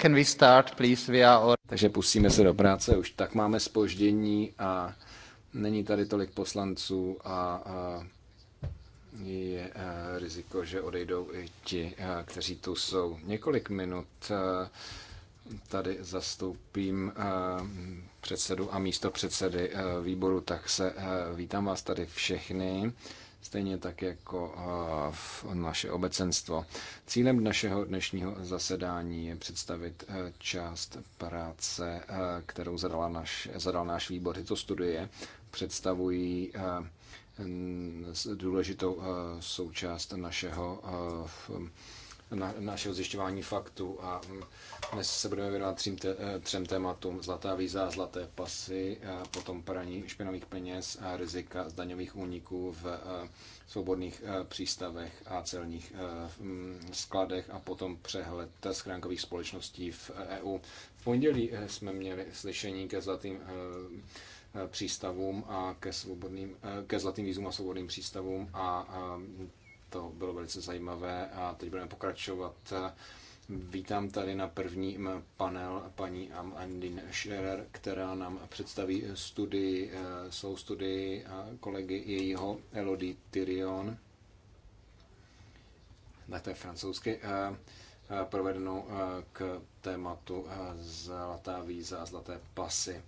Can we start, please? We are... Takže pustíme se do práce, už tak máme spoždění a není tady tolik poslanců a, a je a, e, riziko, že odejdou i ti, a, e, kteří tu jsou. Několik minut a, e, tady zastoupím předsedu a místo předsedy výboru, tak se vítám vás tady všechny stejně tak jako v naše obecenstvo. Cílem našeho dnešního zasedání je představit e, část práce, e, kterou zadala naš, zadal náš výbor. Tyto studie představují e, důležitou součást našeho na, našeho zjišťování faktu a dnes se budeme věnovat třím te, eh, třem tématům. Zlatá víza, zlaté pasy, a eh, potom praní špinavých peněz a rizika zdaňových úniků v eh, svobodných přístavech a celních mm, skladech a potom přehled schránkových společností v EU. E v pondělí jsme měli slyšení ke zlatým přístavům a ke, svobodným, ke zlatým vízům a svobodným přístavům a to bylo velice zajímavé a teď budeme pokračovat. Vítám tady na prvním panel paní Amandine Scherer, která nám představí studii, jsou eh, studii kolegy jejího Elodie Tyrion, ne, to je francouzsky, eh, eh, provedenou k tématu zlatá víza a zlaté pasy.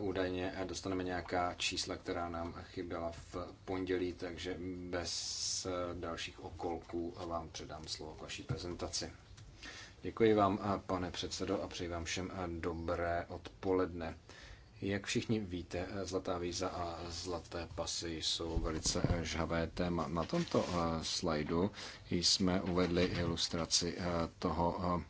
Údajně dostaneme nějaká čísla, která nám chyběla v pondělí, takže bez eh, dalších okolků vám předám slovo k vaší prezentaci. Děkuji vám, eh, pane předsedo, a přeji vám všem eh, dobré odpoledne. Jak všichni víte, zlatá víza a zlaté pasy jsou velice žhavé téma. Na tomto slajdu jsme uvedli ilustraci toho,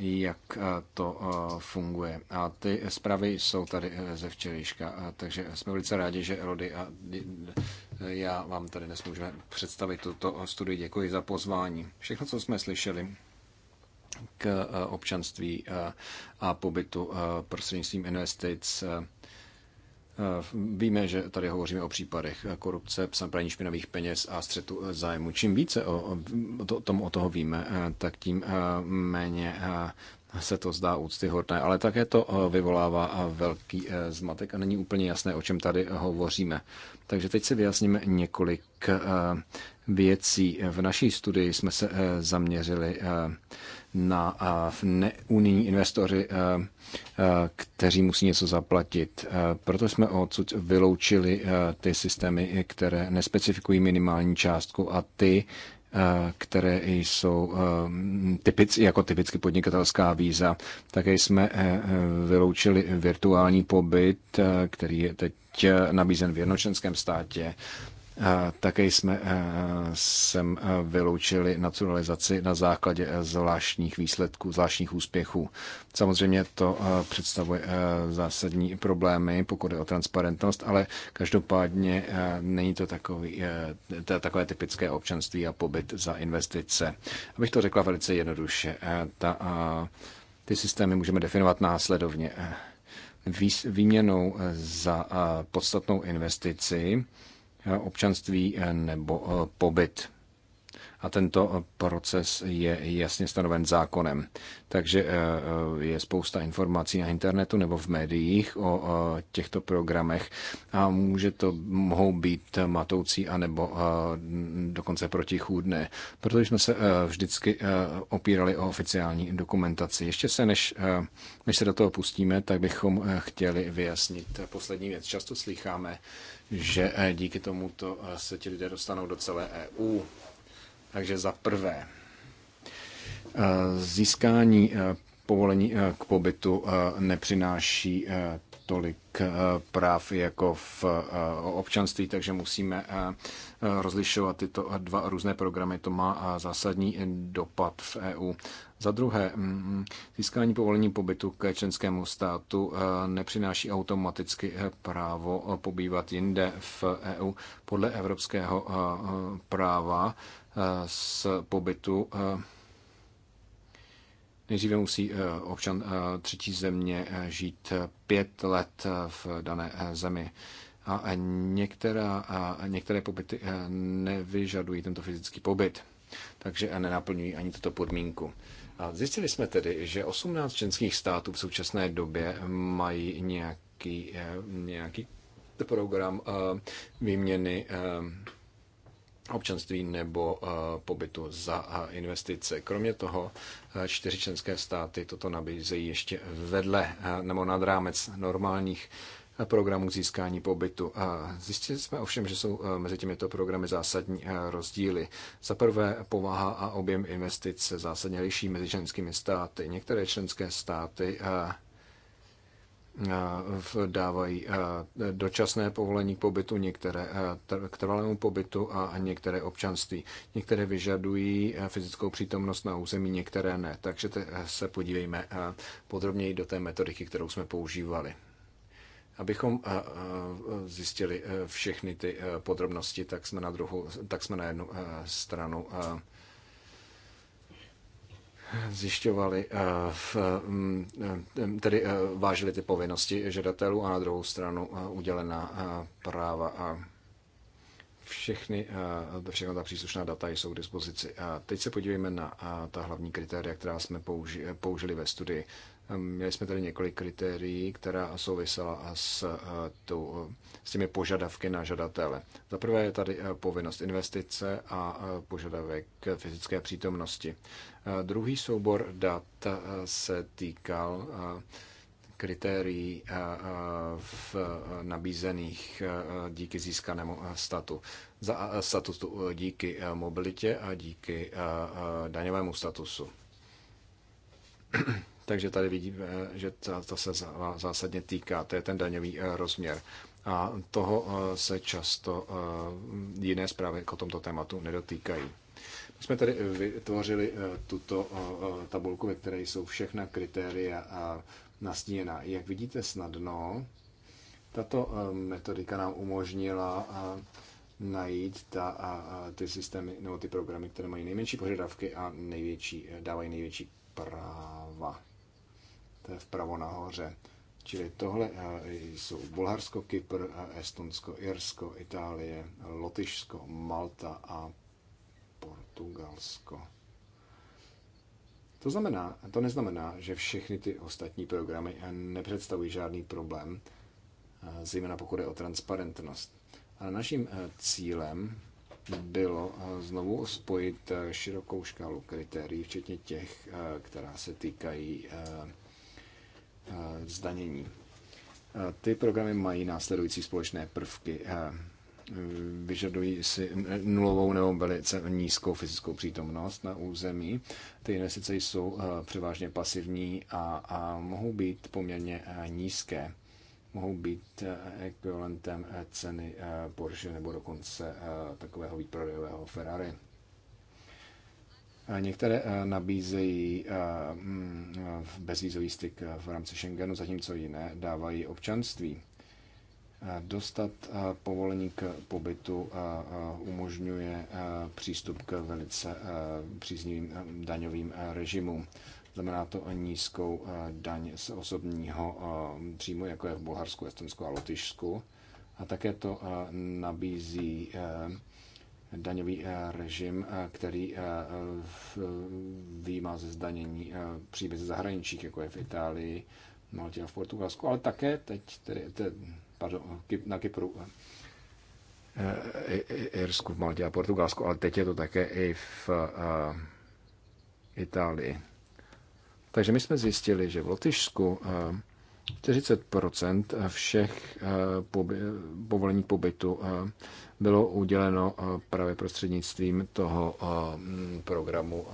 jak eh, to eh, funguje. A ty zprávy jsou tady eh, ze včerejška, takže jsme velice rádi, že Rody a já vám tady dnes můžeme představit tuto studii. Děkuji za pozvání. Všechno, co jsme slyšeli k občanství a pobytu prostřednictvím investic, Eh, víme, že tady hovoříme o případech korupce, praní špinavých peněz a střetu eh, zájmu. Čím více o, o, tom, o toho víme, eh, tak tím méně se to zdá úctyhodné, ale také to vyvolává velký zmatek a není úplně jasné, o čem tady hovoříme. Takže teď si vyjasníme několik věcí. V naší studii jsme se zaměřili na neunijní investoři, kteří musí něco zaplatit. Proto jsme odsud vyloučili ty systémy, které nespecifikují minimální částku a ty, které jsou typic, jako typicky podnikatelská víza. Také jsme vyloučili virtuální pobyt, který je teď nabízen v jednočenském státě také jsme sem vyloučili naturalizaci na základě zvláštních výsledků, zvláštních úspěchů. Samozřejmě to představuje zásadní problémy, pokud je o transparentnost, ale každopádně není to takový, to takové typické občanství a pobyt za investice. Abych to řekla velice jednoduše, ta, ty systémy můžeme definovat následovně. Výměnou za podstatnou investici Eh, občanství eh, nebo eh, pobyt. A tento proces je jasně stanoven zákonem. Takže je spousta informací na internetu nebo v médiích o těchto programech a může to, mohou být matoucí anebo dokonce protichůdné, protože jsme se vždycky opírali o oficiální dokumentaci. Ještě se, než, než se do toho pustíme, tak bychom chtěli vyjasnit poslední věc. Často slycháme, že eh, díky tomuto eh, se ti lidé dostanou do celé EU. Takže za prvé, eh, získání povolení k pobytu nepřináší tolik práv jako v občanství, takže musíme rozlišovat tyto dva různé programy. To má zásadní dopad v EU. Za druhé, mm, mm, získání povolení pobytu k členskému státu eh, nepřináší automaticky eh, právo eh, pobývat jinde v EU. Podle evropského práva z pobytu Nejdříve musí občan třetí země žít pět let v dané zemi. A některá, některé pobyty nevyžadují tento fyzický pobyt, takže nenaplňují ani tuto podmínku. A zjistili jsme tedy, že 18 členských států v současné době mají nějaký, eh, nějaký program eh, výměny eh, občanství nebo pobytu za investice. Kromě toho čtyři členské státy toto nabízejí ještě vedle nebo nad rámec normálních programů získání pobytu. Zjistili jsme ovšem, že jsou eh, mezi těmito programy zásadní eh, rozdíly. Za prvé, povaha a objem investic se zásadně liší mezi ženskými státy. Některé členské státy eh, dávají dočasné povolení k pobytu, některé k trvalému pobytu a některé občanství. Některé vyžadují fyzickou přítomnost na území, některé ne. Takže se podívejme podrobněji do té metodiky, kterou jsme používali. Abychom eh, eh, zjistili eh, všechny ty podrobnosti, tak jsme na, druhou, tak jsme na jednu stranu zjišťovali, tedy vážili ty povinnosti žadatelů a na druhou stranu udělená práva a všechny, všechny ta příslušná data jsou k dispozici. A teď se podívejme na ta hlavní kritéria, která jsme použili ve studii. Měli jsme tady několik kritérií, která souvisela s, tu, s těmi požadavky na žadatele. Za prvé je tady povinnost investice a požadavek fyzické přítomnosti. Druhý soubor dat se týkal kritérií v nabízených díky získanému statu. Za statusu díky mobilitě a díky daňovému statusu Takže tady vidíme, eh, že to se zásadně týká, to je ten daňový eh, rozměr. A toho eh, se často jiné zprávy o tomto tématu nedotýkají. My jsme tady vytvořili tuto tabulku, ve které jsou všechna kritéria nastíněna. Jak vidíte snadno, tato metodika nám umožnila najít ta, ty systémy nebo ty programy, které mají nejmenší požadavky a největší, dávají největší práva to je vpravo nahoře. Čili tohle eh, jsou Bulharsko, Kypr, eh, Estonsko, Irsko, Itálie, Lotyšsko, Malta a Portugalsko. To, znamená, to neznamená, že všechny ty ostatní programy eh, nepředstavují žádný problém, zejména pokud je o transparentnost. Ale naším cílem bylo znovu spojit širokou škálu kritérií, včetně těch, která se týkají Eh, zdanění. Eh, ty programy mají následující společné prvky. Eh, vyžadují si nulovou nebo velice nízkou fyzickou přítomnost na území. Ty investice jsou převážně pasivní a, a mohou být poměrně nízké. Mohou být ekvivalentem ceny Porsche nebo dokonce takového výprodejového Ferrari. Některé eh, nabízejí eh, mm, bezvízový styk eh, v rámci Schengenu, zatímco jiné dávají občanství. Dostat povolení k pobytu umožňuje přístup k velice příznivým daňovým režimům. Znamená to nízkou daň z osobního příjmu, jako je v Bulharsku, Estonsku a Lotyšsku. A také to nabízí daňový eh, režim, eh, který eh, výjímá ze zdanění příjmy ze zahraničí, jako je v Itálii, Maltě a v Portugalsku, ale také teď, tedy, tedy, pardon, na Kypru, Irsku, v Maltě a Portugalsku, ale teď je to také i v Itálii. Takže my jsme zjistili, že v Lotyšsku 40 všech eh, povolení pobytu eh, bylo uděleno eh, právě prostřednictvím toho mm, programu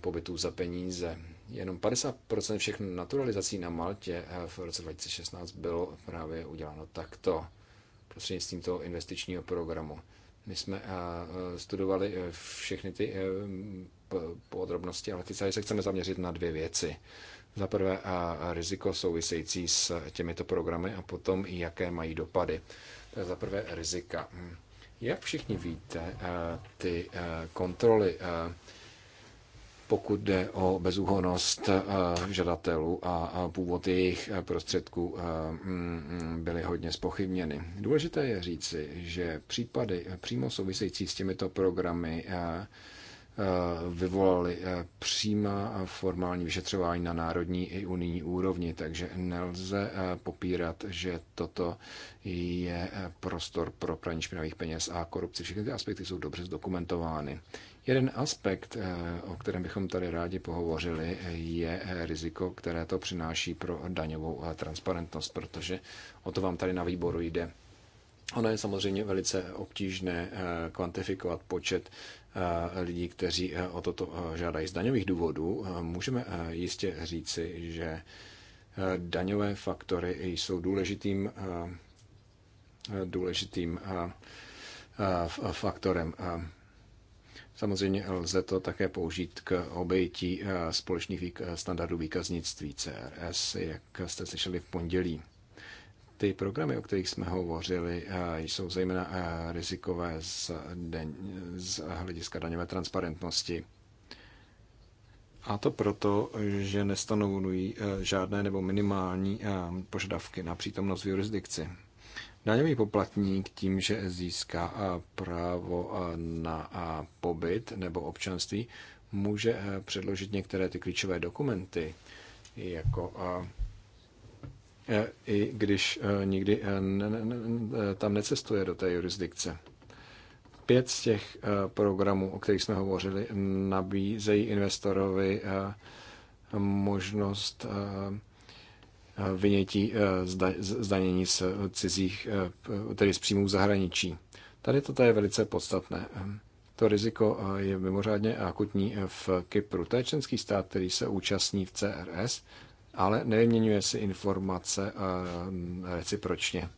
pobytů za peníze. Jenom 50 všech naturalizací na Maltě v roce 2016 bylo právě uděláno takto prostřednictvím toho investičního programu. My jsme studovali všechny ty podrobnosti, ale teď se chceme zaměřit na dvě věci. Za prvé a riziko související s těmito programy a potom i jaké mají dopady. Za prvé rizika. Hm. Jak všichni víte, ty kontroly, pokud jde o bezúhonost žadatelů a původ jejich prostředků, hm, byly hodně spochybněny. Důležité je říci, že případy přímo související s těmito programy Eh, vyvolali eh, přímá formální vyšetřování na národní i unijní úrovni, takže nelze eh, popírat, že toto je prostor pro praní špinavých peněz a korupci. Všechny ty aspekty jsou dobře zdokumentovány. Jeden aspekt, o kterém bychom tady rádi pohovořili, je riziko, které to přináší pro daňovou transparentnost, protože o to vám tady na výboru jde. Ono je samozřejmě velice obtížné kvantifikovat počet Eh, lidí, kteří eh, o toto eh, žádají z daňových důvodů, můžeme jistě říci, že daňové faktory jsou důležitým, důležitým faktorem. Samozřejmě lze to také použít k obejití společných standardů výkaznictví CRS, jak jste slyšeli v pondělí. Ty programy, o kterých jsme hovořili, eh, jsou zejména eh, rizikové z, deň, z hlediska daňové transparentnosti. A to proto, že nestanovují eh, žádné nebo minimální požadavky na přítomnost v jurisdikci. Daňový poplatník tím, že získá právo na pobyt nebo občanství, může předložit některé ty klíčové dokumenty, jako E, i když e, nikdy e, tam necestuje do té jurisdikce. Pět z těch programů, o kterých jsme hovořili, nabízejí investorovi možnost vynětí zdanění z cizích, tedy z příjmů zahraničí. Tady toto je velice podstatné. To riziko je mimořádně akutní v Kypru. To je členský stát, který se účastní v CRS, ale nevyměňuje si informace eh, mm, recipročně.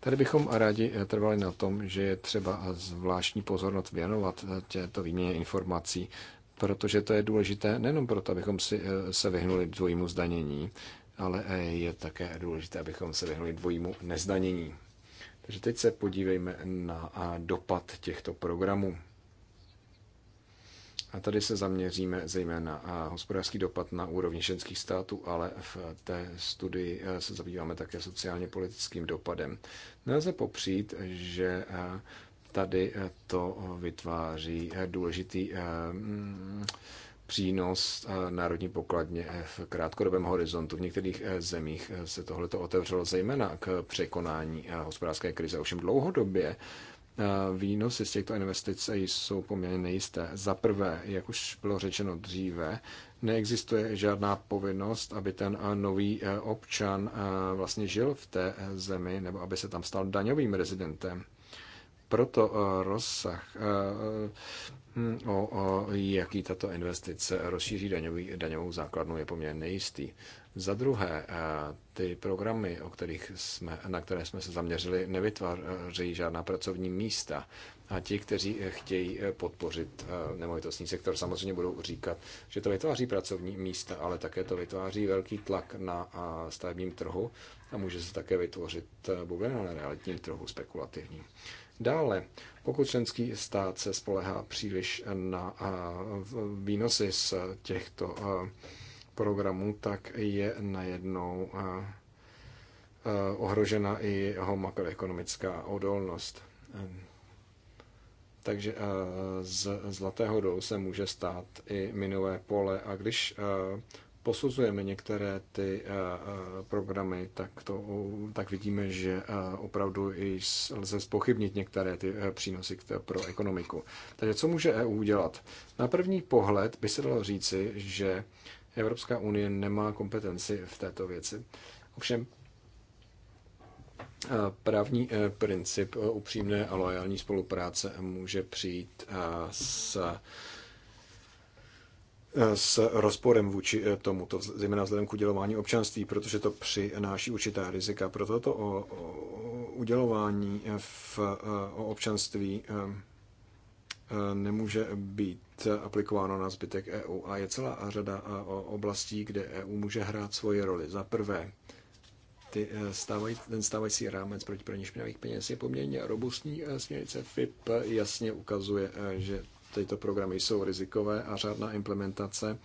Tady bychom rádi eh, trvali na tom, že je třeba zvláštní pozornost věnovat eh, těto výměně informací, protože to je důležité nejenom proto, abychom si, se vyhnuli dvojímu zdanění, ale je také důležité, abychom se vyhnuli dvojímu nezdanění. Takže teď se podívejme na dopad těchto programů. A tady se zaměříme zejména na hospodářský dopad na úrovni členských států, ale v té studii e, se zabýváme také sociálně politickým dopadem. Nelze popřít, že e, tady e, to vytváří důležitý mm, přínos národní pokladně v krátkodobém horizontu. V některých zemích se tohleto otevřelo zejména k překonání hospodářské krize, ovšem dlouhodobě Eh, výnosy z těchto investic jsou poměrně nejisté. Za prvé, jak už bylo řečeno dříve, neexistuje žádná povinnost, aby ten eh, nový eh, občan vlastně žil v té zemi nebo aby se tam stal daňovým rezidentem. Proto rozsah, hm, o, jaký tato investice rozšíří daňový, daňovou základnu, je poměrně nejistý. Za druhé, eh, ty programy, o kterých jsme, na které jsme se zaměřili, nevytváří žádná pracovní místa. A ti, kteří eh, chtějí eh, podpořit nemovitostní sektor, samozřejmě budou říkat, že to vytváří pracovní místa, ale také to vytváří velký tlak na stavebním trhu a může se také vytvořit bublina na realitním trhu spekulativní. Dále, pokud členský stát se spolehá příliš na výnosy z těchto programu, tak je najednou eh, eh, ohrožena i jeho makroekonomická odolnost. Eh, takže z zlatého dolu se může stát i minové pole a když posuzujeme některé ty programy, tak, to, tak vidíme, že opravdu i lze spochybnit některé ty přínosy pro ekonomiku. Takže co může EU udělat? Na první pohled by se dalo říci, že Evropská unie nemá kompetenci v této věci. Ovšem, eh, právní eh, princip eh, upřímné a loajální spolupráce může přijít s s rozporem vůči tomuto, zejména vzhledem k udělování občanství, protože to přináší určitá rizika. Proto to o, o udělování v, o občanství nemůže být aplikováno na zbytek EU. A je celá řada oblastí, kde EU může hrát svoji roli. Za prvé, ty e, stávaj, ten stávající rámec proti praní špinavých peněz je poměrně robustní. E, směrnice FIP jasně ukazuje, e, že tyto programy jsou rizikové a řádná implementace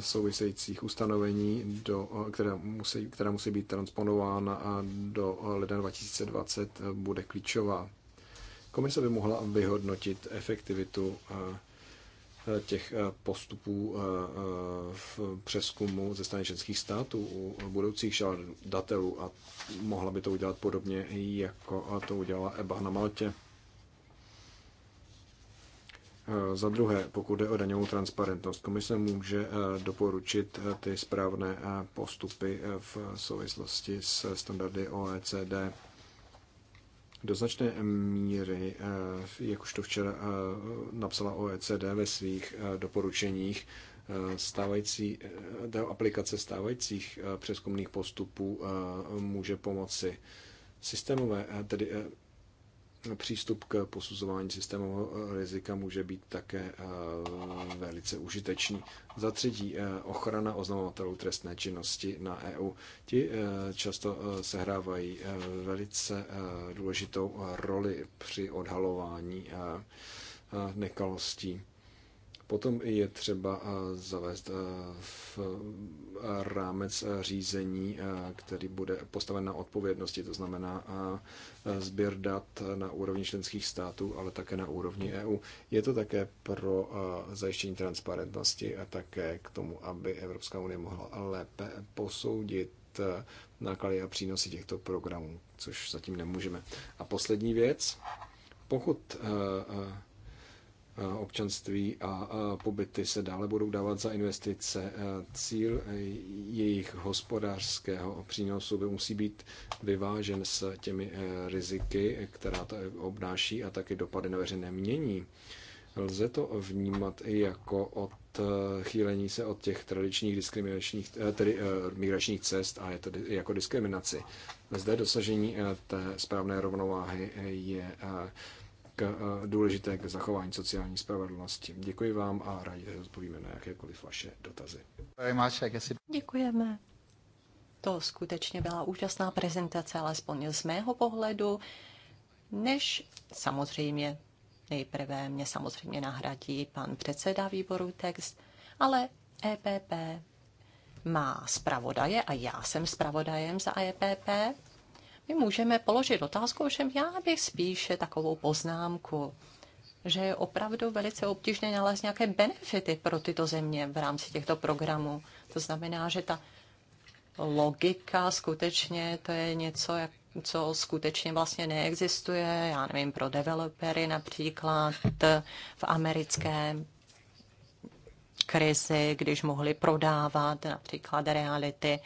souvisejících ustanovení, do, která, musí, která musí být transponována a do ledna 2020 bude klíčová. Komise by mohla vyhodnotit efektivitu eh, eh, těch eh, postupů v přeskumu ze strany členských států u budoucích žadatelů a mohla by to udělat podobně, jako to udělala EBA na Maltě. Za druhé, pokud jde o daňovou transparentnost, komise může doporučit ty správné postupy v souvislosti s standardy OECD do značné míry, eh, jak už to včera eh, napsala OECD ve svých eh, doporučeních, stávající, aplikace stávajících přeskumných postupů může pomoci systémové, tedy přístup k posuzování systému eh, rizika může být také eh, velice užitečný. Za třetí, eh, ochrana oznamovatelů trestné činnosti na EU. Ti často sehrávají velice důležitou roli při odhalování nekalostí Potom je třeba eh, zavést eh, v eh, rámec řízení, který bude postaven na odpovědnosti, to znamená sběr dat na úrovni členských států, ale také na úrovni EU. Je to také pro zajištění transparentnosti a také k tomu, aby Evropská unie mohla lépe posoudit náklady a přínosy těchto programů, což zatím nemůžeme. A poslední věc, pokud Eh, občanství a pobyty se dále budou dávat za investice. Eh, cíl eh, jejich hospodářského přínosu by musí být vyvážen s těmi riziky, která to obnáší a taky dopady na veřejné mění. Lze to vnímat i jako odchýlení se od těch tradičních diskriminačních, tedy migračních cest a je to jako diskriminaci. Zde dosažení té správné rovnováhy je k, eh, důležité k zachování sociální spravedlnosti. Děkuji vám a rádi odpovíme na jakékoliv vaše dotazy. Děkujeme. To skutečně byla úžasná prezentace, alespoň z mého pohledu, než samozřejmě nejprve mě samozřejmě nahradí pan předseda výboru text, ale EPP má zpravodaje a já jsem zpravodajem za EPP my můžeme položit otázku, ovšem já bych spíše takovou poznámku, že je opravdu velice obtížné nalézt nějaké benefity pro tyto země v rámci těchto programů. To znamená, že ta logika skutečně to je něco, jak, co skutečně vlastně neexistuje, já nevím, pro developery například v americkém krizi, když mohli prodávat například reality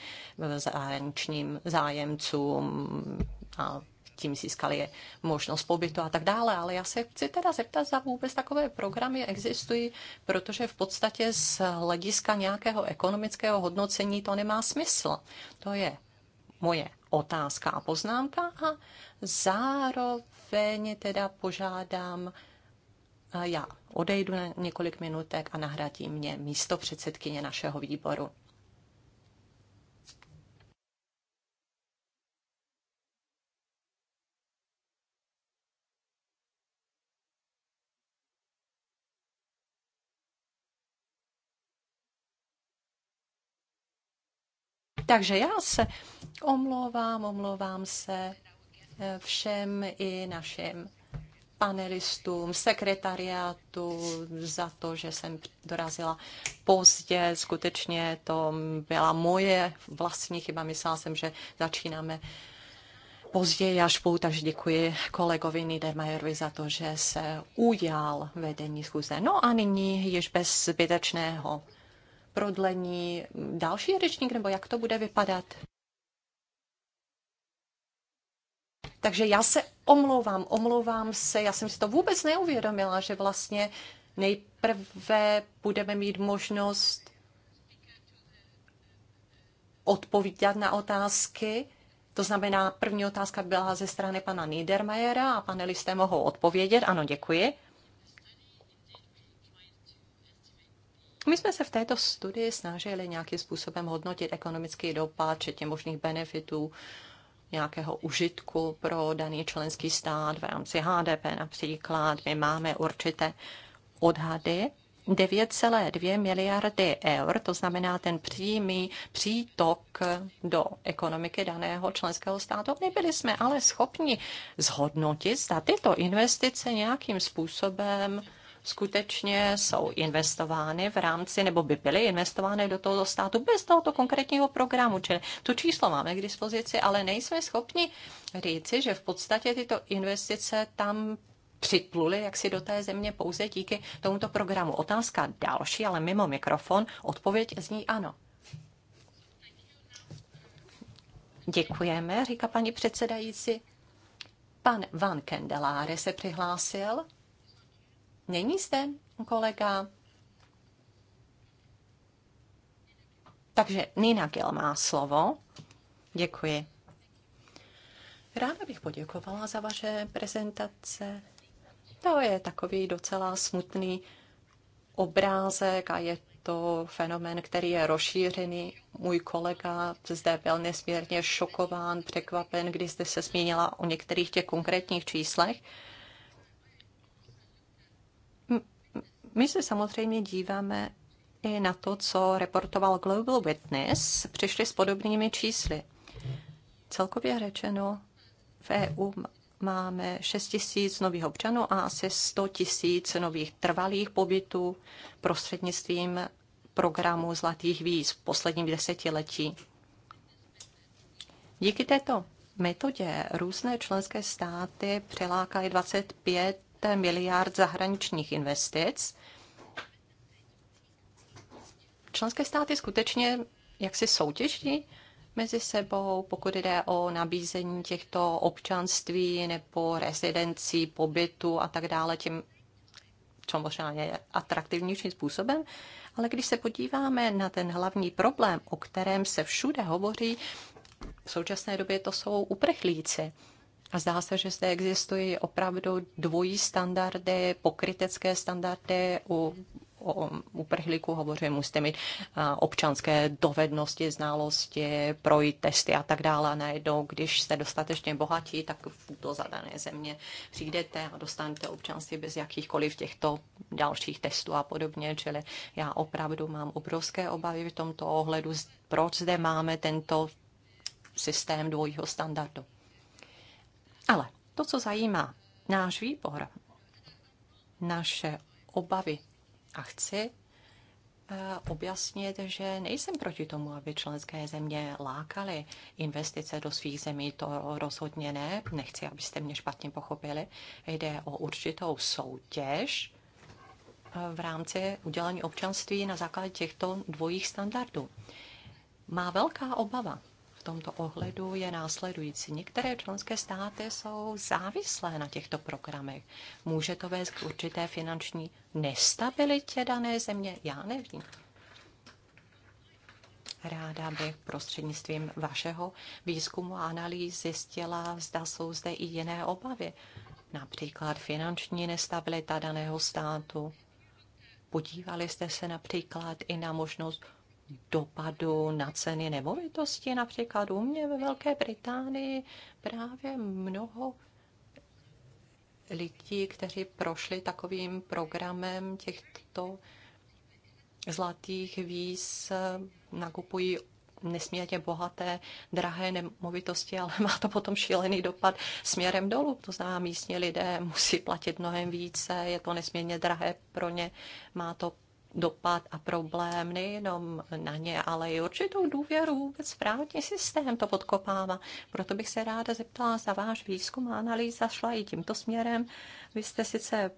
zahraničním zájemcům a tím získali je možnost pobytu a tak dále. Ale já se chci teda zeptat, za vůbec takové programy existují, protože v podstatě z hlediska nějakého ekonomického hodnocení to nemá smysl. To je moje otázka a poznámka a zároveň teda požádám Eh, já odejdu na několik minutek a nahradí mě místo předsedkyně našeho výboru. Takže já se omlouvám, omlouvám se eh, všem i našim panelistům, sekretariátu za to, že jsem dorazila pozdě. Skutečně to byla moje vlastní chyba. Myslela jsem, že začínáme později až půl, takže děkuji kolegovi Niedermayerovi za to, že se ujal vedení schůze. No a nyní již bez zbytečného prodlení další řečník, nebo jak to bude vypadat? Takže já se omlouvám, omlouvám se, já jsem si to vůbec neuvědomila, že vlastně nejprve budeme mít možnost odpovídat na otázky. To znamená, první otázka byla ze strany pana Niedermayera a panelisté mohou odpovědět. Ano, děkuji. My jsme se v této studii snažili nějakým způsobem hodnotit ekonomický dopad, včetně možných benefitů nějakého užitku pro daný členský stát v rámci HDP například. My máme určité odhady 9,2 miliardy eur, to znamená ten přímý přítok do ekonomiky daného členského státu. Nebyli jsme ale schopni zhodnotit, zda tyto investice nějakým způsobem skutečně jsou investovány v rámci, nebo by byly investovány do tohoto státu bez tohoto konkrétního programu. Čili tu číslo máme k dispozici, ale nejsme schopni říci, že v podstatě tyto investice tam připluli jaksi do té země pouze díky tomuto programu. Otázka další, ale mimo mikrofon, odpověď zní ano. Děkujeme, říká paní předsedající. Pan Van Kendeláre se přihlásil. Není zde kolega? Takže Nina Gil má slovo. Děkuji. Ráda bych poděkovala za vaše prezentace. To je takový docela smutný obrázek a je to fenomen, který je rozšířený. Můj kolega zde byl nesmírně šokován, překvapen, když jste se zmínila o některých těch konkrétních číslech. My se samozřejmě díváme i na to, co reportoval Global Witness, přišli s podobnými čísly. Celkově řečeno, v EU máme 6 tisíc nových občanů a asi 100 tisíc nových trvalých pobytů prostřednictvím programu Zlatých víz v posledním desetiletí. Díky této metodě různé členské státy přilákají 25 miliard zahraničních investic. Členské státy skutečně jak si soutěží mezi sebou, pokud jde o nabízení těchto občanství nebo rezidencí, pobytu a tak dále, tím co možná je atraktivnějším způsobem. Ale když se podíváme na ten hlavní problém, o kterém se všude hovoří, v současné době to jsou uprchlíci. A zdá se, že zde existují opravdu dvojí standardy, pokrytecké standardy u o uprchlíku hovořím, musíte mít občanské dovednosti, znalosti, projít testy a tak dále. A najednou, když jste dostatečně bohatí, tak do zadané země přijdete a dostanete občanství bez jakýchkoliv těchto dalších testů a podobně. Čili já opravdu mám obrovské obavy v tomto ohledu, proč zde máme tento systém dvojího standardu. Ale to, co zajímá náš výbor, naše obavy a chci eh, objasnit, že nejsem proti tomu, aby členské země lákaly investice do svých zemí, to rozhodně ne. Nechci, abyste mě špatně pochopili. Jde o určitou soutěž eh, v rámci udělení občanství na základě těchto dvojích standardů. Má velká obava v tomto ohledu je následující. Některé členské státy jsou závislé na těchto programech. Může to vést k určité finanční nestabilitě dané země? Já nevím. Ráda bych prostřednictvím vašeho výzkumu a analýz zjistila, zda jsou zde i jiné obavy, například finanční nestabilita daného státu. Podívali jste se například i na možnost dopadu na ceny nemovitosti. Například u mě ve Velké Británii právě mnoho lidí, kteří prošli takovým programem těchto zlatých víz, nakupují nesmírně bohaté, drahé nemovitosti, ale má to potom šílený dopad směrem dolů. To znamená, místní lidé musí platit mnohem více, je to nesmírně drahé pro ně, má to dopad a problém nejenom na ně, ale i určitou důvěru vůbec v právní systém to podkopává. Proto bych se ráda zeptala, za váš výzkum a analýza šla i tímto směrem. Vy jste sice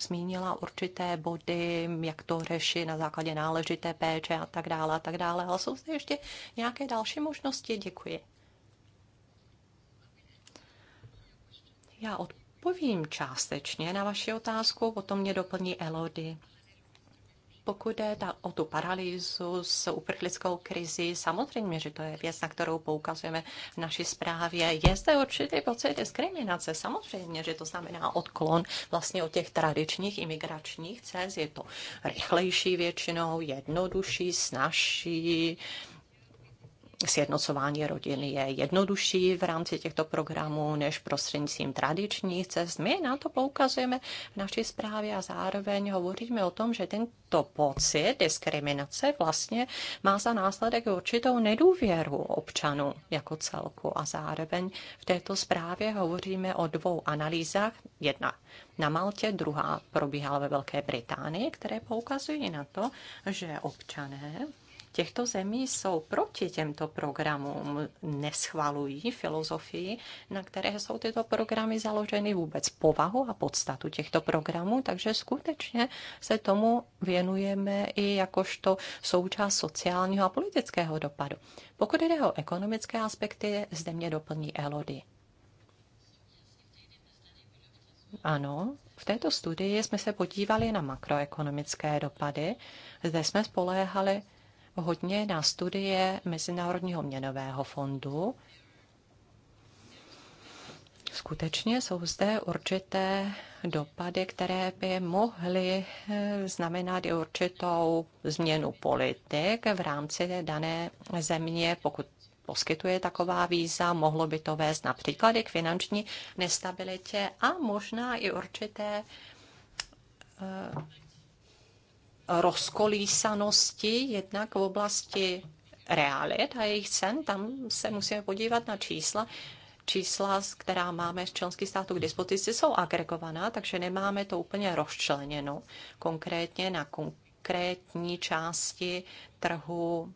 zmínila určité body, jak to řešit na základě náležité péče a tak dále a tak dále, ale jsou zde ještě nějaké další možnosti? Děkuji. Já odpovím částečně na vaši otázku, potom mě doplní Elody. Pokud jde ta, o tu paralýzu s uprchlickou krizi, samozřejmě, že to je věc, na kterou poukazujeme v naší zprávě. Je zde určitý pocit diskriminace. Samozřejmě, že to znamená odklon vlastně od těch tradičních imigračních cest. Je to rychlejší většinou, jednodušší, snažší sjednocování rodiny je jednodušší v rámci těchto programů než prostřednictvím tradičních cest. My na to poukazujeme v naší zprávě a zároveň hovoříme o tom, že tento pocit diskriminace vlastně má za následek určitou nedůvěru občanů jako celku a zároveň v této zprávě hovoříme o dvou analýzách. Jedna na Maltě, druhá probíhala ve Velké Británii, které poukazují na to, že občané těchto zemí jsou proti těmto programům, neschvalují filozofii, na které jsou tyto programy založeny, vůbec povahu a podstatu těchto programů, takže skutečně se tomu věnujeme i jakožto součást sociálního a politického dopadu. Pokud jde o ekonomické aspekty, zde mě doplní Elody. Ano, v této studii jsme se podívali na makroekonomické dopady. Zde jsme spoléhali hodně na studie Mezinárodního měnového fondu. Skutečně jsou zde určité dopady, které by mohly eh, znamenat i určitou změnu politik v rámci dané země, pokud poskytuje taková víza, mohlo by to vést například i k finanční nestabilitě a možná i určité eh, rozkolísanosti jednak v oblasti realit a jejich cen. Tam se musíme podívat na čísla. Čísla, která máme z členských států k dispozici, jsou agregovaná, takže nemáme to úplně rozčleněno konkrétně na konkrétní části trhu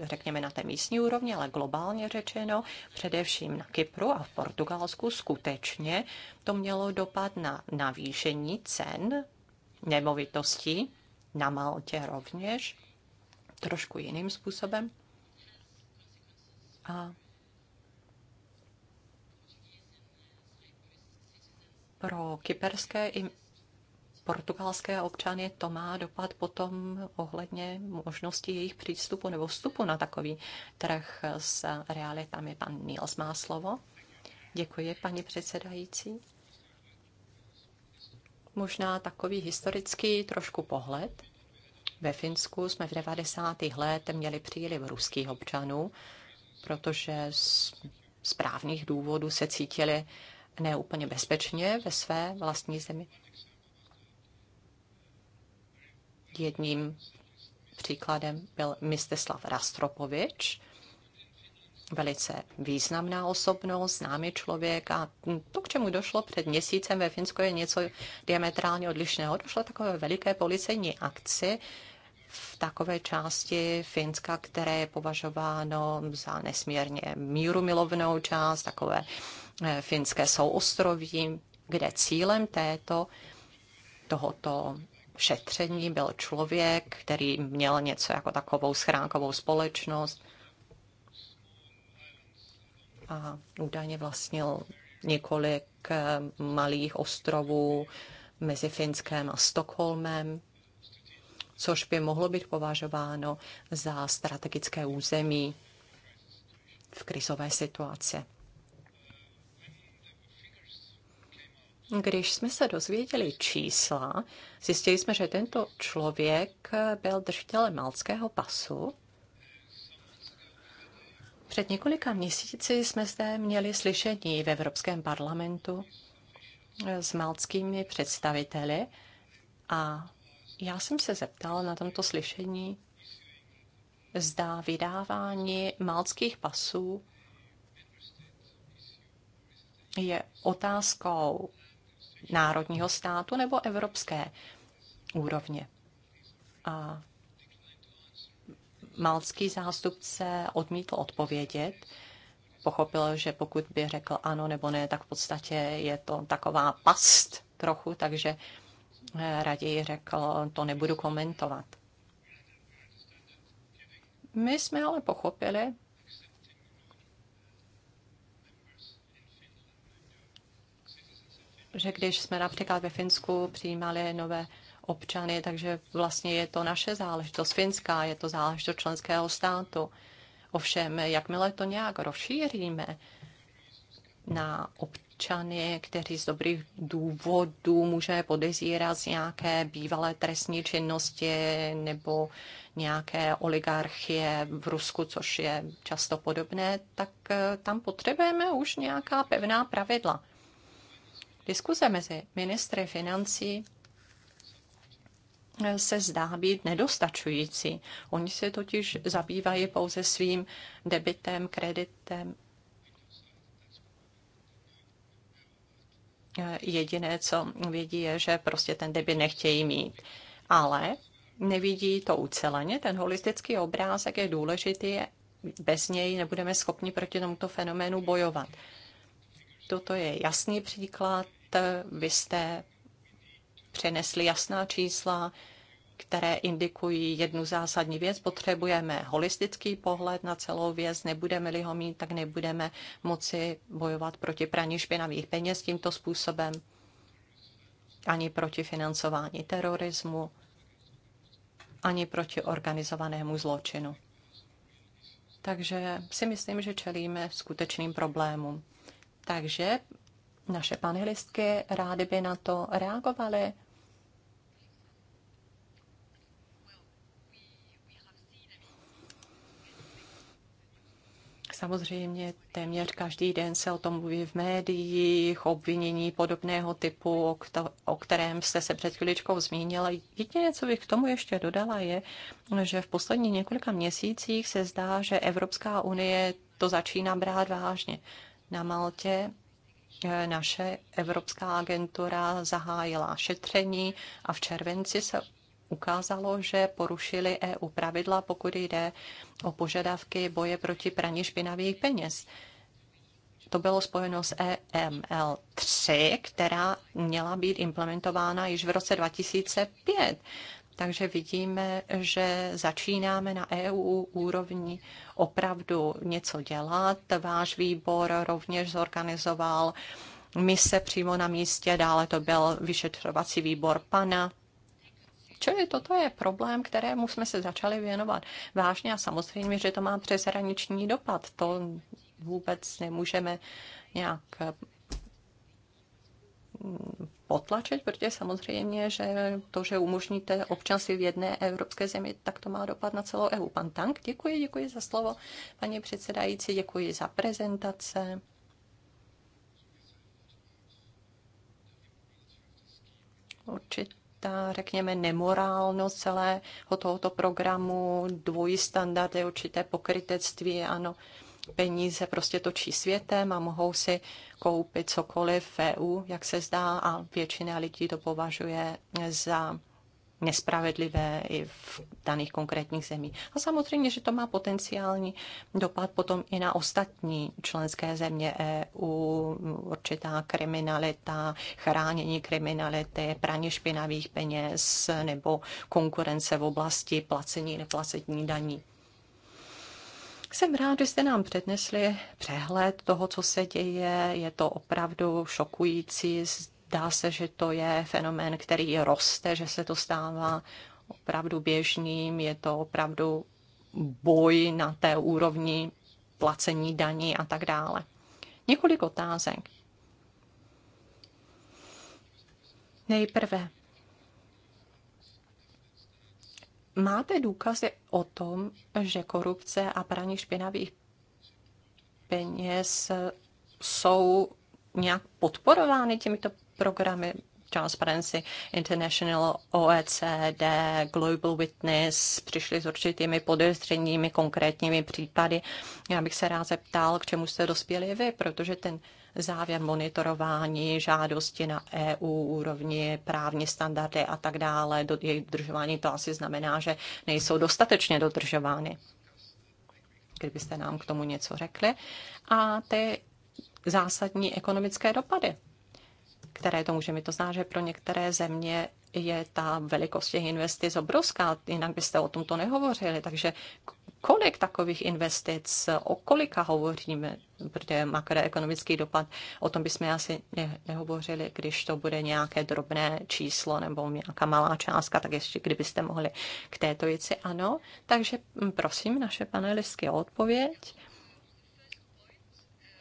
řekněme na té místní úrovni, ale globálně řečeno, především na Kypru a v Portugalsku skutečně to mělo dopad na navýšení cen nemovitostí na Maltě rovněž, trošku jiným způsobem. A pro kyperské i portugalské občany to má dopad potom ohledně možnosti jejich přístupu nebo vstupu na takový trh s realitami. Pan Niels má slovo. Děkuji, paní předsedající možná takový historický trošku pohled. Ve Finsku jsme v 90. letech měli příliv ruských občanů, protože z správných důvodů se cítili neúplně bezpečně ve své vlastní zemi. Jedním příkladem byl Mistislav Rastropovič, velice významná osobnost, známý člověk a to, k čemu došlo před měsícem ve Finsku, je něco diametrálně odlišného. Došlo takové veliké policejní akci v takové části Finska, které je považováno za nesmírně mírumilovnou část, takové eh, finské souostroví, kde cílem této tohoto šetření byl člověk, který měl něco jako takovou schránkovou společnost, a údajně vlastnil několik eh, malých ostrovů mezi Finskem a Stockholmem, což by mohlo být považováno za strategické území v krizové situaci. Když jsme se dozvěděli čísla, zjistili jsme, že tento člověk eh, byl držitelem malckého pasu před několika měsíci jsme zde měli slyšení v Evropském parlamentu eh, s malckými představiteli a já jsem se zeptal na tomto slyšení, zda vydávání malckých pasů je otázkou národního státu nebo evropské úrovně. A malcký zástupce odmítl odpovědět. Pochopil, že pokud by řekl ano nebo ne, tak v podstatě je to taková past trochu, takže eh, raději řekl, to nebudu komentovat. My jsme ale pochopili, že když jsme například ve Finsku přijímali nové občany, takže vlastně je to naše záležitost Finská, je to záležitost členského státu. Ovšem, jakmile to nějak rozšíříme na občany, kteří z dobrých důvodů může podezírat z nějaké bývalé trestní činnosti nebo nějaké oligarchie v Rusku, což je často podobné, tak eh, tam potřebujeme už nějaká pevná pravidla. Diskuze mezi ministry financí se zdá být nedostačující. Oni se totiž zabývají pouze svým debitem, kreditem. Jediné, co vědí, je, že prostě ten debit nechtějí mít. Ale nevidí to uceleně. Ten holistický obrázek je důležitý. Bez něj nebudeme schopni proti tomuto fenoménu bojovat. Toto je jasný příklad. Vy jste přenesli jasná čísla, které indikují jednu zásadní věc. Potřebujeme holistický pohled na celou věc. Nebudeme-li ho mít, tak nebudeme moci bojovat proti praní špinavých peněz tímto způsobem, ani proti financování terorismu, ani proti organizovanému zločinu. Takže si myslím, že čelíme skutečným problémům. Takže naše panelistky rády by na to reagovaly. Samozřejmě téměř každý den se o tom mluví v médiích, obvinění podobného typu, o kterém jste se před chviličkou zmínila. Jediné, co bych k tomu ještě dodala, je, že v posledních několika měsících se zdá, že Evropská unie to začíná brát vážně. Na Maltě Eh, naše Evropská agentura zahájila šetření a v červenci se ukázalo, že porušili EU pravidla, pokud jde o požadavky boje proti praní špinavých peněz. To bylo spojeno s EML 3, která měla být implementována již v roce 2005. Takže vidíme, že začínáme na EU úrovni opravdu něco dělat. Váš výbor rovněž zorganizoval mise přímo na místě, dále to byl vyšetřovací výbor pana. Čili toto je problém, kterému jsme se začali věnovat vážně a samozřejmě, že to má přeshraniční dopad. To vůbec nemůžeme nějak potlačit, protože samozřejmě, že to, že umožníte občanství v jedné evropské zemi, tak to má dopad na celou EU. Pan Tank, děkuji, děkuji za slovo, paní předsedající, děkuji za prezentace. určitá, řekněme, nemorálnost celého tohoto programu, dvojí standardy, určité pokrytectví, ano peníze prostě točí světem a mohou si koupit cokoliv v EU, jak se zdá, a většina lidí to považuje za nespravedlivé i v daných konkrétních zemích. A samozřejmě, že to má potenciální dopad potom i na ostatní členské země EU, určitá kriminalita, chránění kriminality, praně špinavých peněz nebo konkurence v oblasti placení neplacení daní. Jsem rád, že jste nám přednesli přehled toho, co se děje. Je to opravdu šokující. Zdá se, že to je fenomén, který roste, že se to stává opravdu běžným. Je to opravdu boj na té úrovni placení daní a tak dále. Několik otázek. Nejprve, máte důkazy o tom, že korupce a praní špinavých peněz jsou nějak podporovány těmito programy Transparency International, OECD, Global Witness přišli s určitými podezřeními, konkrétními případy. Já bych se rád zeptal, k čemu jste dospěli vy, protože ten závěr monitorování, žádosti na EU úrovni, právní standardy a tak dále, do jejich dodržování, to asi znamená, že nejsou dostatečně dodržovány. Kdybyste nám k tomu něco řekli. A ty zásadní ekonomické dopady které to může mít. To znamená, že pro některé země je ta velikost těch investic obrovská, jinak byste o tomto nehovořili. Takže kolik takových investic, o kolika hovoříme, protože makroekonomický dopad, o tom bychom asi ne, nehovořili, když to bude nějaké drobné číslo nebo nějaká malá částka, tak ještě kdybyste mohli k této věci ano. Takže prosím naše panelistky o odpověď.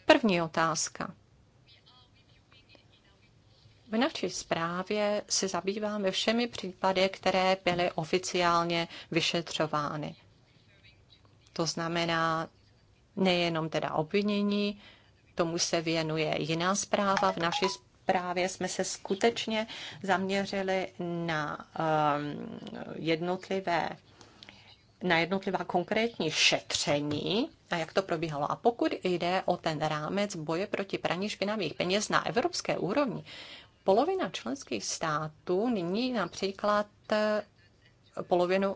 První otázka v naší zprávě se zabýváme všemi případy, které byly oficiálně vyšetřovány. To znamená nejenom teda obvinění, tomu se věnuje jiná zpráva. V naší zprávě jsme se skutečně zaměřili na um, jednotlivé na jednotlivá konkrétní šetření a jak to probíhalo. A pokud jde o ten rámec boje proti praní špinavých peněz na evropské úrovni, Polovina členských států nyní například eh, polovinu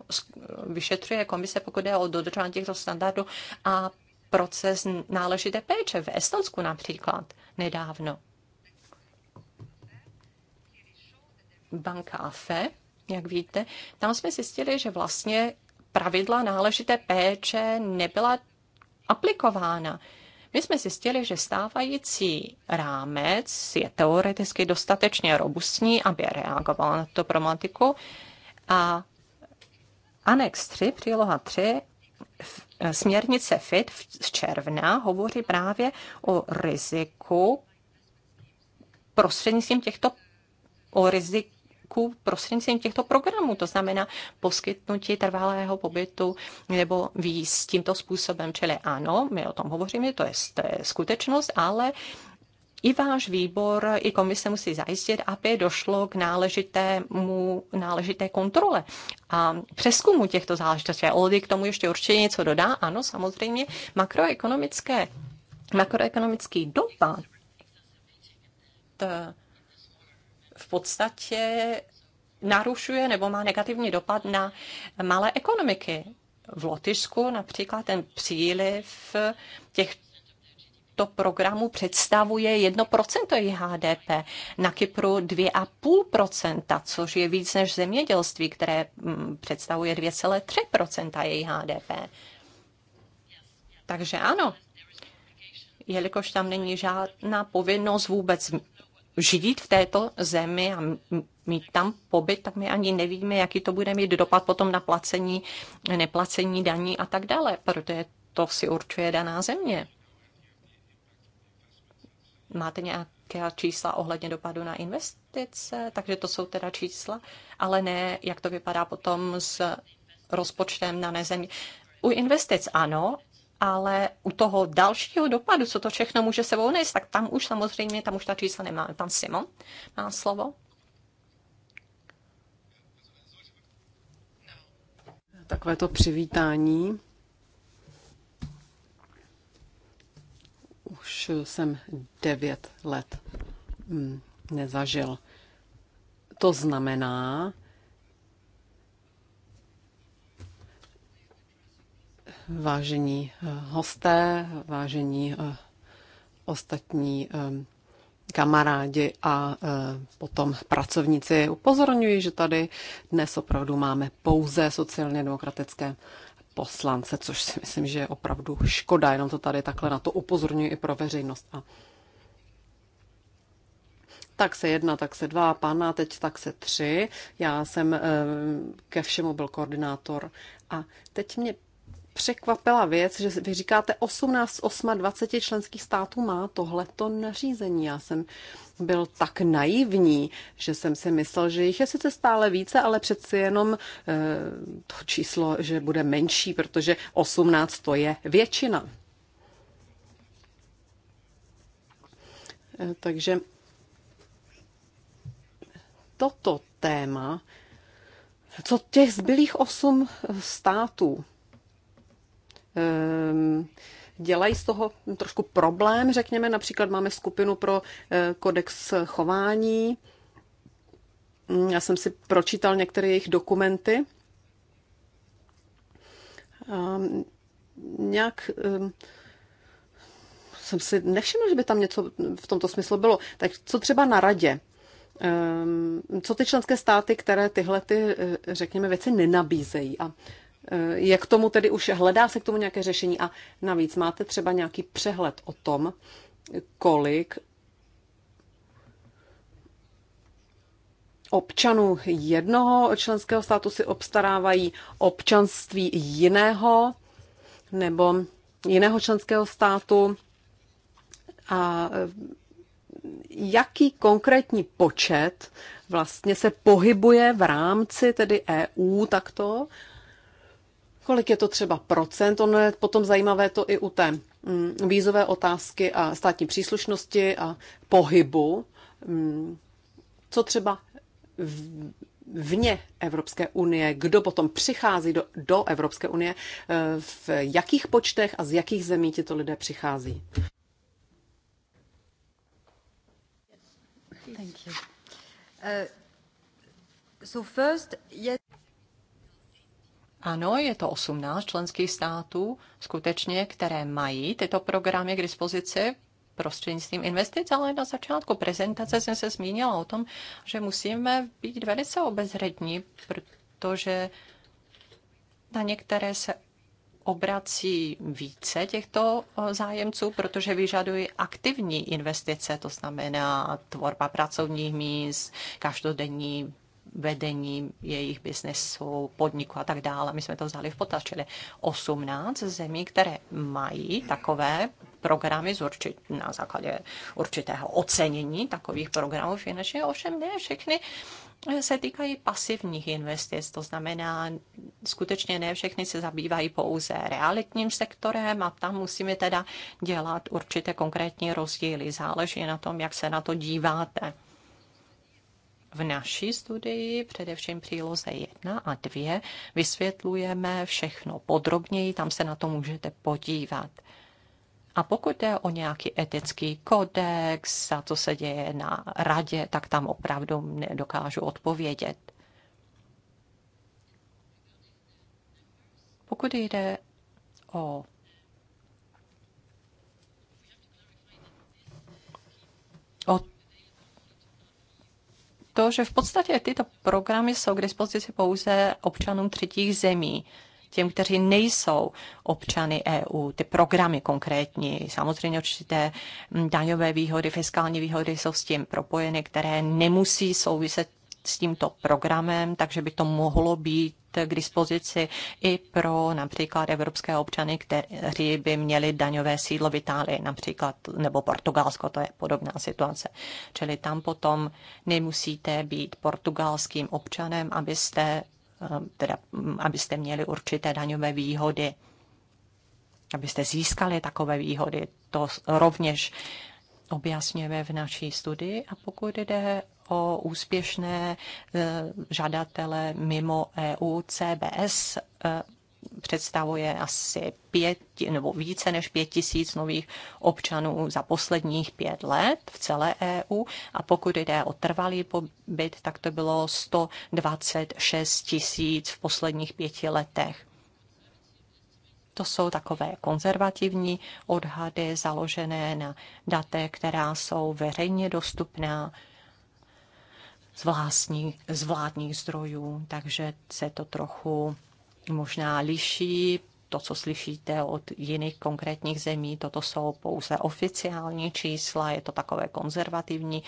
vyšetřuje komise, pokud jde o dodržování těchto standardů a proces náležité péče v Estonsku například nedávno. Banka AFE, jak víte, tam jsme zjistili, že vlastně pravidla náležité péče nebyla aplikována. My jsme zjistili, že stávající rámec je teoreticky dostatečně robustní, aby reagoval na tuto problematiku a Anex 3, příloha 3, e, směrnice FIT z června hovoří právě o riziku prostřednictvím těchto o riziku uprchlíků prostřednictvím těchto programů, to znamená poskytnutí trvalého pobytu nebo víz tímto způsobem. Čili ano, my o tom hovoříme, to je, to je skutečnost, ale i váš výbor, i komise musí zajistit, aby došlo k náležitému, náležité kontrole a přeskumu těchto záležitostí. Oldy k tomu ještě určitě něco dodá. Ano, samozřejmě makroekonomické, makroekonomický dopad podstatě narušuje nebo má negativní dopad na malé ekonomiky. V Lotyšsku například ten příliv těchto programů představuje 1% jejich HDP, na Kypru 2,5%, což je víc než zemědělství, které mm, představuje 2,3% jejich HDP. Takže ano, jelikož tam není žádná povinnost vůbec žít v této zemi a mít tam pobyt, tak my ani nevíme, jaký to bude mít dopad potom na placení, neplacení daní a tak dále, protože to si určuje daná země. Máte nějaká čísla ohledně dopadu na investice, takže to jsou teda čísla, ale ne, jak to vypadá potom s rozpočtem na nezemí. U investic ano, ale u toho dalšího dopadu, co to všechno může sebou nést, tak tam už samozřejmě, tam už ta čísla nemáme. Pan Simon má slovo. Takové to přivítání. Už jsem devět let mm, nezažil. To znamená, vážení eh, hosté, vážení eh, ostatní eh, kamarádi a potom pracovníci. Upozorňuji, že tady dnes opravdu máme pouze sociálně demokratické poslance, což si myslím, že je opravdu škoda, jenom to tady takhle na to upozorňuji i pro veřejnost. A tak se jedna, tak se dva, pana, teď tak se tři. Já jsem ke všemu byl koordinátor. A teď mě překvapila věc, že vy říkáte 18 z 28 členských států má tohleto nařízení. Já jsem byl tak naivní, že jsem si myslel, že jich je sice stále více, ale přeci jenom e, to číslo, že bude menší, protože 18 to je většina. E, takže toto téma, co těch zbylých 8 států Ehm, dělají z toho trošku problém, řekněme. Například máme skupinu pro eh, kodex chování. Já jsem si pročítal některé jejich dokumenty. A ehm, nějak ehm, jsem si nevšiml, že by tam něco v tomto smyslu bylo. Tak co třeba na radě? Co ty členské státy, které tyhle, ty, eh, řekněme, věci nenabízejí? A Eh, jak tomu tedy už hledá se k tomu nějaké řešení? A navíc máte třeba nějaký přehled o tom, kolik občanů jednoho členského státu si obstarávají občanství jiného nebo jiného členského státu a eh, jaký konkrétní počet vlastně se pohybuje v rámci tedy EU takto kolik je to třeba procent, ono je potom zajímavé to i u té mm, vízové otázky a státní příslušnosti a pohybu, mm, co třeba vně Evropské unie, kdo potom přichází do, do Evropské unie, eh, v jakých počtech a z jakých zemí tito lidé přichází. Thank you. Uh, so first, yes. Ano, je to 18 členských států, skutečně, které mají tyto programy k dispozici prostřednictvím investic, ale na začátku prezentace jsem se zmínila o tom, že musíme být velice obezřetní, protože na některé se obrací více těchto zájemců, protože vyžadují aktivní investice, to znamená tvorba pracovních míst, každodenní vedení jejich biznesu, podniku a tak dále. My jsme to vzali v potaz, čili 18 zemí, které mají takové programy z určit, na základě určitého ocenění takových programů finančně, ovšem ne všechny se týkají pasivních investic, to znamená, skutečně ne všechny se zabývají pouze realitním sektorem a tam musíme teda dělat určité konkrétní rozdíly. Záleží na tom, jak se na to díváte. V naší studii, především příloze 1 a 2, vysvětlujeme všechno podrobněji, tam se na to můžete podívat. A pokud jde o nějaký etický kodex a co se děje na radě, tak tam opravdu nedokážu odpovědět. Pokud jde o to, že v podstatě tyto programy jsou k dispozici pouze občanům třetích zemí těm, kteří nejsou občany EU, ty programy konkrétní, samozřejmě určité mm, daňové výhody, fiskální výhody jsou s tím propojeny, které nemusí souviset s tímto programem, takže by to mohlo být k dispozici i pro například evropské občany, kteří by měli daňové sídlo v Itálii například, nebo Portugalsko, to je podobná situace. Čili tam potom nemusíte být portugalským občanem, abyste, eh, teda, abyste měli určité daňové výhody, abyste získali takové výhody. To rovněž objasňujeme v naší studii. A pokud jde o úspěšné eh, žadatele mimo EU. CBS eh, představuje asi pět nebo více než pět tisíc nových občanů za posledních pět let v celé EU a pokud jde o trvalý pobyt, tak to bylo 126 tisíc v posledních pěti letech. To jsou takové konzervativní odhady založené na datech, která jsou veřejně dostupná z, vlastní, z vládních zdrojů, takže se to trochu možná liší. To, co slyšíte od jiných konkrétních zemí, toto jsou pouze oficiální čísla, je to takové konzervativní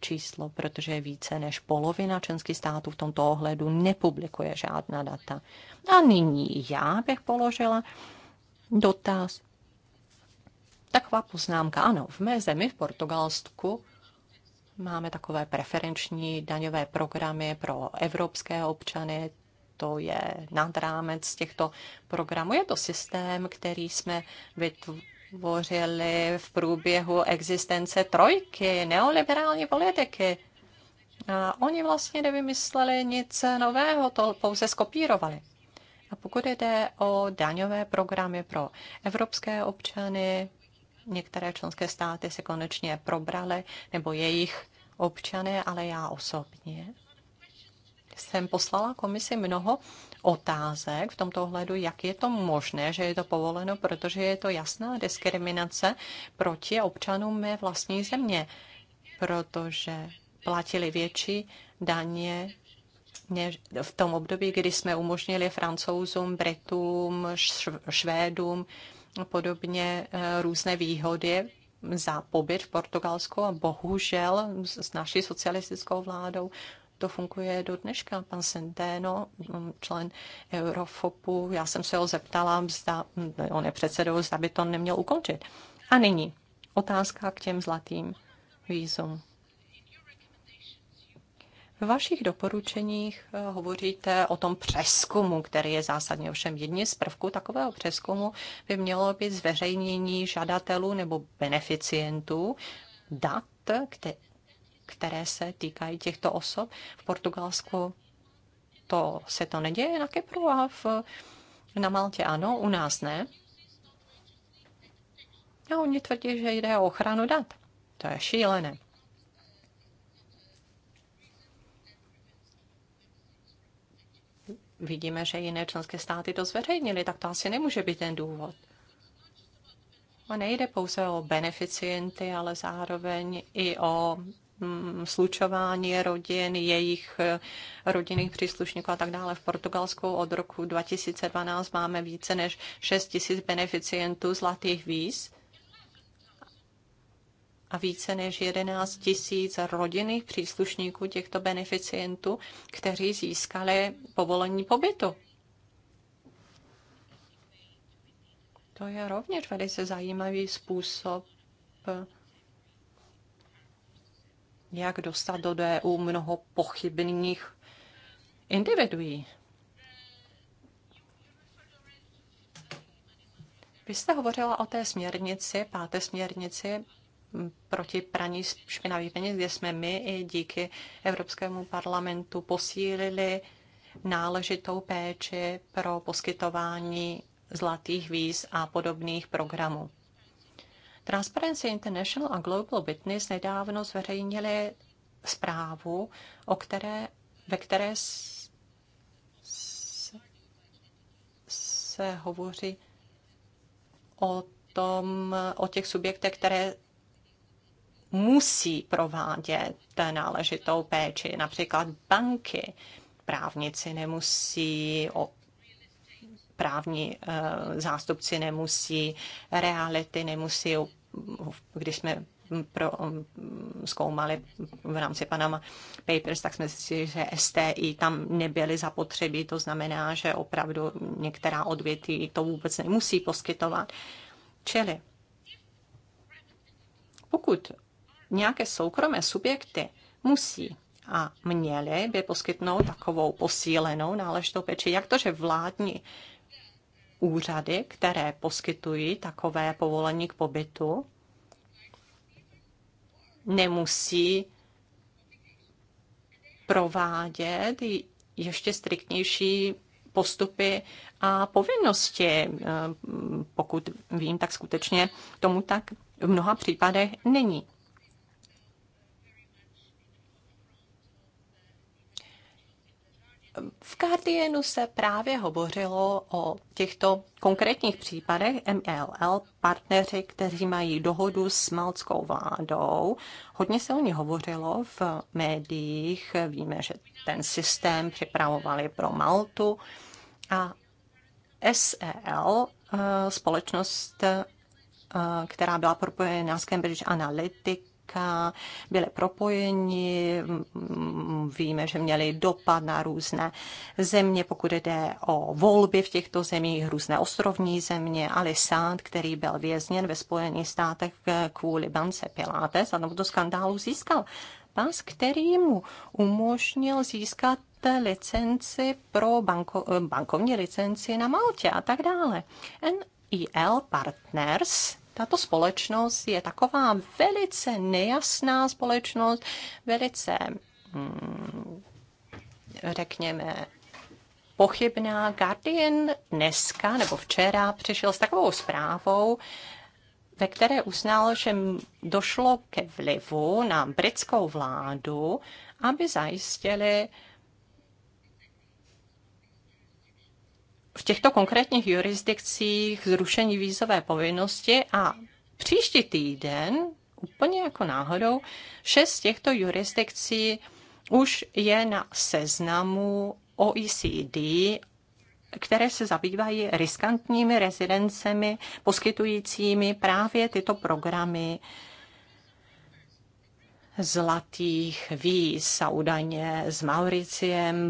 číslo, protože více než polovina členských států v tomto ohledu nepublikuje žádná data. A nyní já bych položila dotaz. Taková poznámka, ano, v mé zemi, v Portugalsku, Máme takové preferenční daňové programy pro evropské občany, to je nad rámec těchto programů. Je to systém, který jsme vytvořili v průběhu existence trojky, neoliberální politiky. A oni vlastně nevymysleli nic nového, to pouze skopírovali. A pokud jde o daňové programy pro evropské občany, některé členské státy se konečně probraly, nebo jejich občané, ale já osobně jsem poslala komisi mnoho otázek v tomto ohledu, jak je to možné, že je to povoleno, protože je to jasná diskriminace proti občanům mé vlastní země, protože platili větší daně v tom období, kdy jsme umožnili francouzům, britům, švédům, podobně eh, různé výhody za pobyt v Portugalsku a bohužel s naší socialistickou vládou to funguje do dneška. Pan Centeno, mm, člen Eurofopu, já jsem se ho zeptala, zda, mm, on je předsedou, zda by to neměl ukončit. A nyní otázka k těm zlatým vízům. V vašich doporučeních eh, hovoříte o tom přeskumu, který je zásadně ovšem jedně z prvků takového přeskumu by mělo být zveřejnění žadatelů nebo beneficientů dat, které se týkají těchto osob. V Portugalsku to se to neděje na Kypru a v, na Maltě ano, u nás ne. A oni tvrdí, že jde o ochranu dat. To je šílené. vidíme, že jiné členské státy to zveřejnili, tak to asi nemůže být ten důvod. A nejde pouze o beneficienty, ale zároveň i o mm, slučování rodin, jejich eh, rodinných příslušníků a tak dále. V Portugalsku od roku 2012 máme více než 6 000 beneficientů zlatých víz a více než 11 tisíc rodinných příslušníků těchto beneficientů, kteří získali povolení pobytu. To je rovněž velice zajímavý způsob, jak dostat do DU mnoho pochybných individuí. Vy jste hovořila o té směrnici, páté směrnici proti praní špinavých peněz, kde jsme my i díky Evropskému parlamentu posílili náležitou péči pro poskytování zlatých víz a podobných programů. Transparency International a Global Witness nedávno zveřejnili zprávu, o které, ve které se hovoří o tom, o těch subjektech, které musí provádět náležitou péči. Například banky, právníci nemusí, o, právní uh, zástupci nemusí, reality nemusí, když jsme pro, zkoumali v rámci Panama Papers, tak jsme si, že STI tam nebyly zapotřebí, to znamená, že opravdu některá odvětví to vůbec nemusí poskytovat. Čili pokud nějaké soukromé subjekty musí a měly by poskytnout takovou posílenou náležitou péči. Jak to, že vládní úřady, které poskytují takové povolení k pobytu, nemusí provádět ještě striktnější postupy a povinnosti. Eh, pokud vím, tak skutečně tomu tak v mnoha případech není. V Guardianu se právě hovořilo o těchto konkrétních případech MLL, partneři, kteří mají dohodu s malckou vládou. Hodně se o ní hovořilo v médiích. Víme, že ten systém připravovali pro Maltu. A SEL, eh, společnost, eh, která byla propojena s Cambridge Analytica, banka, byli propojeni, víme, že měli dopad na různé země, pokud jde o volby v těchto zemích, různé ostrovní země, Alisand, který byl vězněn ve Spojených státech kvůli bance Pilates a tomuto skandálu získal pas, který mu umožnil získat licenci pro banko, bankovní licenci na Maltě a tak dále. NIL Partners tato společnost je taková velice nejasná společnost, velice, hm, řekněme, pochybná. Guardian dneska nebo včera přišel s takovou zprávou, ve které uznal, že došlo ke vlivu na britskou vládu, aby zajistili v těchto konkrétních jurisdikcích zrušení vízové povinnosti a příští týden, úplně jako náhodou, šest těchto jurisdikcí už je na seznamu OECD, které se zabývají riskantními rezidencemi, poskytujícími právě tyto programy zlatých víz a údajně s Mauriciem,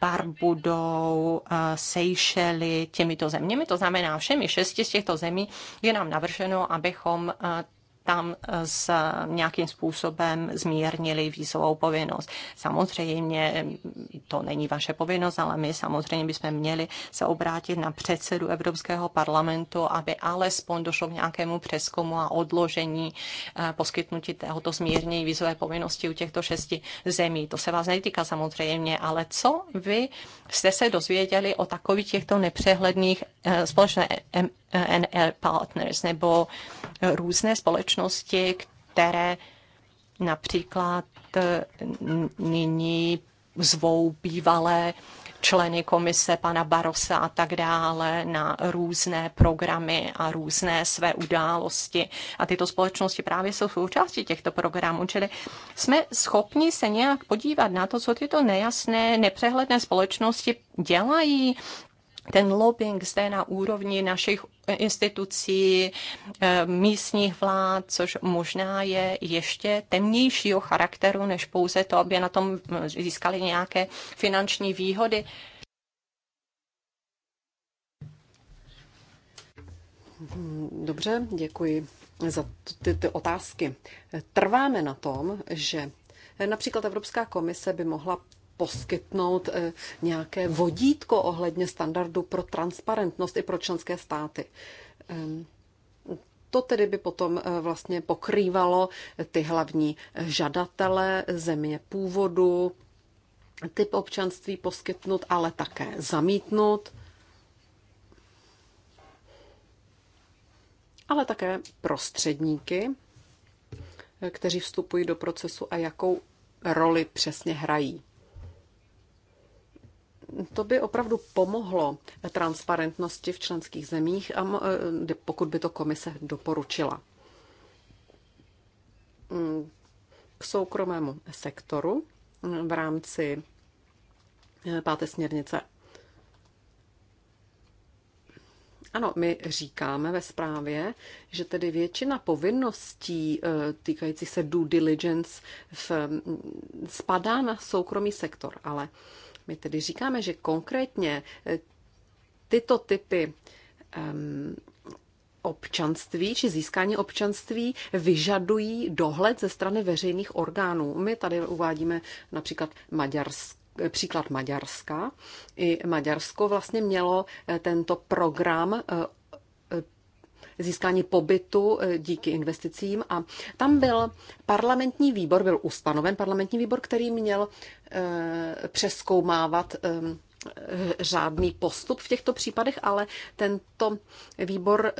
Barbudou, eh, Seychely, těmito zeměmi. To znamená všemi šesti z těchto zemí je nám navrženo, abychom eh, tam eh, s eh, nějakým způsobem zmírnili vízovou povinnost. Samozřejmě mm, to není vaše povinnost, ale my samozřejmě bychom měli se obrátit na předsedu Evropského parlamentu, aby alespoň došlo k nějakému přeskomu a odložení eh, poskytnutí tohoto zmírnění vízové povinnosti u těchto šesti zemí. To se vás netýká samozřejmě, ale co vy jste se dozvěděli o takových těchto nepřehledných společných Eh, NL Partners nebo eh, různé společnosti, které například eh, nyní zvou bývalé členy komise pana Barosa a tak dále na různé programy a různé své události. A tyto společnosti právě jsou součástí těchto programů, čili jsme schopni se nějak podívat na to, co tyto nejasné, nepřehledné společnosti dělají ten lobbying zde na úrovni našich institucí, eh, místních vlád, což možná je ještě temnějšího charakteru, než pouze to, aby na tom získali nějaké finanční výhody. Dobře, děkuji za ty, ty otázky. Trváme na tom, že Například Evropská komise by mohla poskytnout eh, nějaké vodítko ohledně standardu pro transparentnost i pro členské státy. Ehm, to tedy by potom eh, vlastně pokrývalo eh, ty hlavní žadatele, země původu, typ občanství poskytnut, ale také zamítnut. ale také prostředníky, kteří vstupují do procesu a jakou roli přesně hrají. To by opravdu pomohlo transparentnosti v členských zemích, a eh, pokud by to komise doporučila. Mm, k soukromému sektoru v rámci eh, páté směrnice. Ano, my říkáme ve zprávě, že tedy většina povinností eh, týkající se due diligence v, mm, spadá na soukromý sektor, ale my tedy říkáme, že konkrétně eh, tyto typy um, občanství či získání občanství vyžadují dohled ze strany veřejných orgánů. My tady uvádíme například Maďarsk, eh, příklad Maďarska. I Maďarsko vlastně mělo eh, tento program získání pobytu eh, díky investicím a tam byl parlamentní výbor, byl ustanoven parlamentní výbor, který měl eh, přeskoumávat ehm, eh, řádný postup v těchto případech, ale tento výbor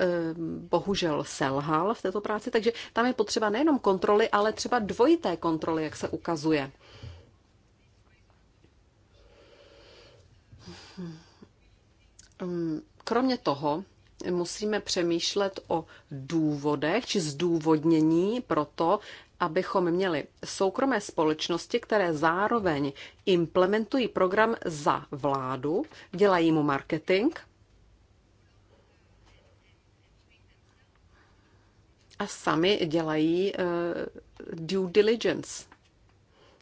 bohužel selhal v této práci, takže tam je potřeba nejenom kontroly, ale třeba dvojité kontroly, jak se ukazuje. Hmm. Kromě toho musíme přemýšlet o důvodech či zdůvodnění pro to, abychom měli soukromé společnosti, které zároveň implementují program za vládu, dělají mu marketing a sami dělají uh, due diligence,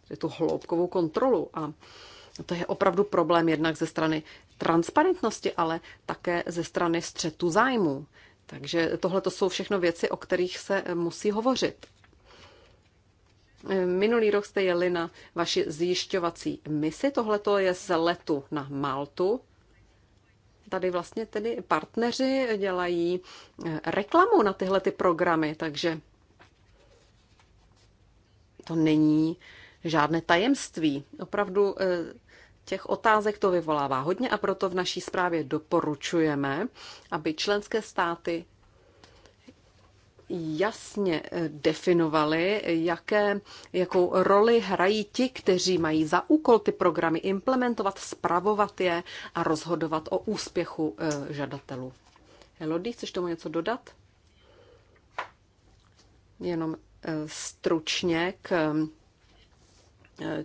tedy tu hloubkovou kontrolu. A to je opravdu problém jednak ze strany transparentnosti, ale také ze strany střetu zájmů. Takže tohle to jsou všechno věci, o kterých se musí hovořit. Minulý rok jste jeli na vaši zjišťovací misi, tohle je z letu na Maltu. Tady vlastně tedy partneři dělají eh, reklamu na tyhle ty programy, takže to není žádné tajemství. Opravdu eh, Těch otázek to vyvolává hodně a proto v naší zprávě doporučujeme, aby členské státy jasně eh, definovali, jaké, jakou roli hrají ti, kteří mají za úkol ty programy implementovat, spravovat je a rozhodovat o úspěchu eh, žadatelů. Elodie, chceš tomu něco dodat? Jenom eh, stručně k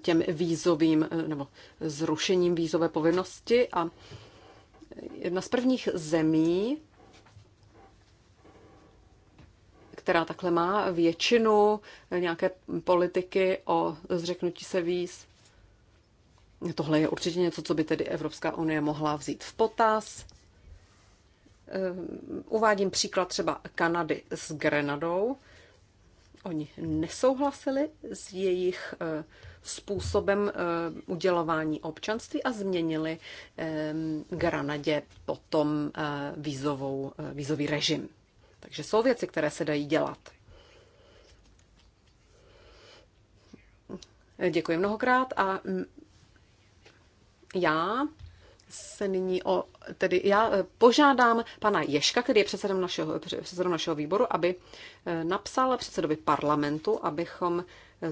těm vízovým eh, nebo zrušením vízové povinnosti a jedna z prvních zemí, která takhle má většinu eh, nějaké politiky o zřeknutí se víz. Tohle je určitě něco, co by tedy Evropská unie mohla vzít v potaz. Eh, uvádím příklad třeba Kanady s Grenadou. Oni nesouhlasili s jejich uh, způsobem eh, udělování občanství a změnili eh, Granadě potom eh, vízovou, vízový režim. Takže jsou věci, které se dají dělat. Děkuji mnohokrát a já se nyní o, tedy já požádám pana Ješka, který je předsedem našeho, předsedem našeho výboru, aby napsal předsedovi parlamentu, abychom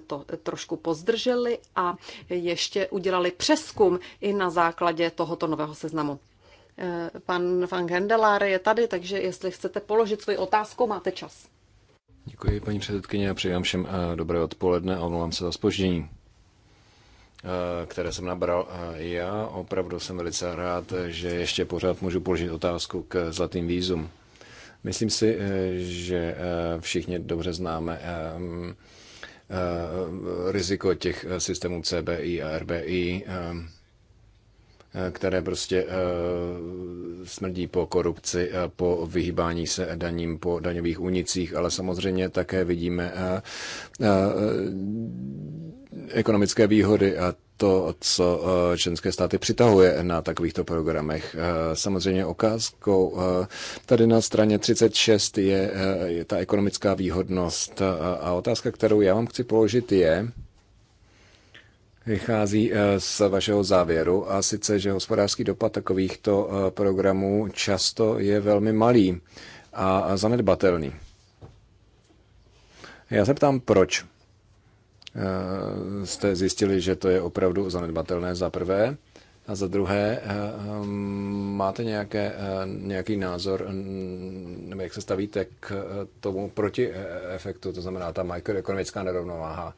to trošku pozdrželi a ještě udělali přeskum i na základě tohoto nového seznamu. Eh, pan Van Gendelare je tady, takže jestli chcete položit svoji otázku, máte čas. Děkuji, paní předsedkyně, a přeji vám všem eh, dobré odpoledne a omlouvám se za spoždění eh, které jsem nabral. Já opravdu jsem velice rád, že ještě pořád můžu položit otázku k zlatým vízum. Myslím si, že všichni dobře známe Eh, riziko těch eh, systémů CBI a RBI, eh, které prostě smrdí po korupci, po vyhýbání se daním, po daňových únicích, ale samozřejmě také vidíme ekonomické výhody a to, co eh, členské státy přitahuje na takovýchto programech. Eh, samozřejmě okázkou eh, tady na straně 36 je, je ta ekonomická výhodnost a otázka, kterou já vám chci položit je, vychází z vašeho závěru a sice, že hospodářský dopad takovýchto programů často je velmi malý a zanedbatelný. Já se ptám, proč? Eh, jste zjistili, že to je opravdu zanedbatelné za prvé. A za druhé, eh, hm, máte nějaké, eh, nějaký názor, nebo jak se stavíte k tomu proti efektu, to znamená ta makroekonomická nerovnováha,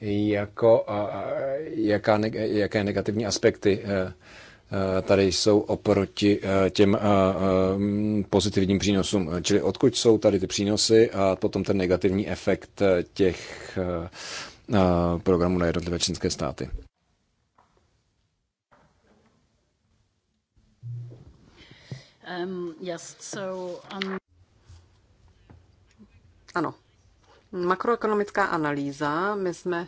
jako, jaká, jaké negativní aspekty tady jsou oproti těm pozitivním přínosům. Čili odkud jsou tady ty přínosy a potom ten negativní efekt těch Eh, programu na jednotlivé členské státy. Um, yes, so, um... Ano. Makroekonomická analýza. My jsme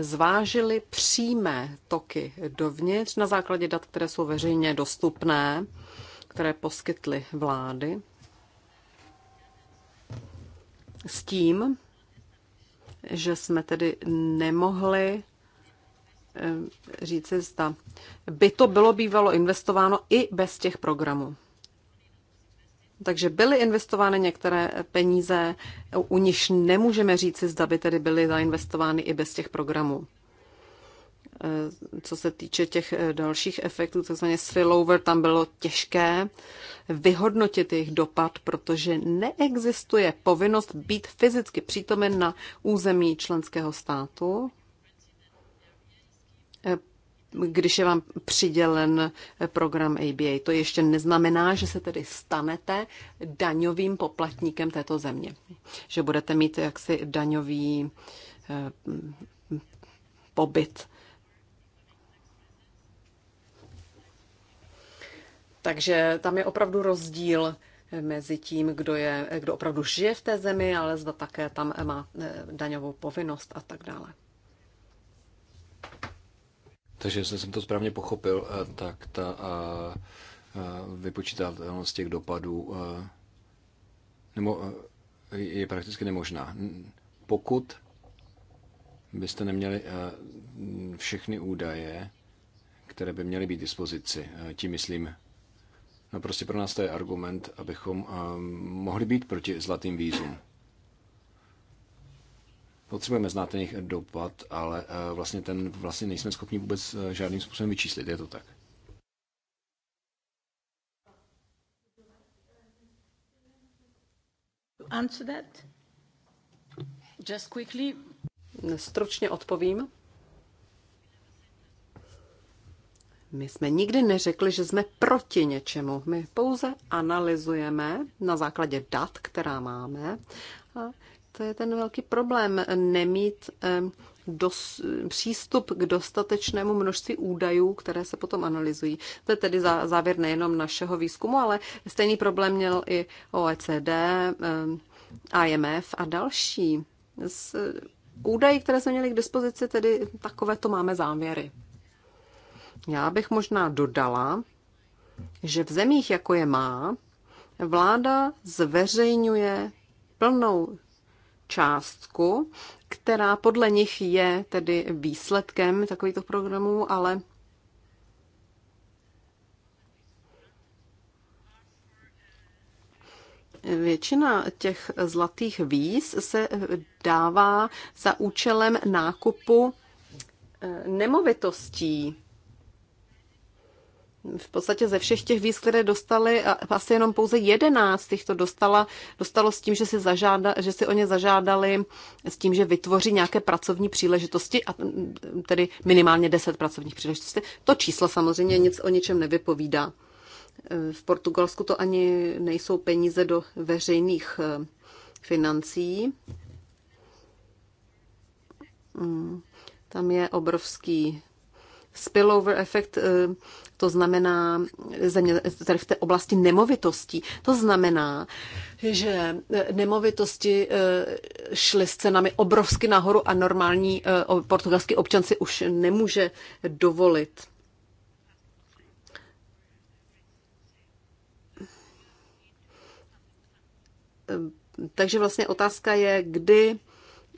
zvážili přímé toky dovnitř na základě dat, které jsou veřejně dostupné, které poskytly vlády. S tím, že jsme tedy nemohli eh, říci, zda by to bylo bývalo investováno i bez těch programů. Takže byly investovány některé peníze, u nich nemůžeme říci, zda by tedy byly zainvestovány i bez těch programů. Eh, co se týče těch eh, dalších efektů, takzvaně spillover, tam bylo těžké vyhodnotit jejich dopad, protože neexistuje povinnost být fyzicky přítomen na území členského státu, eh, když je vám přidělen program ABA. To ještě neznamená, že se tedy stanete daňovým poplatníkem této země. Že budete mít jaksi daňový pobyt Takže tam je opravdu rozdíl mezi tím, kdo, je, kdo opravdu žije v té zemi, ale zda také tam má e, daňovou povinnost a tak dále. Takže jestli jsem to správně pochopil, e, tak ta e, vypočítatelnost těch dopadů je prakticky nemožná. Pokud byste neměli všechny údaje, které by měly být dispozici, tím myslím Prostě pro nás to je argument, abychom mohli být proti zlatým vízům. Potřebujeme znát ten jejich dopad, ale vlastně ten vlastně nejsme schopni vůbec žádným způsobem vyčíslit. Je to tak. Answer that? Just quickly. Stručně odpovím. My jsme nikdy neřekli, že jsme proti něčemu. My pouze analyzujeme na základě dat, která máme. A to je ten velký problém, nemít dos, přístup k dostatečnému množství údajů, které se potom analyzují. To je tedy závěr nejenom našeho výzkumu, ale stejný problém měl i OECD, IMF a další. Z údají, které jsme měli k dispozici, tedy takovéto máme závěry. Já bych možná dodala, že v zemích, jako je má, vláda zveřejňuje plnou částku, která podle nich je tedy výsledkem takovýchto programů, ale Většina těch zlatých víz se dává za účelem nákupu eh, nemovitostí v podstatě ze všech těch víz, které dostali, asi jenom pouze jedenáct těch to dostala, dostalo s tím, že si, zažáda, že si o ně zažádali s tím, že vytvoří nějaké pracovní příležitosti, a mm, tedy minimálně deset pracovních příležitostí. To číslo samozřejmě nic o ničem nevypovídá. V Portugalsku to ani nejsou peníze do veřejných eh, financí. Mm, tam je obrovský spillover efekt, eh, to znamená země, tady v té oblasti nemovitostí. To znamená, že eh, nemovitosti eh, šly s cenami obrovsky nahoru a normální portugalský občan si už nemůže dovolit. Takže vlastně otázka je, kdy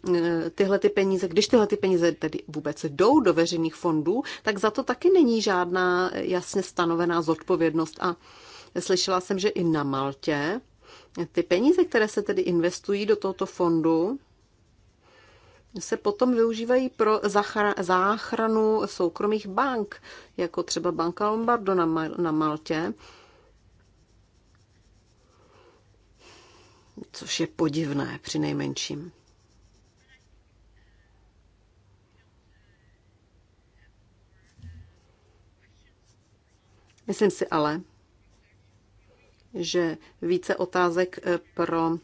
Eh, tyhle ty peníze, když tyhle ty peníze tedy vůbec jdou do veřejných fondů, tak za to taky není žádná jasně stanovená zodpovědnost. A slyšela jsem, že i na Maltě ty peníze, které se tedy investují do tohoto fondu, se potom využívají pro záchranu soukromých bank, jako třeba banka Lombardo na, Maltě, což je podivné při nejmenším. Myslím si ale, že více otázek eh, pro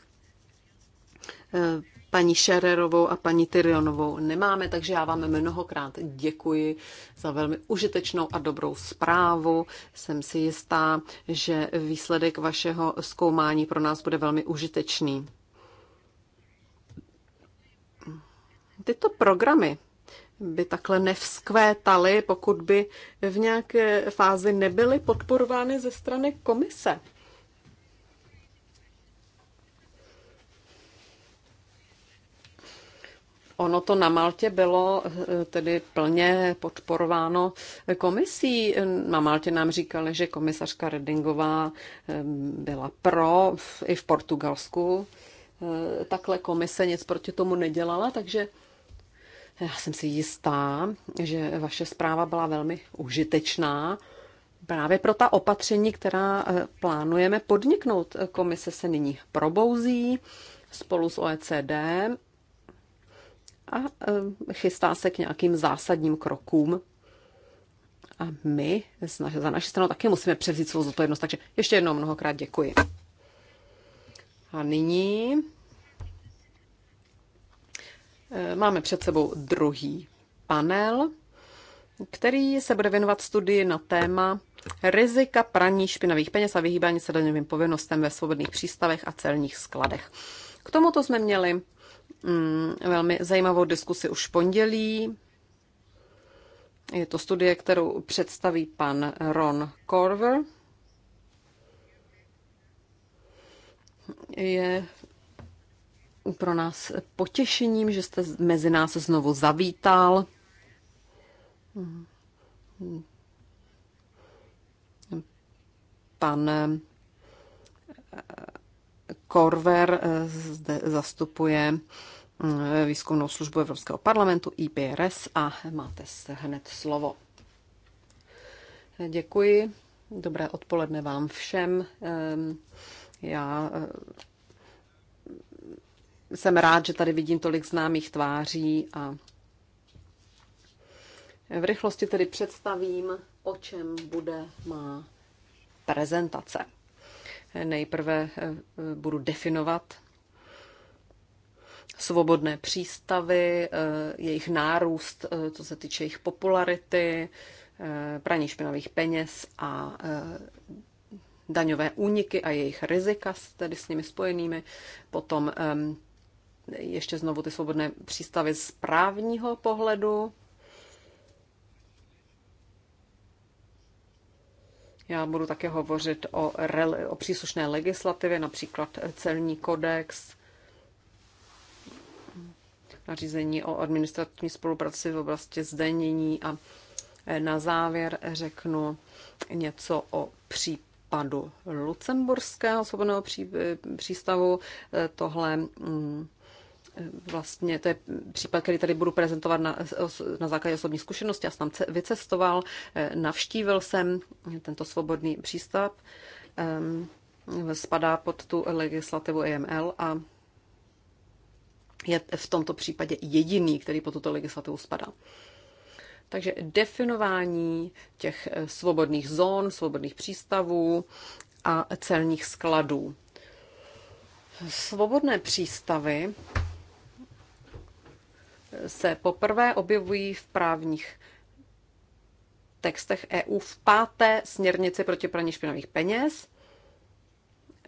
eh, paní Šererovou a paní Tyrionovou nemáme, takže já vám mnohokrát děkuji za velmi užitečnou a dobrou zprávu. Jsem si jistá, že výsledek vašeho zkoumání pro nás bude velmi užitečný. Tyto programy by takhle nevzkvétaly, pokud by v nějaké fázi nebyly podporovány ze strany komise. Ono to na Maltě bylo eh, tedy plně podporováno komisí. Na Maltě nám říkali, že komisařka Redingová eh, byla pro, i v Portugalsku. Eh, takhle komise nic proti tomu nedělala, takže já jsem si jistá, že vaše zpráva byla velmi užitečná. Právě pro ta opatření, která eh, plánujeme podniknout, eh, komise se nyní probouzí spolu s OECD a eh, chystá se k nějakým zásadním krokům. A my za naši stranu taky musíme převzít svou zodpovědnost. Takže ještě jednou mnohokrát děkuji. A nyní Eh, máme před sebou druhý panel, který se bude věnovat studii na téma rizika praní špinavých peněz a vyhýbání se daňovým povinnostem ve svobodných přístavech a celních skladech. K tomuto jsme měli mm, velmi zajímavou diskusi už v pondělí. Je to studie, kterou představí pan Ron Corver. Je pro nás potěšením, že jste mezi nás znovu zavítal. Pan eh, Korver eh, zde zastupuje eh, výzkumnou službu Evropského parlamentu IPRS a máte hned slovo. Děkuji. Dobré odpoledne vám všem. Já jsem rád, že tady vidím tolik známých tváří a v rychlosti tedy představím, o čem bude má prezentace. Nejprve eh, budu definovat svobodné přístavy, eh, jejich nárůst, eh, co se týče jejich popularity, praní špinavých peněz a daňové úniky a jejich rizika tedy s nimi spojenými, potom ehm, ještě znovu ty svobodné přístavy z právního pohledu. Já budu také hovořit o, o příslušné legislativě, například celní kodex, nařízení o administrativní spolupráci v oblasti zdenění a na závěr řeknu něco o případu Lucemburského svobodného pří, přístavu. Tohle mm, vlastně to je případ, který tady budu prezentovat na, na základě osobní zkušenosti. Já jsem tam vycestoval, eh, navštívil jsem tento svobodný přístav. Ehm, spadá pod tu legislativu EML a je v tomto případě jediný, který pod tuto legislativu spadá. Takže definování těch eh, svobodných zón, svobodných přístavů a celních skladů. Svobodné přístavy se poprvé objevují v právních textech EU v páté směrnici proti praní špinavých peněz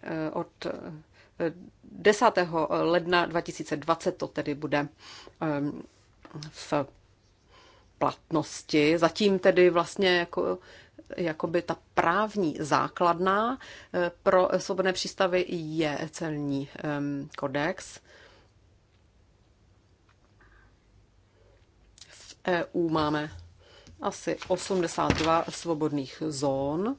eh, od 10. Eh, ledna 2020 to tedy bude eh, v platnosti. Zatím tedy vlastně jako, jakoby ta právní základna pro svobodné přístavy je celní kodex. EU máme asi 82 svobodných zón,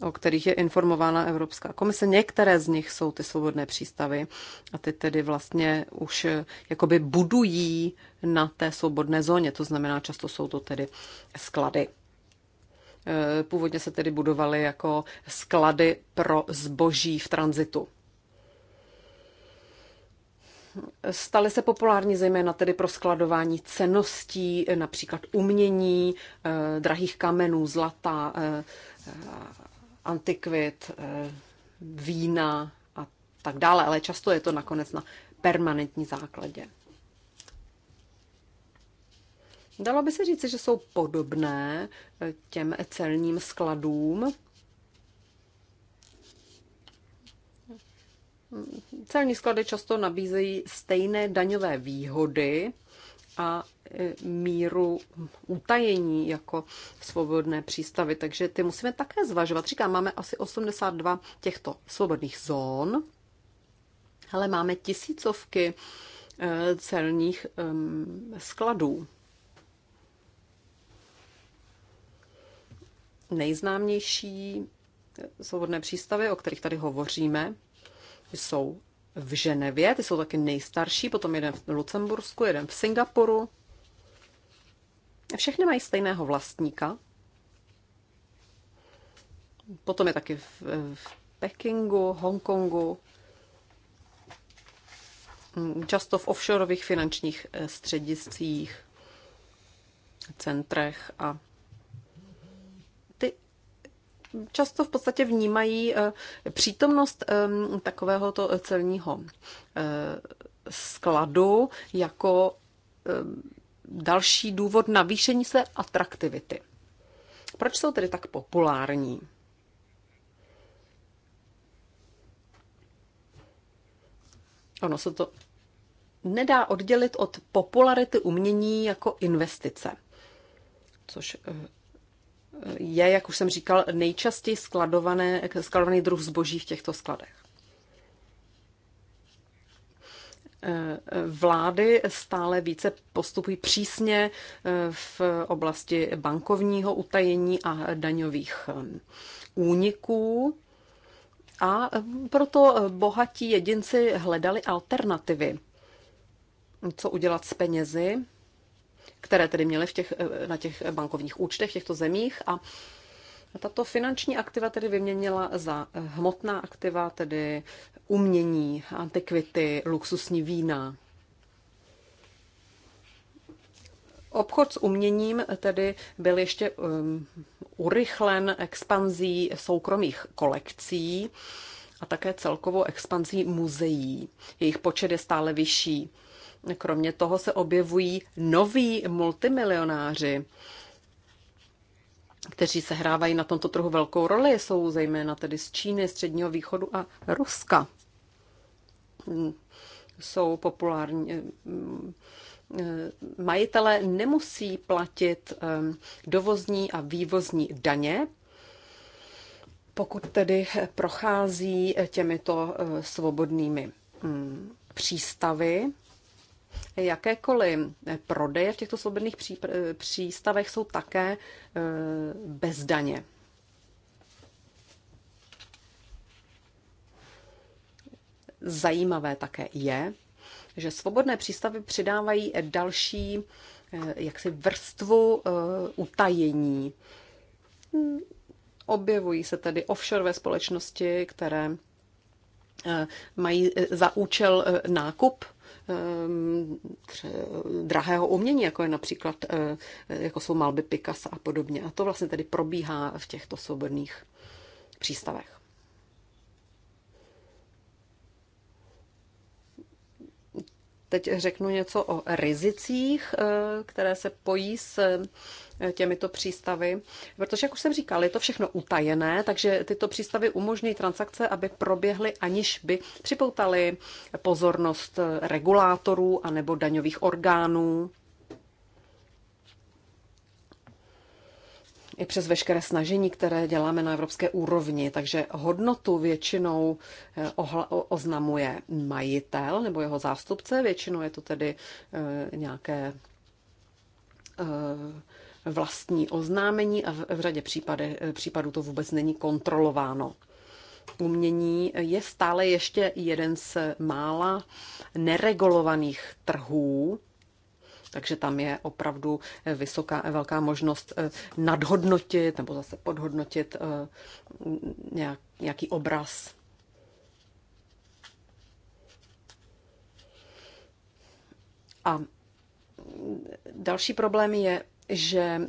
o kterých je informována Evropská komise. Některé z nich jsou ty svobodné přístavy a ty tedy vlastně už e, jakoby budují na té svobodné zóně, to znamená často jsou to tedy sklady. E, původně se tedy budovaly jako sklady pro zboží v tranzitu staly se populární zejména tedy pro skladování ceností, například umění, eh, drahých kamenů, zlata, eh, eh, antikvit, vína a tak dále, ale často je to nakonec na permanentní základě. Dalo by se říci, že jsou podobné těm celním skladům, Celní sklady často nabízejí stejné daňové výhody a e, míru utajení jako svobodné přístavy, takže ty musíme také zvažovat. Říkám, máme asi 82 těchto svobodných zón, ale máme tisícovky e, celních skladů. Nejznámější e, svobodné přístavy, o kterých tady hovoříme, jsou v Ženevě, ty jsou taky nejstarší, potom jeden v Lucembursku, jeden v Singapuru. Všechny mají stejného vlastníka. Potom je taky v, v Pekingu, Hongkongu, často v offshoreových finančních eh, střediscích, centrech a často v podstatě vnímají eh, přítomnost eh, takovéhoto celního eh, skladu jako další důvod navýšení své atraktivity. Proč jsou tedy tak populární? Ono se to nedá oddělit od popularity umění jako investice, což je, jak už jsem říkal, nejčastěji skladované, skladovaný druh zboží v těchto skladech. Vlády stále více postupují přísně v oblasti bankovního utajení a daňových úniků. A proto bohatí jedinci hledali alternativy, co udělat s penězi, které tedy měly v těch, eh, na těch bankovních účtech v těchto zemích a tato finanční aktiva tedy vyměnila za eh, hmotná aktiva, tedy umění, antikvity, luxusní vína. Obchod s uměním tedy byl ještě um, urychlen expanzí soukromých kolekcí a také celkovou expanzí muzeí. Jejich počet je stále vyšší. Kromě toho se objevují noví multimilionáři, kteří se hrávají na tomto trhu velkou roli, jsou zejména tedy z Číny, Středního východu a Ruska. Jsou populární, eh, mm, eh, majitele nemusí platit eh, dovozní a vývozní daně, pokud tedy prochází těmito svobodnými mm, přístavy. Jakékoliv prodeje v těchto svobodných přístavech jsou také e, bez daně. Zajímavé také je, že svobodné přístavy přidávají další e, jaksi vrstvu e, utajení. Objevují se tedy offshore ve společnosti, které mají za účel nákup Ehm, drahého umění, jako je například, eh, jako jsou malby Picasso a podobně. A to vlastně tedy probíhá v těchto svobodných přístavech. Teď řeknu něco o rizicích, eh, které se pojí s těmito přístavy, protože, jak už jsem říkal, je to všechno utajené, takže tyto přístavy umožňují transakce, aby proběhly, aniž by připoutaly pozornost regulátorů anebo daňových orgánů. i přes veškeré snažení, které děláme na evropské úrovni. Takže hodnotu většinou eh, oznamuje majitel nebo jeho zástupce, většinou je to tedy eh, nějaké eh, vlastní oznámení a v řadě případe, eh, případů to vůbec není kontrolováno. Umění je stále ještě jeden z mála neregulovaných trhů, takže tam je opravdu eh, vysoká, velká možnost eh, nadhodnotit nebo zase podhodnotit nějak, nějaký obraz. A další problém je že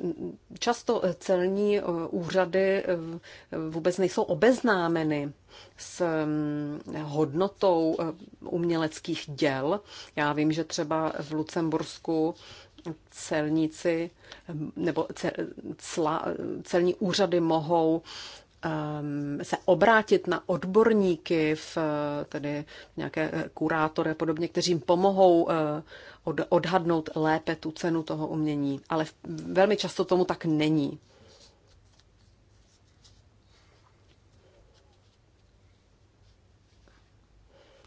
často celní eh, úřady eh, vůbec nejsou obeznámeny s mm, hodnotou eh, uměleckých děl. Já vím, že třeba v Lucembursku celníci nebo celní úřady mohou ehm, se obrátit na odborníky, v, tedy nějaké kurátory a podobně, kteří jim pomohou odhadnout lépe tu cenu toho umění, ale velmi často tomu tak není.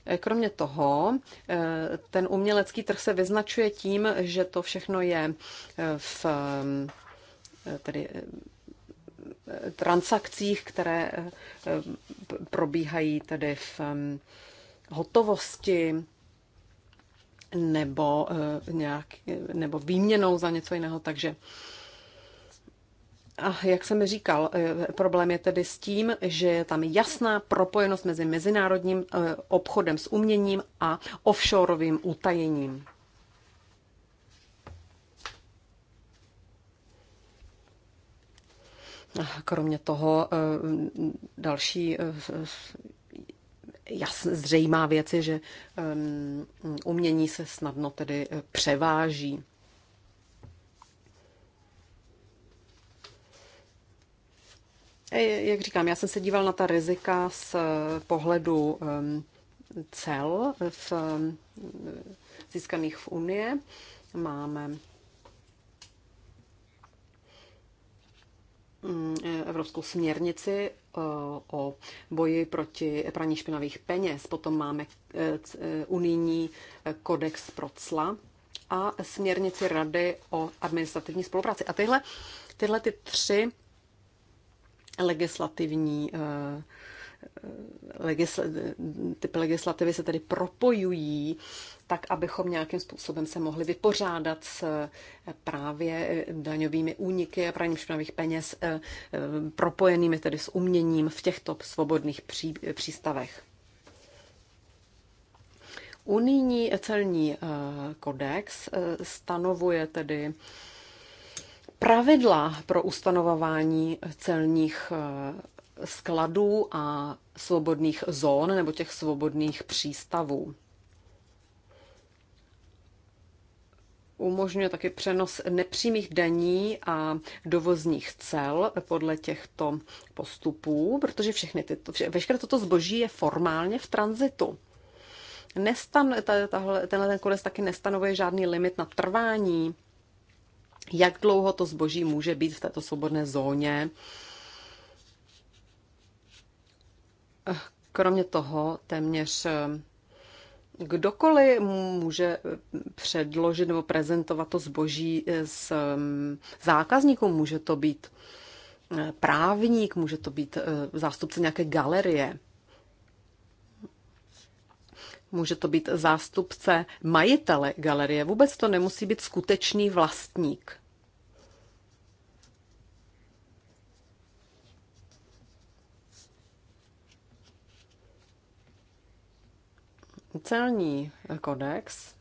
Eh, kromě toho, eh, ten umělecký trh se vyznačuje tím, že to všechno je eh, v tedy transakcích, které probíhají tedy v hotovosti, nebo, eh, nějak, nebo výměnou za něco jiného. Takže a jak jsem říkal, eh, problém je tedy s tím, že je tam jasná propojenost mezi mezinárodním eh, obchodem s uměním a offshoreovým utajením. Kromě toho další jasně zřejmá věc je, že um, umění se snadno tedy eh, převáží. Eh, jak říkám, já jsem se díval na ta rizika z eh, pohledu um, cel v získaných v Unie. Máme Mm, evropskou směrnici eh, o boji proti praní špinavých peněz, potom máme eh, eh, unijní kodex pro cla a směrnici Rady o administrativní spolupráci. A tyhle, tyhle ty tři legislativní legisl, typy legislativy se tedy propojují tak abychom nějakým způsobem se mohli vypořádat s eh, právě eh, daňovými úniky a praním špinavých peněz eh, propojenými tedy s uměním v těchto svobodných pří, přístavech. Unijní celní kodex stanovuje tedy pravidla pro ustanovování celních skladů a svobodných zón nebo těch svobodných přístavů. umožňuje taky přenos nepřímých daní a dovozních cel podle těchto postupů, protože všechny tyto, vše, veškeré toto zboží je formálně v tranzitu. Nestan, tahle, tenhle ten kodex taky nestanovuje žádný limit na trvání, jak dlouho to zboží může být v této svobodné zóně. Kromě toho téměř kdokoliv může předložit nebo prezentovat to zboží s mm, zákazníkům. Může to být eh, právník, může to být eh, zástupce nějaké galerie, může to být zástupce majitele galerie. Vůbec to nemusí být skutečný vlastník. Celní kodex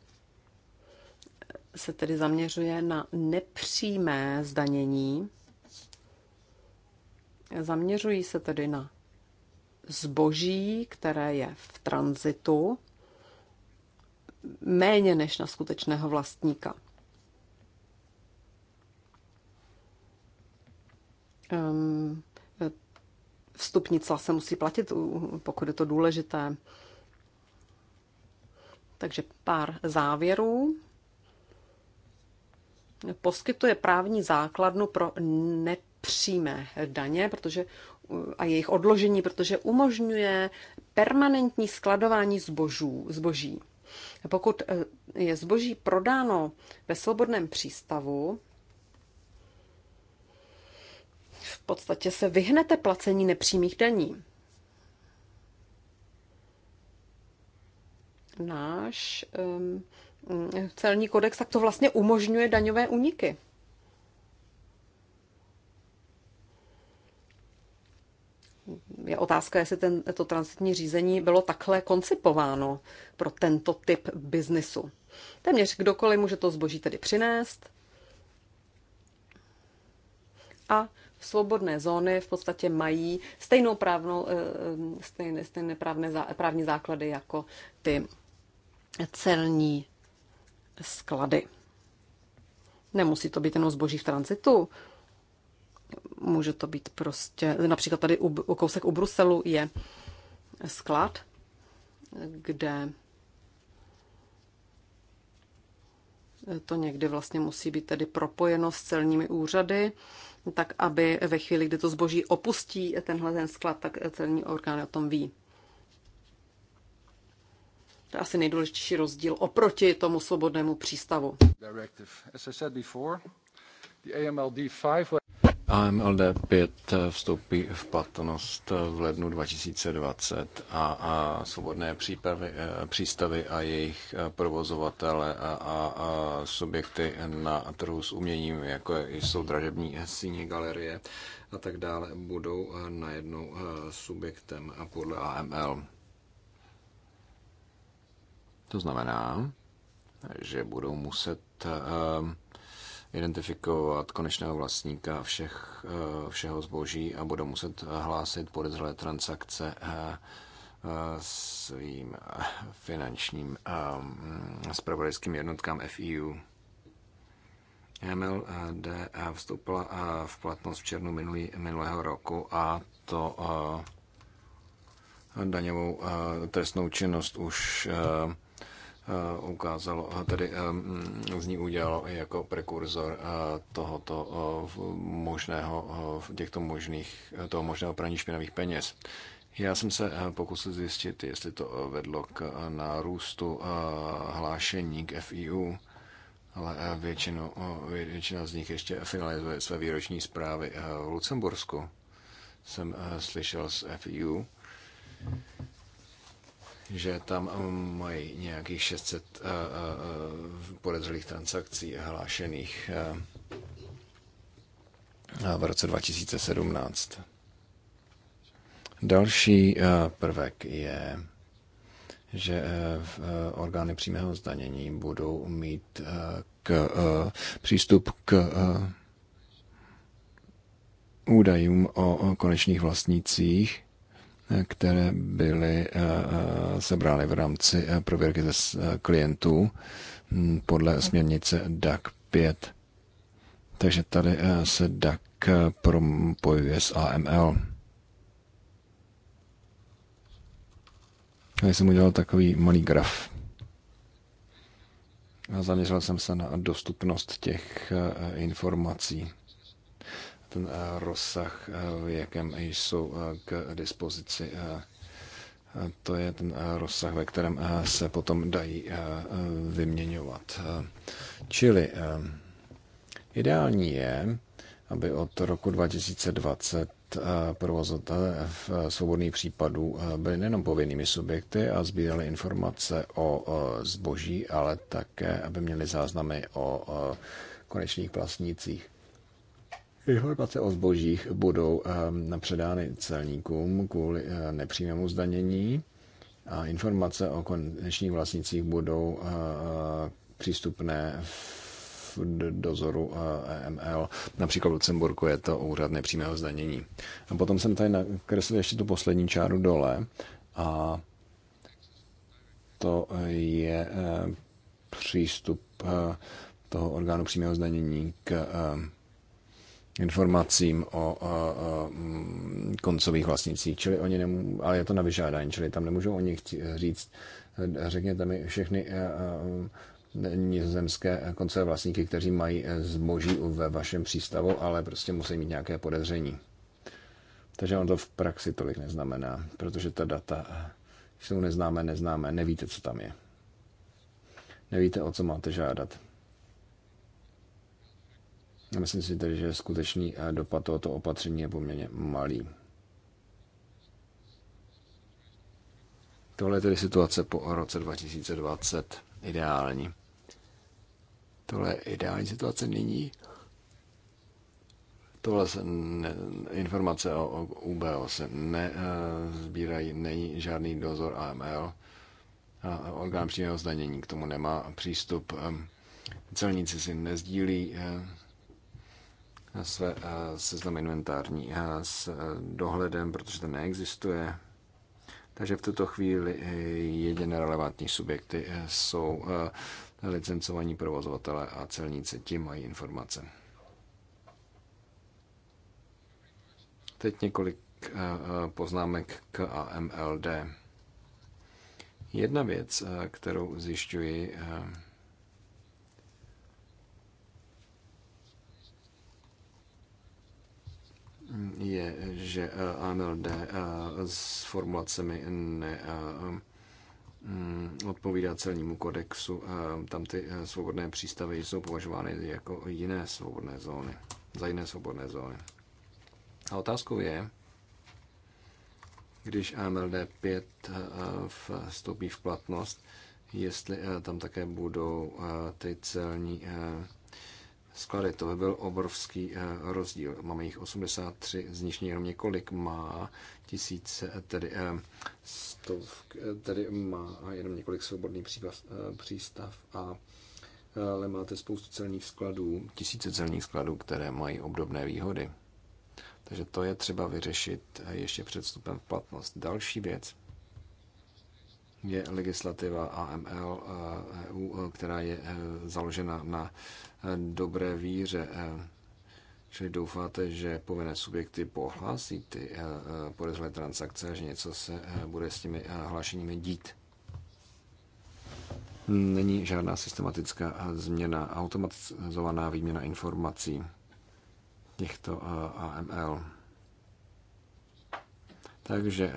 se tedy zaměřuje na nepřímé zdanění. Zaměřují se tedy na zboží, které je v tranzitu, méně než na skutečného vlastníka. Ehm, Vstupní cla se musí platit, pokud je to důležité. Takže pár závěrů. Poskytuje právní základnu pro nepřímé daně, protože a jejich odložení, protože umožňuje permanentní skladování zbožů, zboží. Pokud eh, je zboží prodáno ve svobodném přístavu, v podstatě se vyhnete placení nepřímých daní. náš um, mm, celní kodex, tak to vlastně umožňuje daňové úniky. je otázka, jestli ten, to transitní řízení bylo takhle koncipováno pro tento typ biznisu. Téměř kdokoliv může to zboží tedy přinést a svobodné zóny v podstatě mají stejnou právnou, eh, eh, stejné, stejné právné, právní základy jako ty celní sklady. Nemusí to být jenom zboží v tranzitu. Může to být prostě, například tady u, u kousek u Bruselu je sklad, kde to někdy vlastně musí být tedy propojeno s celními úřady, tak aby ve chvíli, kdy to zboží opustí tenhle ten sklad, tak celní orgány o tom ví. To je asi nejdůležitější rozdíl oproti tomu svobodnému přístavu. AMLD 5 eh, vstoupí v platnost eh, v lednu 2020 a, a svobodné přípravy, eh, přístavy a jejich provozovatele a, a, a subjekty na trhu s uměním, jako jsou dražební síně, galerie a tak dále, budou najednou subjektem podle AML. To znamená, že budou muset ehm, identifikovat konečného vlastníka všech, eh, všeho zboží a budou muset hlásit podezřelé transakce eh, eh, svým finančním spravodajským ehm, jednotkám FIU. MLD vstoupila v platnost v černu minulý, minulého roku a to daňovou trestnou činnost už Eh, ukázalo, tedy z ní udělalo jako prekurzor eh, tohoto eh, možného, těchto možných, toho možného praní špinavých peněz. Já jsem se pokusil zjistit, jestli to vedlo k nárůstu hlášení k FIU, ale většinu, většina z nich ještě finalizuje své výroční zprávy v Lucembursku. Jsem slyšel z FIU, že tam eh, mají nějakých 600 eh, eh, podezřelých transakcí hlášených v roce 2017. Další prvek je, že orgány přímého zdanění budou mít k, přístup k údajům o konečných vlastnících které byly eh, eh, sebrány v rámci eh, prověrky ze klientů hm, podle směrnice DAC 5. Takže tady se DAC propojuje s AML. Já jsem udělal takový malý graf. A zaměřil jsem se na dostupnost těch informací ten eh, rozsah, eh, v jakém jsou eh, k dispozici. To je ten rozsah, ve kterém se potom dají vyměňovat. Čili ideální je, aby od roku 2020 provozatelé v svobodných případů byli nejenom povinnými subjekty a sbírali informace o zboží, ale také, aby měli záznamy o konečných vlastnících. Informace o zbožích budou ehm, předány celníkům kvůli eh, nepřímému zdanění a informace o konečných vlastnicích budou eh, eh, přístupné v dozoru EML. E Například v Lucemburku je to úřad nepřímého zdanění. A potom jsem tady nakreslil ještě tu poslední čáru dole a to je přístup toho orgánu přímého zdanění k informacím o, o, o mm, koncových vlastnicích, čili oni nemů, ale je to na vyžádání, čili tam nemůžou oni říct, řekněte mi všechny eh, eh, eh, nizozemské koncové vlastníky, kteří mají zboží ve vašem přístavu, ale prostě musí mít nějaké podezření. Takže ono to v praxi tolik neznamená, protože ta data jsou neznámé, neznámé, nevíte, co tam je. Nevíte, o co máte žádat. Myslím si tedy, že skutečný eh, dopad tohoto opatření je poměrně malý. Tohle je tedy situace po roce 2020. Ideální. Tohle je ideální situace nyní. Tohle se ne, informace o, o UBO se nezbírají, eh, není žádný dozor AML. A orgán přímého zdanění k tomu nemá přístup. Ehm, celníci si nezdílí eh, své eh, seznam inventární eh, s eh, dohledem, protože to neexistuje. Takže v tuto chvíli jediné relevantní subjekty jsou licencovaní provozovatele a celníci, ti mají informace. Teď několik poznámek k AMLD. Jedna věc, kterou zjišťuji, je, že eh, AMLD eh, s formulacemi ne eh, mm, odpovídá celnímu kodexu. Tam ty svobodné přístavy jsou považovány jako jiné svobodné zóny, za jiné svobodné zóny. A otázkou je, když AMLD 5 vstoupí v platnost, jestli tam také budou ty celní sklady. To by byl obrovský eh, rozdíl. Máme jich 83, z nich jenom několik má tisíce, eh, tedy, eh, stov, tedy má jenom několik svobodných přístav a ale máte spoustu celních skladů, tisíce celních skladů, které mají obdobné výhody. Takže to je třeba vyřešit ještě před vstupem v platnost. Další věc, je legislativa AML EU, eh, e eh, která je eh, založena na dobré víře. Čili doufáte, že povinné subjekty pohlásí ty podezřelé transakce a že něco se bude s těmi hlášeními dít? Není žádná systematická změna, automatizovaná výměna informací těchto AML. Takže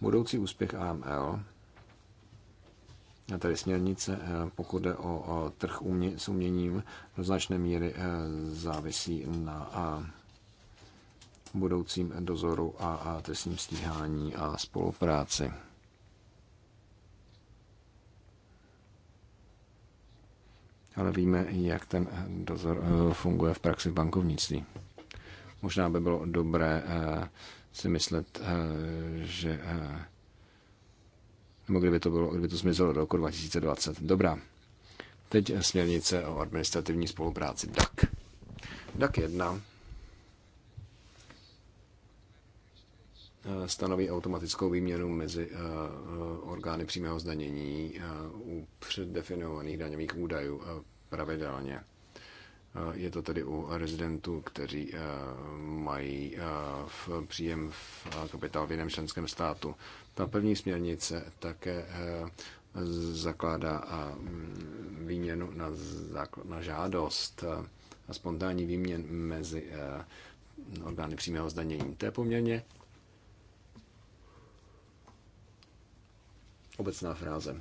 Budoucí úspěch AML, tady směrnice, eh, pokud jde o trh s uměním, do značné míry eh, závisí na budoucím dozoru a trestním stíhání a spolupráci. ale víme, jak ten dozor eh, funguje v praxi v bankovnictví. Možná by bylo dobré si myslet, eh, že eh, nebo kdyby to, bylo, kdyby to zmizelo do roku 2020. Dobrá. Teď směrnice o administrativní spolupráci DAC. DAC 1 eh, stanoví automatickou výměnu mezi orgány přímého zdanění u předdefinovaných daňových údajů pravidelně. Je to tedy u rezidentů, kteří eh, mají eh, v příjem v eh, kapitál v jiném členském státu. Ta první směrnice také zakládá výměnu na, žádost a spontánní výměn mezi orgány přímého zdanění. To je poměrně obecná fráze.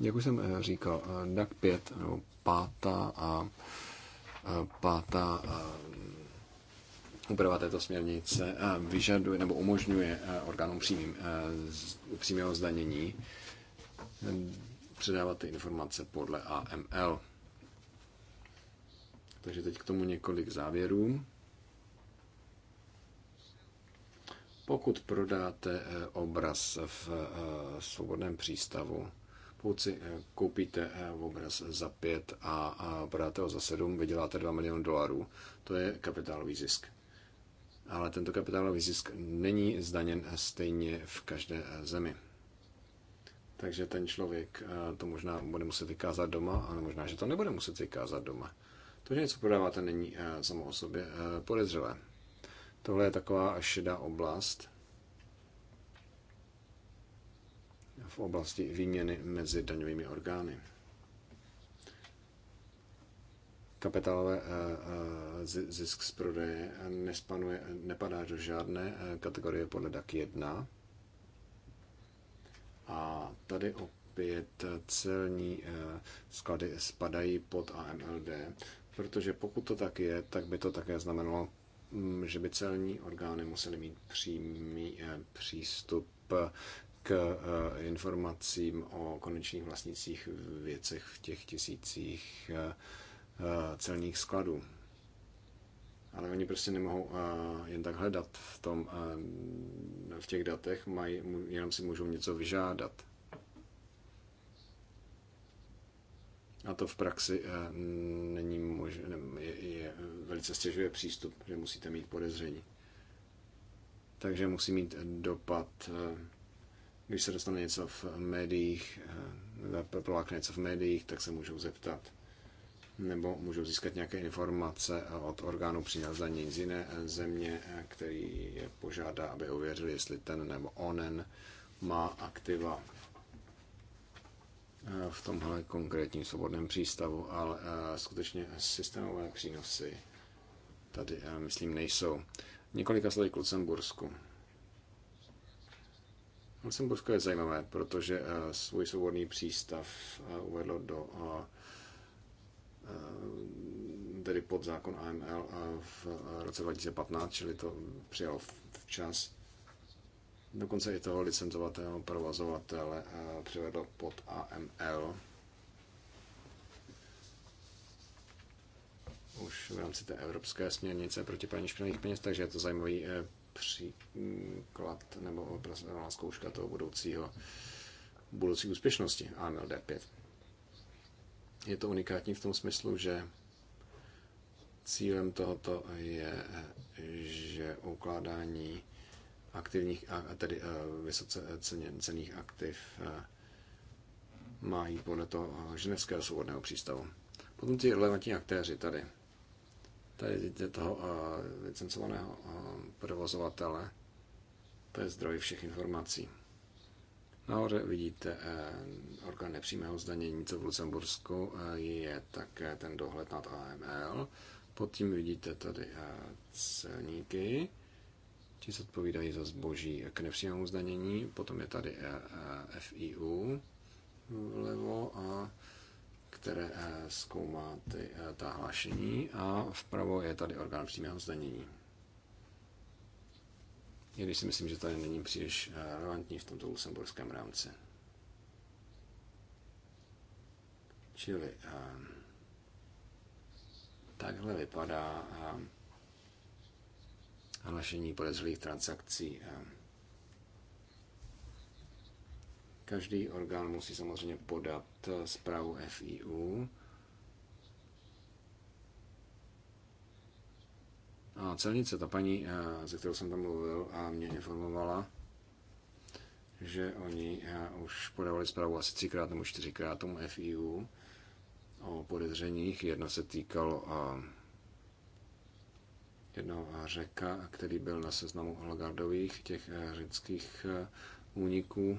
Jak už jsem eh, říkal, eh, DAC 5, nebo pátá a eh, pátá úprava této směrnice vyžaduje nebo umožňuje orgánům přímým, přímého zdanění předávat ty informace podle AML. Takže teď k tomu několik závěrů. Pokud prodáte obraz v svobodném přístavu, pokud si eh, koupíte eh, obraz za 5 a prodáte ho za 7, vyděláte 2 miliony dolarů. To je kapitálový zisk. Ale tento kapitálový zisk není zdaněn stejně v každé eh, zemi. Takže ten člověk to možná bude muset vykázat doma, ale možná, že to nebude muset vykázat doma. To, že něco prodáváte, není samo o sobě podezřelé. Tohle je taková šedá oblast, v oblasti výměny mezi daňovými orgány. Kapitálové eh, eh, zisk z prodeje nespanuje, nepadá do žádné eh, kategorie podle DAC 1. A tady opět celní sklady spadají pod AMLD, protože pokud to tak je, tak by to také znamenalo, mm, že by celní orgány musely mít přímý přístup Eh, informacím o konečných vlastnicích věcech v těch tisících eh, eh, celních skladů. Ale oni prostě nemohou jen tak hledat v, tom, v těch datech, mají, jenom si můžou něco vyžádat. A to v praxi není možné, je, je, velice stěžuje přístup, že musíte mít podezření. Takže musí mít dopad když se dostane něco v médiích, prolákne eh, něco v médiích, tak se můžou zeptat nebo můžou získat nějaké informace od orgánu přinázení z jiné eh, země, eh, který je požádá, aby ověřil, jestli ten nebo onen má aktiva v tomhle konkrétním svobodném přístavu, ale skutečně systémové přínosy tady, myslím, nejsou. Několika slovy k Lucembursku. Lucembursko je zajímavé, protože eh, svůj svobodný přístav eh, uvedlo do eh, tedy pod zákon AML v roce 2015, čili to přijalo včas. Dokonce i toho licencovatého provozovatele přivedlo pod AML. Už v rámci té evropské směrnice proti praní špinavých peněz, takže je to zajímavý příklad nebo pracovná zkouška toho budoucího budoucí úspěšnosti AML D5. Je to unikátní v tom smyslu, že cílem tohoto je, že ukládání aktivních, tedy eh, vysoce cených aktiv eh, mají podle toho eh, ženevského svobodného přístavu. Potom ty relevantní aktéři tady tady toho eh, licencovaného eh, provozovatele. To je zdroj všech informací. Nahoře vidíte eh, orgán nepřímého zdanění, co v Lucembursku je také ten dohled nad AML. Pod tím vidíte tady celníky, ti se odpovídají za zboží k nepřímému zdanění. Potom je tady FIU vlevo a které eh, zkoumá ty, eh, ta hlášení a vpravo je tady orgán přímého zdanění. I když si myslím, že tady není příliš eh, relevantní v tomto lusemburském rámci. Čili takhle vypadá hlášení podezřelých transakcí. Každý orgán musí samozřejmě podat eh, zprávu FIU. A celnice, ta paní, se eh, kterou jsem tam mluvil a mě informovala, že oni eh, už podávali zprávu asi třikrát nebo čtyřikrát tomu FIU o podezřeních. Jedno se týkalo jednoho řeka, který byl na seznamu Holgardových, těch řeckých úniků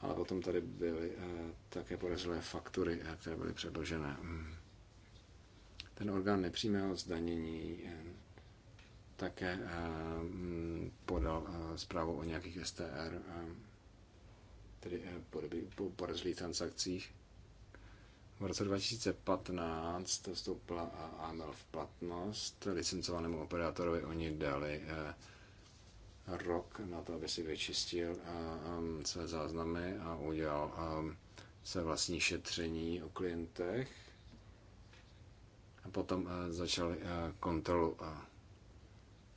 ale potom tady byly eh, také podezřelé faktury, eh, které byly předložené. Hmm. Ten orgán nepřímého zdanění eh, také hmm, podal zprávu o nějakých STR, tedy podezřelých transakcích. V roce 2015 vstoupila AML v platnost. Licencovanému operátorovi oni dali rok na to, aby si vyčistil um, své záznamy a udělal um, své vlastní šetření o klientech. A potom uh, začal uh, kontrolu uh,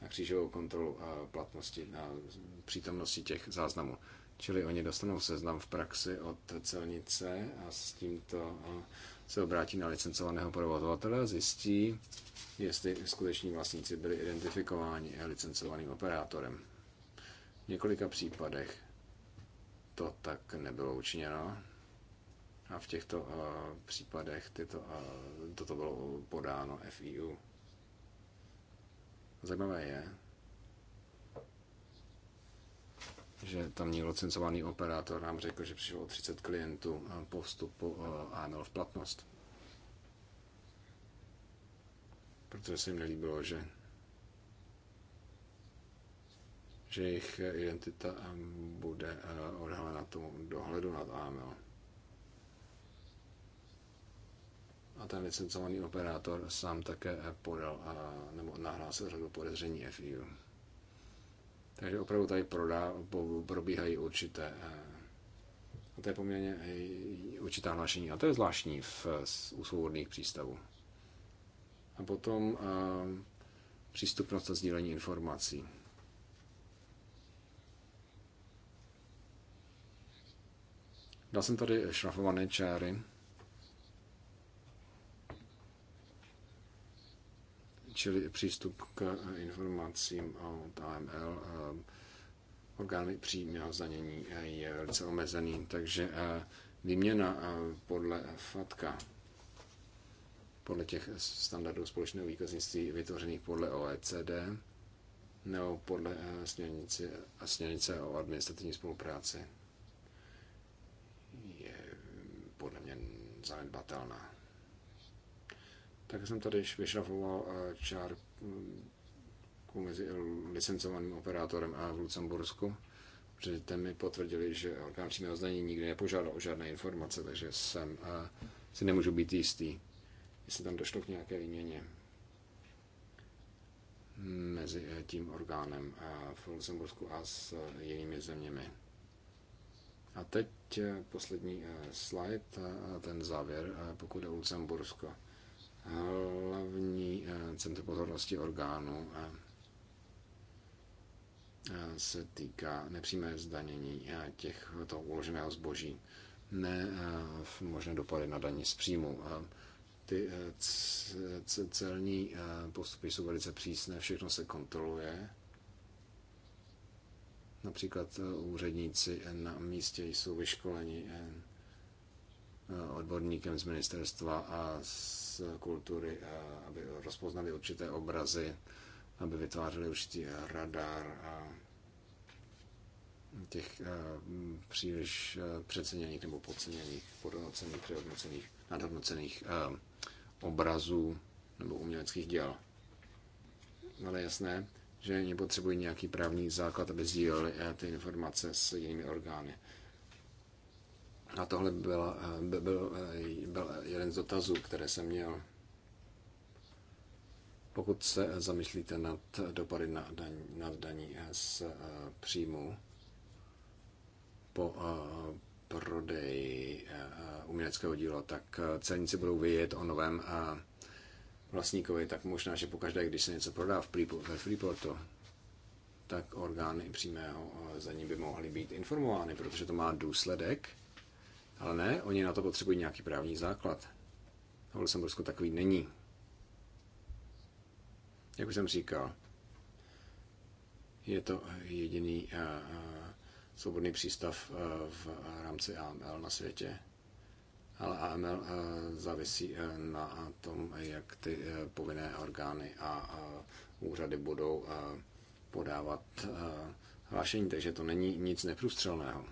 a křížovou kontrolu platnosti a přítomnosti těch záznamů. Čili oni dostanou seznam v praxi od celnice a s tímto se obrátí na licencovaného provozovatele a zjistí, jestli skuteční vlastníci byli identifikováni licencovaným operátorem. V několika případech to tak nebylo učiněno a v těchto uh, případech tyto, uh, toto bylo podáno FIU. Zajímavé je, že tamní licencovaný operátor nám řekl, že přišlo 30 klientů eh, po vstupu AML v platnost. Protože se jim nelíbilo, že že jejich identita bude eh, odhalena tomu dohledu nad AML. A ten licencovaný operátor sám také eh, podal eh, nebo nahlásil řadu podezření FIU. Takže opravdu tady prodá, probíhají určité a to je poměrně určitá hlášení. A to je zvláštní v, u svobodných přístavů. A potom a, přístupnost a sdílení informací. Dal jsem tady šrafované čáry. Čili přístup k informacím o AML eh, orgány přímého zdanění eh, je velice omezený, takže eh, výměna podle FATKA, podle těch standardů společného výkaznictví vytvořených podle OECD, nebo podle směrnice, směrnice o administrativní spolupráci zanedbatelná. Tak jsem tady vyšrafoval eh, čárku mezi licencovaným operátorem a v Lucembursku, protože ten mi potvrdili, že orgán přímého zdanění nikdy nepožádal o žádné informace, takže jsem eh, si nemůžu být jistý, jestli tam došlo k nějaké výměně mezi eh, tím orgánem v Lucembursku a s jinými zeměmi. A teď eh, poslední eh, slide, eh, ten závěr, pokud je o Lucembursko. Hlavní centrum pozornosti orgánů se týká nepřímé zdanění těch toho uloženého zboží, ne možné dopady na daní z příjmu. Ty celní postupy jsou velice přísné, všechno se kontroluje Například eh, úředníci eh, na místě jsou vyškoleni eh, odborníkem z ministerstva a z kultury, aby rozpoznali určité obrazy, aby vytvářeli určitý radar a těch příliš přeceněných nebo podceněných, podhodnocených, přehodnocených, nadhodnocených obrazů nebo uměleckých děl. Ale jasné, že oni potřebují nějaký právní základ, aby sdíleli eh, ty informace s jinými orgány. A tohle eh, byl, byl, eh, byl jeden z dotazů, které jsem měl. Pokud se zamyslíte nad dopady na daň, nad daní z příjmu po prodeji uměleckého díla, tak celníci budou vědět o novém vlastníkovi, tak možná, že pokaždé, když se něco prodá v ve Freeportu, tak orgány přímého eh, za ní by mohly být informovány, protože to má důsledek, ale ne, oni na to potřebují nějaký právní základ. v Lucembursku takový není. Jak už jsem říkal, je to eh, jediný eh, svobodný přístav v rámci AML na světě ale AML eh, závisí eh, na tom, jak ty eh, povinné orgány a úřady budou podávat hlášení, takže to není nic neprůstřelného.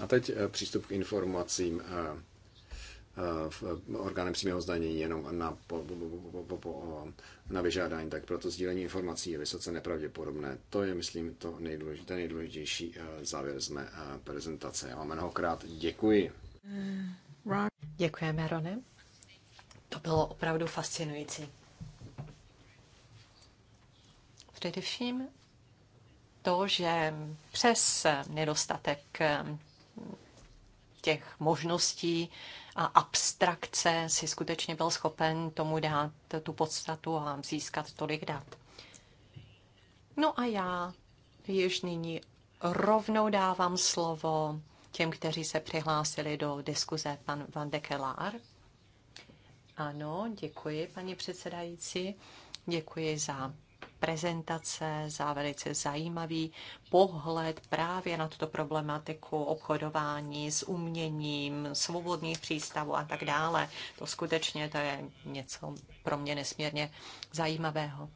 A teď eh, přístup k informacím eh, eh, v orgánem přímého zdanění jenom na, po, po, po, po, na vyžádání, tak proto sdílení informací je vysoce nepravděpodobné. To je, myslím, to nejdůležité, nejdůležitější závěr z mé prezentace. Já vám mnohokrát děkuji. Děkujeme, Rony. To bylo opravdu fascinující. Především to, že přes nedostatek těch možností a abstrakce si skutečně byl schopen tomu dát tu podstatu a získat tolik dat. No a já již nyní rovnou dávám slovo těm, kteří se přihlásili do diskuze, pan Van de Kelaar. Ano, děkuji, paní předsedající. Děkuji za prezentace, za velice zajímavý pohled právě na tuto problematiku obchodování s uměním, svobodných přístavů a tak dále. To skutečně to je něco pro mě nesmírně zajímavého.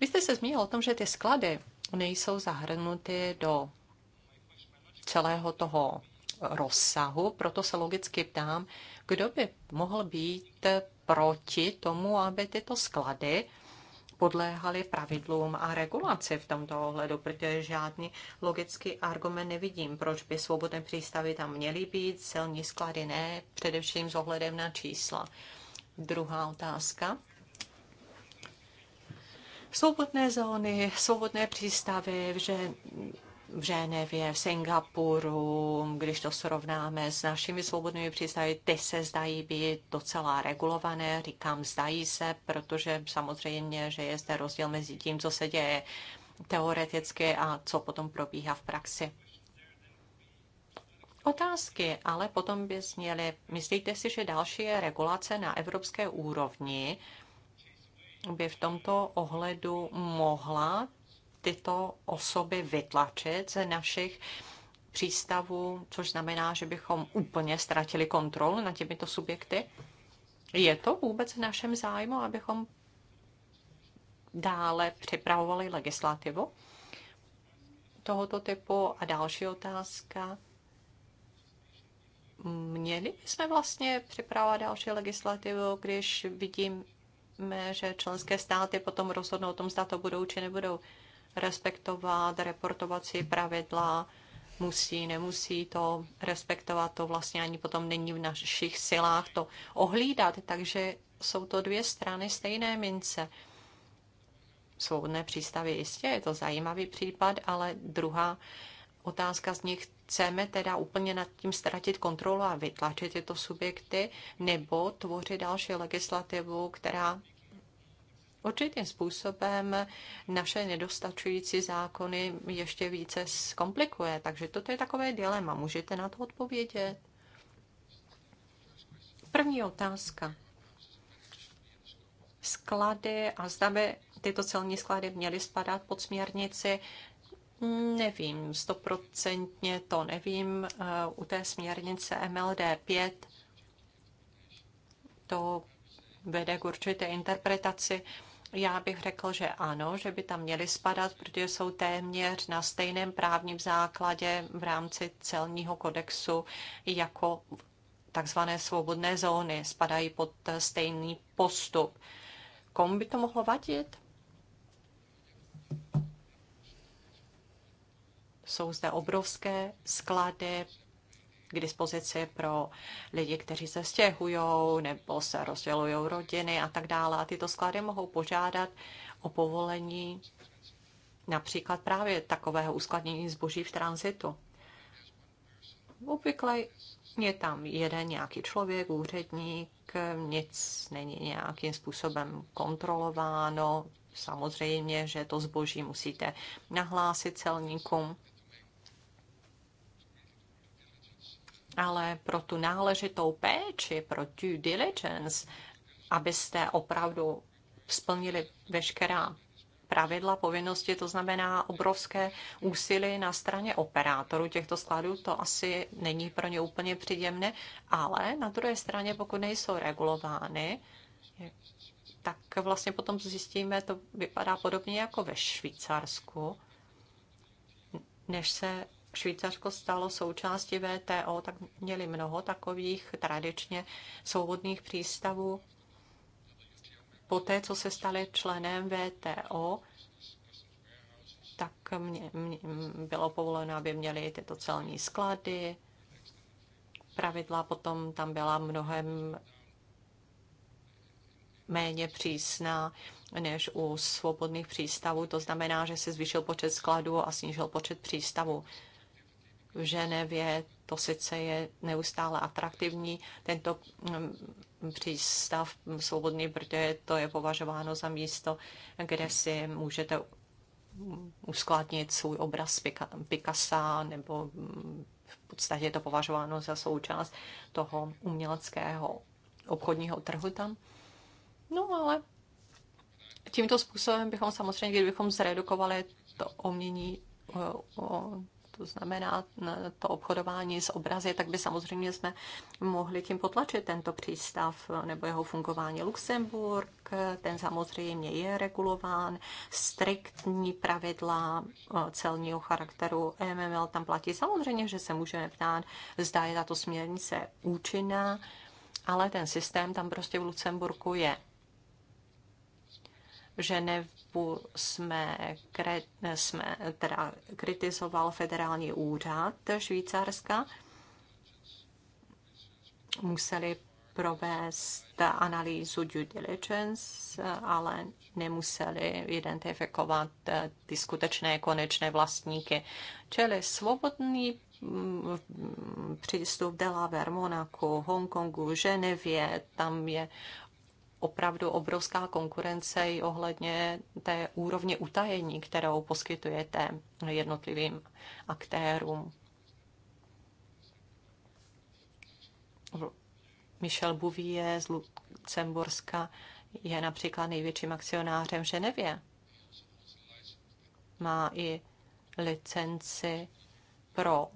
Vy jste se zmínil o tom, že ty sklady nejsou zahrnuty do celého toho rozsahu, proto se logicky ptám, kdo by mohl být proti tomu, aby tyto sklady podléhali pravidlům a regulaci v tomto ohledu, protože žádný logický argument nevidím, proč by svobodné přístavy tam měly být, celní sklady ne, především s ohledem na čísla. Druhá otázka. Svobodné zóny, svobodné přístavy, že v Ženevě, v Singapuru, když to srovnáme s našimi svobodnými přístavy, ty se zdají být docela regulované. Říkám, zdají se, protože samozřejmě, že je zde rozdíl mezi tím, co se děje teoreticky a co potom probíhá v praxi. Otázky ale potom by zněly, myslíte si, že další regulace na evropské úrovni by v tomto ohledu mohla tyto osoby vytlačit ze našich přístavů, což znamená, že bychom úplně ztratili kontrolu nad těmito subjekty. Je to vůbec v našem zájmu, abychom dále připravovali legislativu tohoto typu? A další otázka. Měli jsme vlastně připravovat další legislativu, když vidíme, že členské státy potom rozhodnou o tom, zda to budou či nebudou respektovat reportovací pravidla, musí, nemusí to respektovat, to vlastně ani potom není v našich silách to ohlídat, takže jsou to dvě strany stejné mince. Svobodné přístavy jistě, je to zajímavý případ, ale druhá otázka z nich, chceme teda úplně nad tím ztratit kontrolu a vytlačit tyto subjekty, nebo tvořit další legislativu, která určitým způsobem naše nedostačující zákony ještě více zkomplikuje. Takže toto je takové dilema. Můžete na to odpovědět? První otázka. Sklady a zda by tyto celní sklady měly spadat pod směrnici, nevím, stoprocentně to nevím. Eh, u té směrnice MLD 5 to vede k určité interpretaci já bych řekl, že ano, že by tam měly spadat, protože jsou téměř na stejném právním základě v rámci celního kodexu jako takzvané svobodné zóny, spadají pod stejný postup. Komu by to mohlo vadit? Jsou zde obrovské sklady k dispozici pro lidi, kteří se stěhují nebo se rozdělují rodiny a tak dále. A tyto sklady mohou požádat o povolení například právě takového uskladnění zboží v tranzitu. Obvykle je tam jeden nějaký člověk, úředník, nic není nějakým způsobem kontrolováno. Samozřejmě, že to zboží musíte nahlásit celníkům. ale pro tu náležitou péči, pro due diligence, abyste opravdu splnili veškerá pravidla, povinnosti, to znamená obrovské úsilí na straně operátorů těchto skladů, to asi není pro ně úplně příjemné, ale na druhé straně, pokud nejsou regulovány, tak vlastně potom zjistíme, to vypadá podobně jako ve Švýcarsku, než se Švýcarsko stalo součástí VTO, tak měli mnoho takových tradičně svobodných přístavů. Poté, co se stali členem VTO, tak mě, mě, bylo povoleno, aby měli tyto celní sklady. Pravidla potom tam byla mnohem méně přísná než u svobodných přístavů. To znamená, že se zvýšil počet skladů a snížil počet přístavů v Ženevě, to sice je neustále atraktivní, tento mm, přístav svobodný, protože to je považováno za místo, kde si můžete uskladnit svůj obraz Picasa, nebo mm, v podstatě je to považováno za součást toho uměleckého obchodního trhu tam. No ale tímto způsobem bychom samozřejmě, kdybychom zredukovali to umění to znamená to obchodování s obrazy, tak by samozřejmě jsme mohli tím potlačit tento přístav nebo jeho fungování. Luxemburg, ten samozřejmě je regulován, striktní pravidla eh, celního charakteru MML tam platí. Samozřejmě, že se můžeme ptát, zda je tato směrnice účinná, ale ten systém tam prostě v Lucemburku je Ženevu jsme, kre, jsme teda kritizoval federální úřad Švýcarska. Museli provést analýzu due diligence, ale nemuseli identifikovat eh, ty skutečné konečné vlastníky. Čili svobodný mm, přístup Delaware, Monaku, Hongkongu, Ženevě, tam je opravdu obrovská konkurence i ohledně té úrovně utajení, kterou poskytujete jednotlivým aktérům. Michel Bouvier z Lucemburska je například největším akcionářem v Ženevě. Má i licenci pro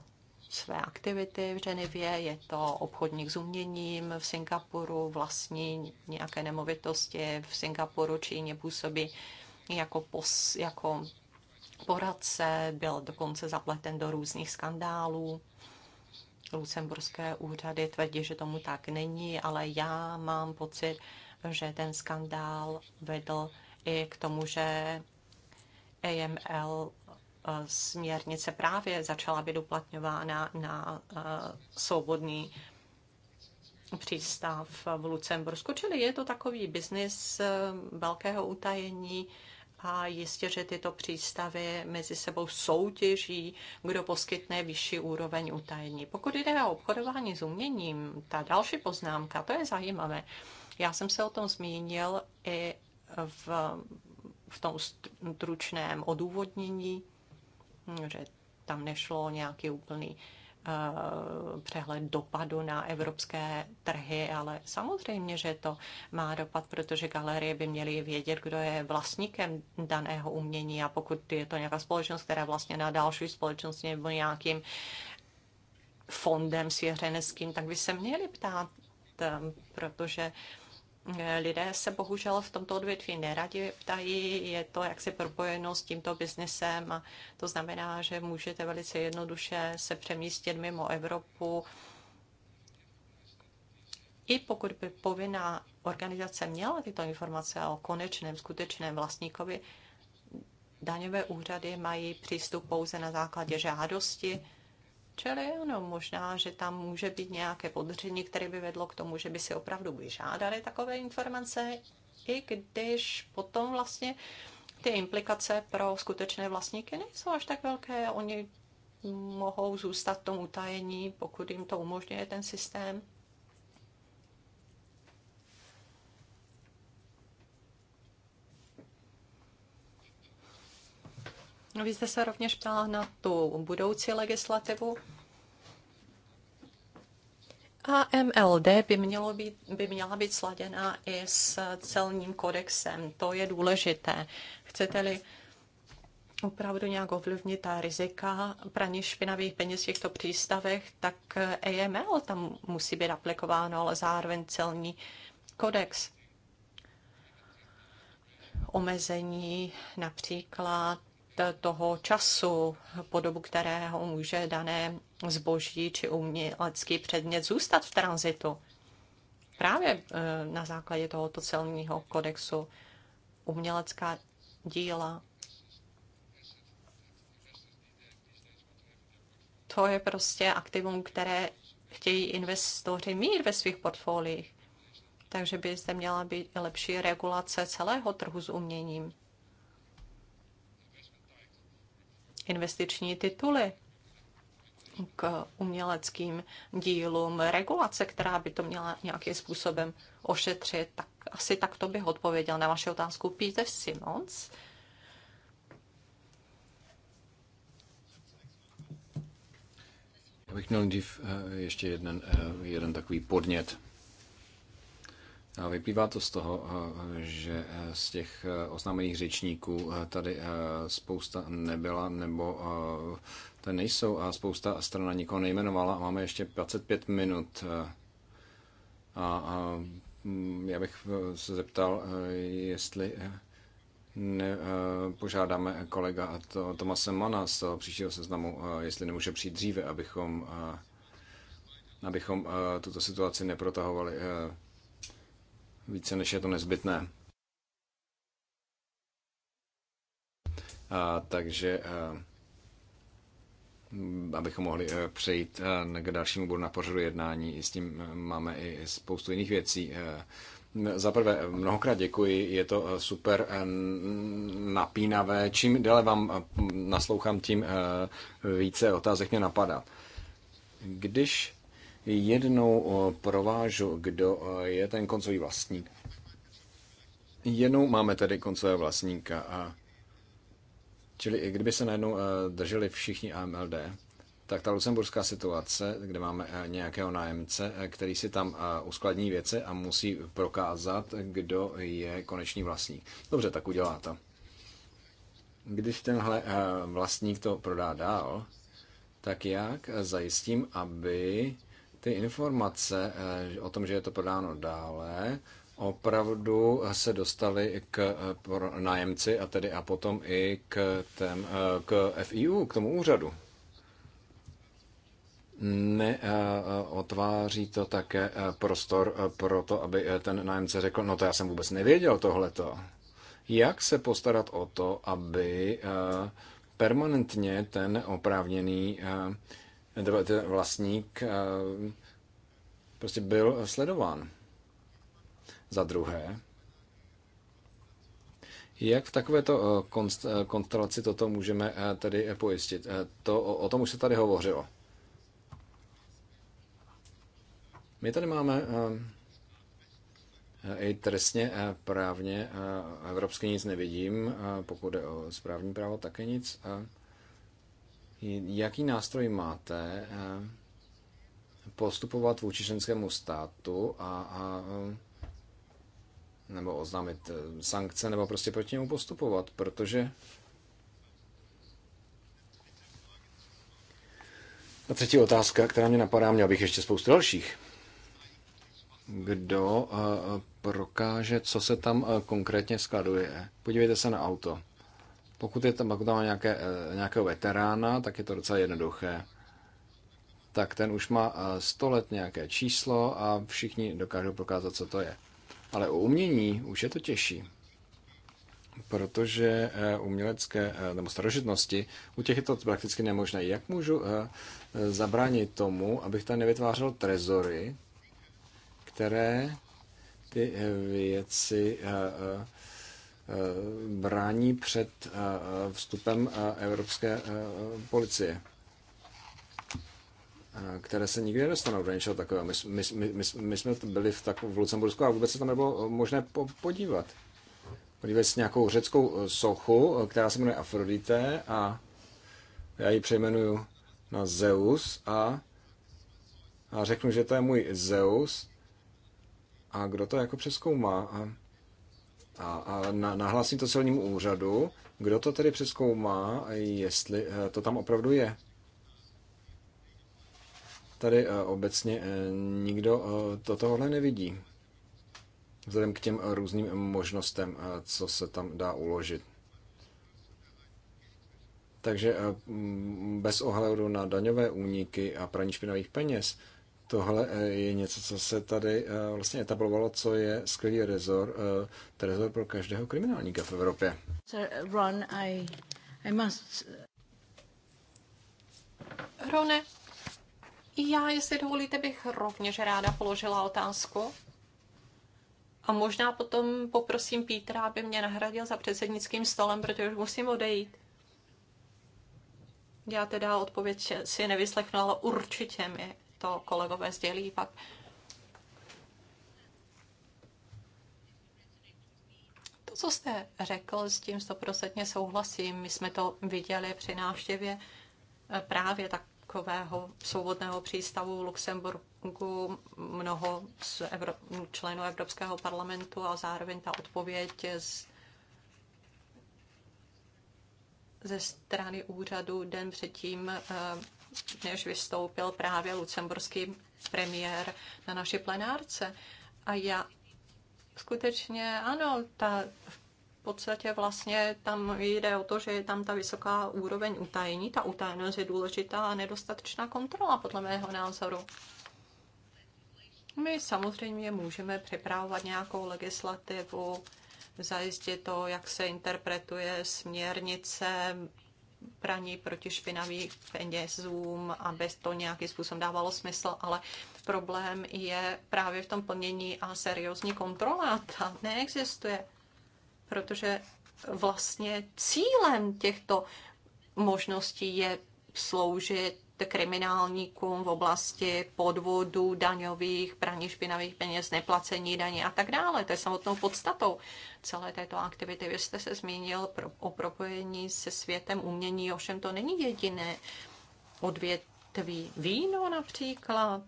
své aktivity v Ženevě, je to obchodník s uměním v Singapuru, vlastní nějaké nemovitosti v Singapuru, Číně působí jako, pos, jako poradce, byl dokonce zapleten do různých skandálů. Lucemburské úřady tvrdí, že tomu tak není, ale já mám pocit, že ten skandál vedl i k tomu, že AML E, směrnice právě začala být uplatňována na e, svobodný přístav v Lucembursku. Čili je to takový biznis e, velkého utajení a jistě, že tyto přístavy mezi sebou soutěží, kdo poskytne vyšší úroveň utajení. Pokud jde o obchodování s uměním, ta další poznámka, to je zajímavé. Já jsem se o tom zmínil i v, v tom stručném odůvodnění že tam nešlo nějaký úplný uh, přehled dopadu na evropské trhy, ale samozřejmě, že to má dopad, protože galerie by měly vědět, kdo je vlastníkem daného umění a pokud je to nějaká společnost, která vlastně na další společnost nebo nějakým fondem svěřeneckým, tak by se měli ptát, eh, protože lidé se bohužel v tomto odvětví neradi ptají, je to jaksi propojeno s tímto biznesem a to znamená, že můžete velice jednoduše se přemístit mimo Evropu. I pokud by povinná organizace měla tyto informace o konečném, skutečném vlastníkovi, daňové úřady mají přístup pouze na základě žádosti Čili ano, možná, že tam může být nějaké podření, které by vedlo k tomu, že by si opravdu vyžádali takové informace, i když potom vlastně ty implikace pro skutečné vlastníky nejsou až tak velké. Oni mohou zůstat v tom utajení, pokud jim to umožňuje ten systém. Vy jste se rovněž ptala na tu budoucí legislativu. AMLD by, mělo být, by měla být sladěna i s celním kodexem. To je důležité. Chcete-li opravdu nějak ovlivnit ta rizika praní špinavých peněz v těchto přístavech, tak AML tam musí být aplikováno, ale zároveň celní kodex. Omezení například toho času, po dobu kterého může dané zboží či umělecký předmět zůstat v tranzitu. Právě eh, na základě tohoto celního kodexu umělecká díla. To je prostě aktivum, které chtějí investoři mít ve svých portfoliích. Takže by zde měla být lepší regulace celého trhu s uměním. investiční tituly k uměleckým dílům, regulace, která by to měla nějakým způsobem ošetřit, tak asi tak to bych odpověděl na vaši otázku. Peter Simons. Já bych měl dřív eh, ještě jeden, eh, jeden takový podnět. Vyplývá to z toho, eh, že eh, z těch eh, oznámených řečníků tady spousta nebyla, nebo to nejsou a spousta strana nikoho nejmenovala. Máme ještě 25 minut. A, a mm, já bych se zeptal, jestli ne, požádáme kolega to, Tomase Mana z toho příštího seznamu, jestli nemůže přijít dříve, abychom, abychom tuto situaci neprotahovali více než je to nezbytné. A, takže a, abychom mohli e, přejít e, k dalšímu bodu na pořadu jednání. S tím e, máme i spoustu jiných věcí. Za prvé, mnohokrát děkuji, je to super napínavé. Čím déle vám naslouchám, tím více otázek mě napadá. Když jednou eh, provážu, kdo eh, je ten koncový vlastník. Jednou máme tedy koncového vlastníka a čili i kdyby se najednou eh, drželi všichni AMLD, tak ta lucemburská situace, kde máme nějakého nájemce, který si tam uskladní věci a musí prokázat, kdo je konečný vlastník. Dobře, tak udělá to. Když tenhle vlastník to prodá dál, tak jak zajistím, aby ty informace eh, o tom, že je to prodáno dále, opravdu se dostali k eh, nájemci a tedy a potom i k, tém, eh, k FIU, k tomu úřadu. Ne, otváří to také prostor pro to, aby ten nájemce řekl, no to já jsem vůbec nevěděl tohleto. Jak se postarat o to, aby permanentně ten oprávněný ten vlastník eh, prostě byl sledován. Za druhé, jak v takovéto eh, eh, konstelaci toto můžeme tedy pojistit? To, o tom už se tady hovořilo. My tady máme i trestně právně Evropský nic nevidím, pokud je o správní právo také nic jaký nástroj máte eh, postupovat vůči členskému státu a, a eh, nebo oznámit eh, sankce, nebo prostě proti němu postupovat, protože A třetí otázka, která mě napadá, měl bych ještě spoustu dalších. Kdo prokáže, co se tam konkrétně skladuje? Podívejte se na auto. Pokud je tam, pokud tam nějaké, eh, nějakého veterána, tak je to docela jednoduché. Tak ten už má 100 eh, let nějaké číslo a všichni dokážou prokázat, co to je. Ale u umění už je to těžší, protože eh, umělecké nebo starožitnosti u těch je to prakticky nemožné. Jak můžu zabránit tomu, abych tam nevytvářel trezory, které ty věci Eh, brání před eh, vstupem eh, evropské policie které se nikdy nedostanou do něčeho takového. My, my, my, my jsme byli v, tak, v Lucembursku a vůbec se tam nebylo možné po, podívat. Podívat si nějakou řeckou sochu, která se jmenuje Afrodite a já ji přejmenuju na Zeus a, a řeknu, že to je můj Zeus a kdo to jako přeskoumá a a, a na, nahlásí to celnímu úřadu, kdo to tedy přeskoumá, jestli eh, to tam opravdu je. Tady eh, obecně eh, nikdo to tohle nevidí, vzhledem k těm různým možnostem, co se tam dá uložit. Takže bez ohledu na daňové úniky a praní špinavých peněz, tohle eh, je něco, co se tady eh, vlastně etablovalo, co je skvělý rezor, eh, rezor pro každého kriminálníka v Evropě. Ron, I, I must... Rone, já, jestli dovolíte, bych rovněž ráda položila otázku. A možná potom poprosím Pítra, aby mě nahradil za předsednickým stolem, protože už musím odejít. Já teda odpověď si nevyslechnu, ale určitě mi to kolegové sdělí pak. To, co jste řekl, s tím stoprocentně souhlasím. My jsme to viděli při návštěvě eh, právě takového svobodného přístavu v Luxemburgu mnoho z Evro- členů Evropského parlamentu a zároveň ta odpověď z ze strany úřadu den předtím eh, než vystoupil právě lucemburský premiér na naší plenárce. A já skutečně, ano, ta v podstatě vlastně tam jde o to, že je tam ta vysoká úroveň utajení. Ta utajenost je důležitá a nedostatečná kontrola, podle mého názoru. My samozřejmě můžeme připravovat nějakou legislativu, zajistit to, jak se interpretuje směrnice, praní proti špinavým penězům, aby to nějakým způsobem dávalo smysl, ale problém je právě v tom plnění a seriózní kontrola. Ta neexistuje, protože vlastně cílem těchto možností je sloužit kriminálníkům v oblasti podvodů daňových, praní špinavých peněz, neplacení daní a tak dále. To je samotnou podstatou celé této aktivity. Vy jste se zmínil pro, o propojení se světem umění, ovšem to není jediné odvětví. Víno například,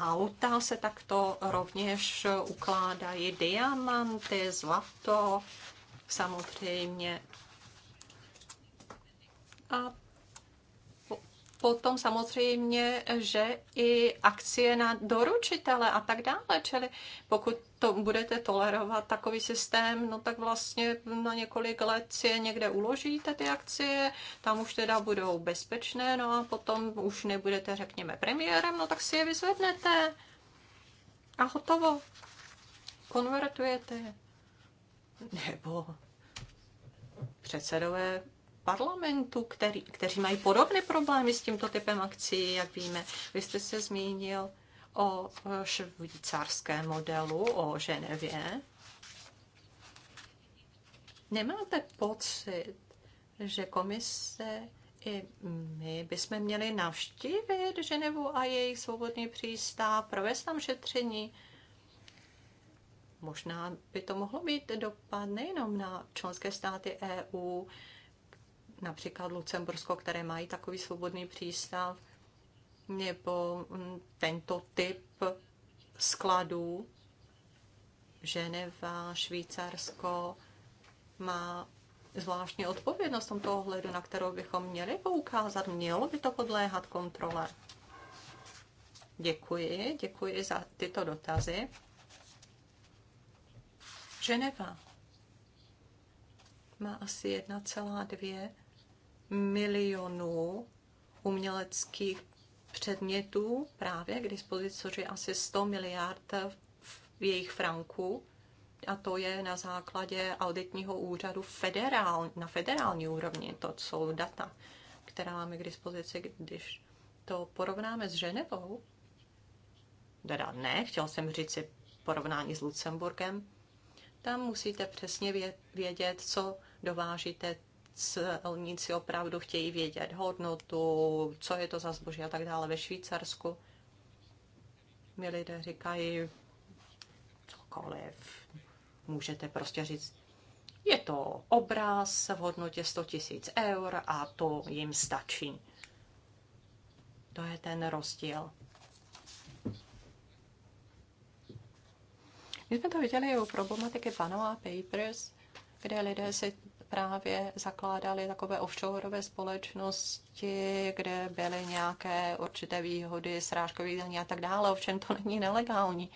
auta se takto rovněž ukládají, diamanty, zlato, samozřejmě. A potom samozřejmě, že i akcie na doručitele a tak dále. Čili pokud to budete tolerovat takový systém, no tak vlastně na několik let si je někde uložíte ty akcie, tam už teda budou bezpečné, no a potom už nebudete, řekněme, premiérem, no tak si je vyzvednete a hotovo. Konvertujete. Nebo předsedové parlamentu, který, kteří mají podobné problémy s tímto typem akcí, jak víme. Vy jste se zmínil o švýcarském modelu, o Ženevě. Nemáte pocit, že komise i my bychom měli navštívit Ženevu a její svobodný přístav, provést tam šetření? Možná by to mohlo být dopad nejenom na členské státy EU, například Lucembursko, které mají takový svobodný přístav, nebo mm, tento typ skladů, Ženeva, Švýcarsko, má zvláštní odpovědnost v tomto ohledu, na kterou bychom měli poukázat. Mělo by to podléhat kontrole. Děkuji, děkuji za tyto dotazy. Ženeva má asi 1,2 milionů uměleckých předmětů právě k dispozici, což je asi 100 miliard v jejich franků. A to je na základě auditního úřadu federál, na federální úrovni. To jsou data, která máme k dispozici, když to porovnáme s Ženevou. Teda ne, chtěl jsem říct si porovnání s Lucemburgem. Tam musíte přesně vědět, co dovážíte, celníci opravdu chtějí vědět hodnotu, co je to za zboží a tak dále. Ve Švýcarsku mi lidé říkají cokoliv. Můžete prostě říct, je to obraz v hodnotě 100 tisíc eur a to jim stačí. To je ten rozdíl. My jsme to viděli u problematiky Panama Papers, kde lidé si právě zakládali takové offshoreové společnosti, kde byly nějaké určité výhody, srážkové daně a tak dále. Ovšem to není nelegální.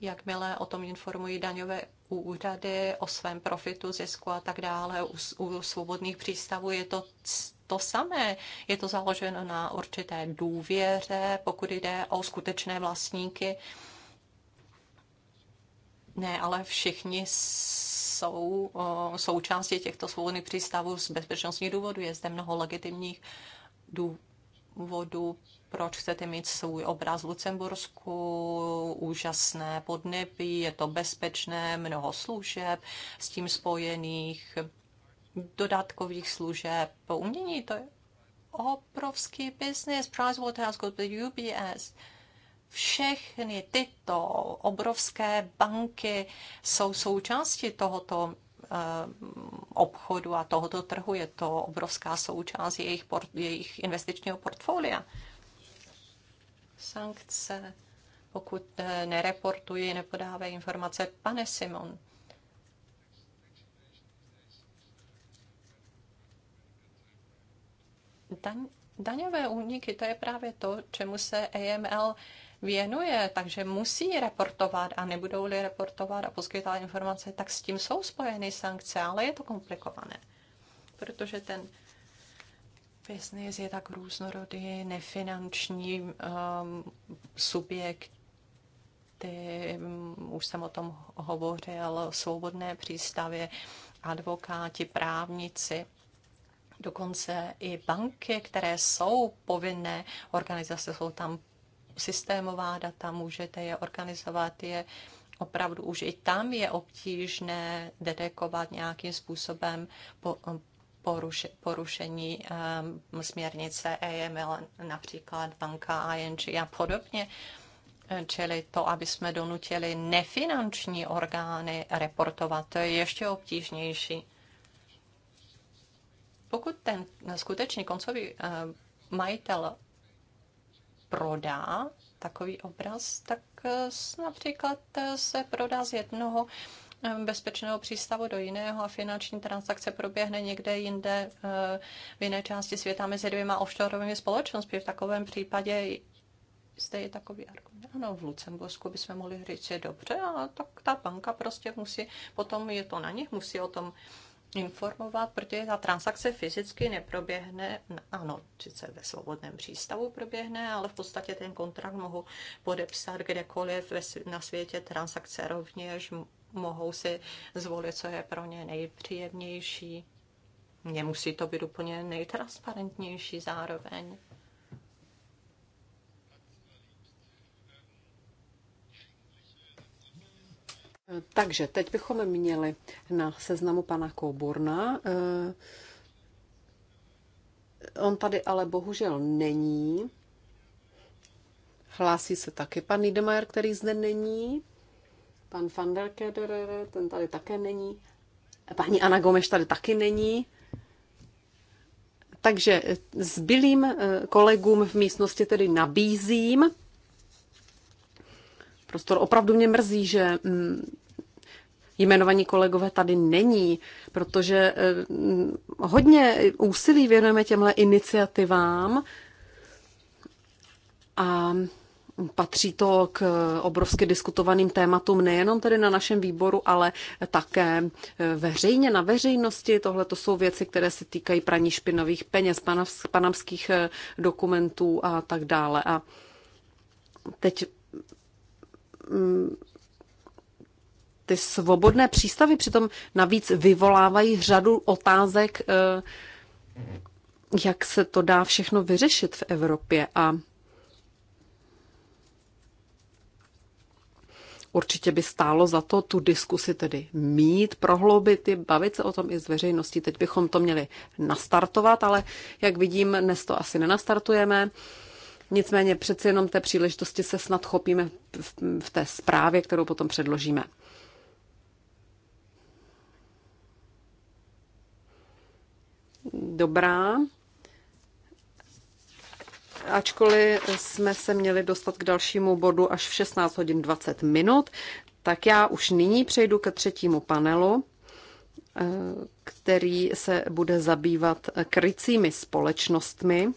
Jakmile o tom informují daňové úřady, o svém profitu, zisku a tak dále, u, u svobodných přístavů je to to samé. Je to založeno na určité důvěře, pokud jde o skutečné vlastníky. Ne, ale všichni jsou součástí těchto svobodných přístavů z bezpečnostních důvodů. Je zde mnoho legitimních důvodů, proč chcete mít svůj obraz v Lucembursku, úžasné podnebí, je to bezpečné, mnoho služeb s tím spojených, dodatkových služeb. Umění to je obrovský biznis. Pricewaterhouse, UBS všechny tyto obrovské banky jsou součástí tohoto eh, obchodu a tohoto trhu. Je to obrovská součást jejich, port, jejich investičního portfolia. Sankce, pokud eh, nereportují, nepodávají informace. Pane Simon, daň, daňové úniky, to je právě to, čemu se AML věnuje, takže musí reportovat a nebudou-li reportovat a poskytovat informace, tak s tím jsou spojeny sankce, ale je to komplikované, protože ten biznis je tak různorodý, nefinanční um, subjekt, ty, už jsem o tom hovořil, svobodné přístavy, advokáti, právníci, dokonce i banky, které jsou povinné organizace, jsou tam systémová data, můžete je organizovat, je opravdu už i tam je obtížné detekovat nějakým způsobem po, poruši, porušení um, směrnice EML, například banka ING a podobně. Čili to, aby jsme donutili nefinanční orgány reportovat, to je ještě obtížnější. Pokud ten skutečný koncový ehm, majitel prodá takový obraz, tak eh, například eh, se prodá z jednoho eh, bezpečného přístavu do jiného a finanční transakce proběhne někde jinde v jiné části světa mezi dvěma offshoreovými společnostmi. V takovém případě zde je takový argument. Ano, v Lucembursku bychom mohli říct, že dobře, a tak ta banka prostě musí, potom je to na nich, musí o tom informovat, protože ta transakce fyzicky neproběhne, ano, sice ve svobodném přístavu proběhne, ale v podstatě ten kontrakt mohu podepsat kdekoliv na světě. Transakce rovněž mohou si zvolit, co je pro ně nejpříjemnější. Nemusí to být úplně nejtransparentnější zároveň. Takže teď bychom měli na seznamu pana Kouburna. Eh, on tady ale bohužel není. Hlásí se taky pan Niedermayer, který zde není. Pan van der Kederer, ten tady také není. Paní Ana Gomeš tady taky není. Takže zbylým eh, kolegům v místnosti tedy nabízím prostor. Opravdu mě mrzí, že mm, jmenovaní kolegové tady není, protože eh, hodně úsilí věnujeme těmhle iniciativám a Patří to k obrovsky diskutovaným tématům nejenom tedy na našem výboru, ale také eh, veřejně na veřejnosti. Tohle to jsou věci, které se týkají praní špinových peněz, panamských eh, dokumentů a tak dále. A teď mm, ty svobodné přístavy přitom navíc vyvolávají řadu otázek, eh, jak se to dá všechno vyřešit v Evropě a Určitě by stálo za to tu diskusi tedy mít, prohloubit i bavit se o tom i s veřejností. Teď bychom to měli nastartovat, ale jak vidím, dnes to asi nenastartujeme. Nicméně přeci jenom té příležitosti se snad chopíme v té zprávě, kterou potom předložíme. dobrá, ačkoliv jsme se měli dostat k dalšímu bodu až v 16 hodin 20 minut, tak já už nyní přejdu ke třetímu panelu, eh, který se bude zabývat krycími společnostmi.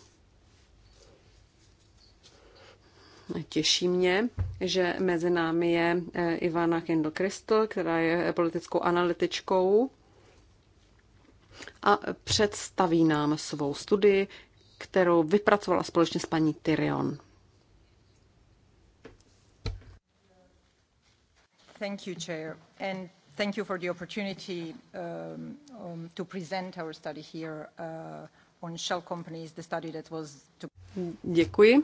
Těší mě, že mezi námi je eh, Ivana Kendall Crystal, která je politickou analytičkou a představí nám svou studii, kterou vypracovala společně s paní Tyrion. Thank you, Chair. And thank you for the opportunity um, um, to present our study here uh, on shell companies, the study that was to... Děkuji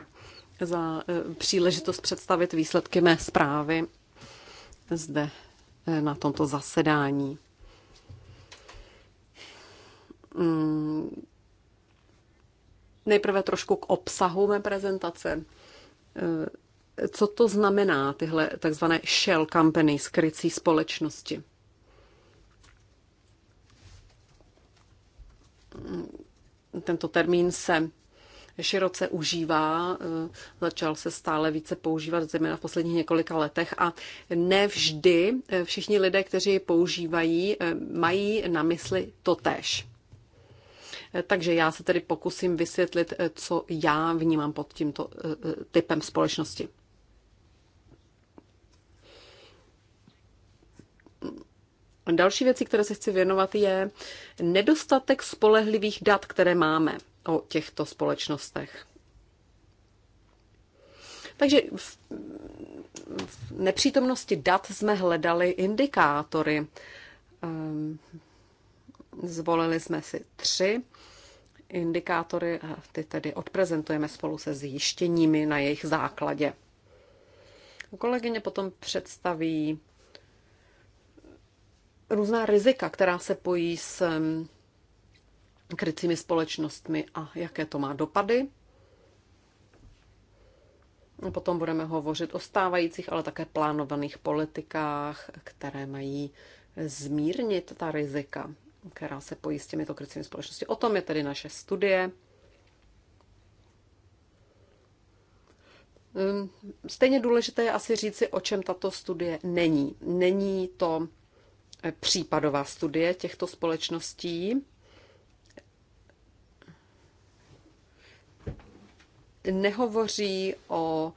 za uh, příležitost představit výsledky mé zprávy zde uh, na tomto zasedání. Mm, nejprve trošku k obsahu mé prezentace. Eh, co to znamená tyhle takzvané shell company, skrycí společnosti? Mm, tento termín se široce užívá, eh, začal se stále více používat, zejména v posledních několika letech a nevždy eh, všichni lidé, kteří ji používají, mají na mysli tež. Takže já se tedy pokusím vysvětlit, eh, co já vnímám pod tímto eh, eh, typem společnosti. Další věcí, které se chci věnovat, je nedostatek spolehlivých dat, které máme o těchto společnostech. Takže v, nepřítomnosti dat jsme hledali indikátory. Ehm, Zvolili jsme si tři indikátory a ty tedy odprezentujeme spolu se zjištěními na jejich základě. Kolegyně potom představí různá rizika, která se pojí s mm, krycími společnostmi a jaké to má dopady. Potom budeme hovořit o stávajících, ale také plánovaných politikách, které mají zmírnit ta rizika která se pojí s těmito krycími společnosti. O tom je tedy naše studie. Hm, stejně důležité je asi říci, o čem tato studie není. Není to eh, případová studie těchto společností. Nehovoří o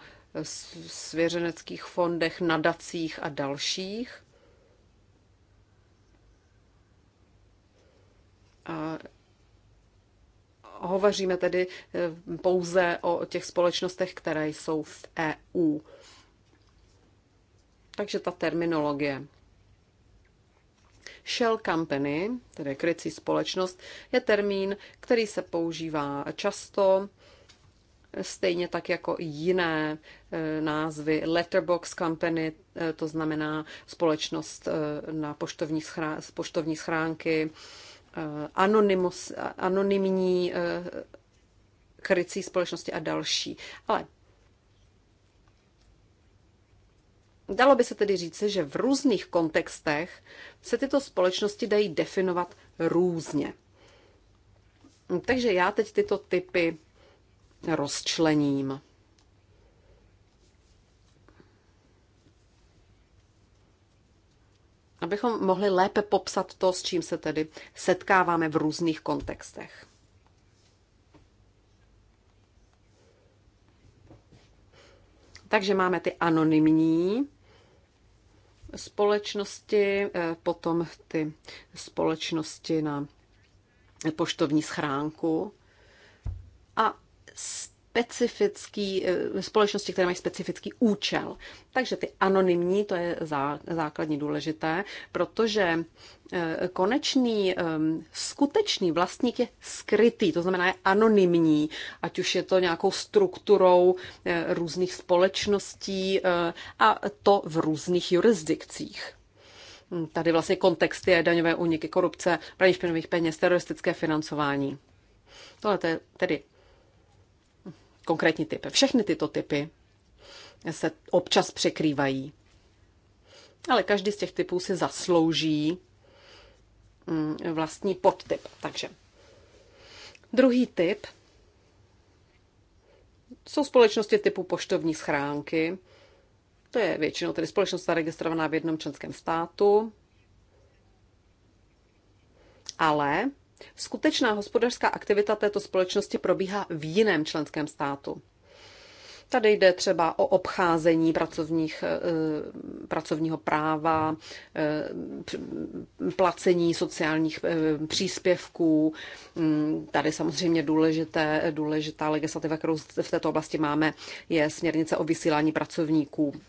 svěřeneckých fondech, nadacích a dalších. Hovoříme tedy eh, pouze o těch společnostech, které jsou v EU. Takže ta terminologie. Shell Company, tedy krycí společnost, je termín, který se používá často, stejně tak jako jiné eh, názvy. Letterbox Company, eh, to znamená společnost na poštovní, schrá- poštovní schránky, Eh, anonymus, anonymní eh, krycí společnosti a další. Ale dalo by se tedy říci, že v různých kontextech se tyto společnosti dají definovat různě. Takže já teď tyto typy rozčlením. abychom mohli lépe popsat to, s čím se tedy setkáváme v různých kontextech. Takže máme ty anonymní společnosti, eh, potom ty společnosti na poštovní schránku. A s specifický, eh, společnosti, které mají specifický účel. Takže ty anonymní, to je základní důležité, protože eh, konečný, ehm, skutečný vlastník je skrytý, to znamená je anonymní, ať už je to nějakou strukturou eh, různých společností a to v různých jurisdikcích. Hm, tady vlastně kontext je daňové úniky, korupce, praní špinových peněz, teroristické financování. Tohle je tedy konkrétní typy. Všechny tyto typy se občas překrývají. Ale každý z těch typů si zaslouží mm, vlastní podtyp. Takže druhý typ jsou společnosti typu poštovní schránky. To je většinou tedy společnost zaregistrovaná v jednom členském státu, ale skutečná hospodářská aktivita této společnosti probíhá v jiném členském státu. Tady jde třeba o obcházení pracovních, eh, pracovního práva, eh, placení sociálních eh, příspěvků. Mm, tady samozřejmě důležité, důležitá legislativa, kterou v této oblasti máme, je směrnice o vysílání pracovníků.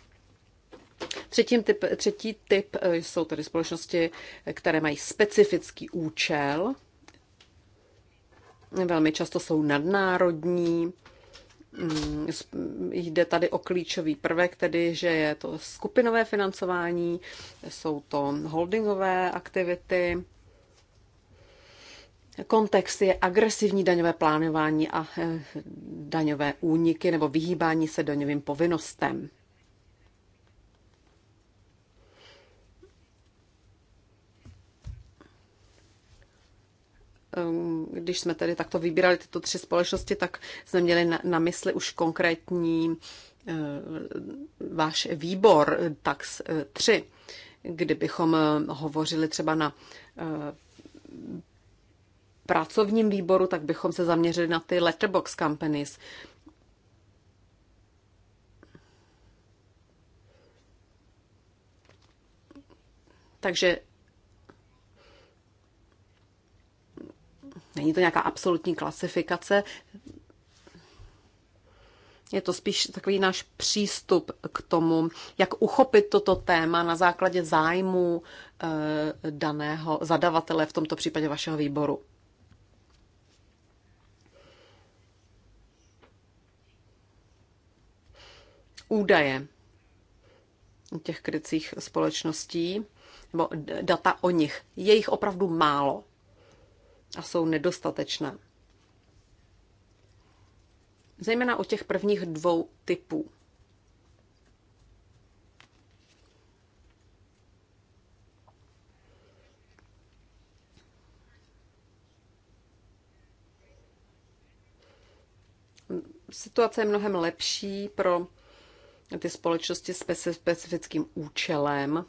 Třetí typ, třetí typ jsou tedy společnosti, které mají specifický účel, velmi často jsou nadnárodní. Mm, jde tady o klíčový prvek, tedy že je to skupinové financování, jsou to holdingové aktivity. Kontext je agresivní daňové plánování a eh, daňové úniky nebo vyhýbání se daňovým povinnostem. Ehm, když jsme tedy takto vybírali tyto tři společnosti, tak jsme měli na, na mysli už konkrétní eh, váš výbor TAX 3. Eh, Kdybychom eh, hovořili třeba na pracovním výboru, tak bychom se zaměřili na ty letterbox companies. Takže Není to nějaká absolutní klasifikace, je to spíš takový náš přístup k tomu, jak uchopit toto téma na základě zájmu eh, daného zadavatele, v tomto případě vašeho výboru. Údaje těch krycích společností nebo data o nich. Je jich opravdu málo a jsou nedostatečné. Zejména o těch prvních dvou typů. Situace je mnohem lepší pro ty společnosti s specifickým účelem,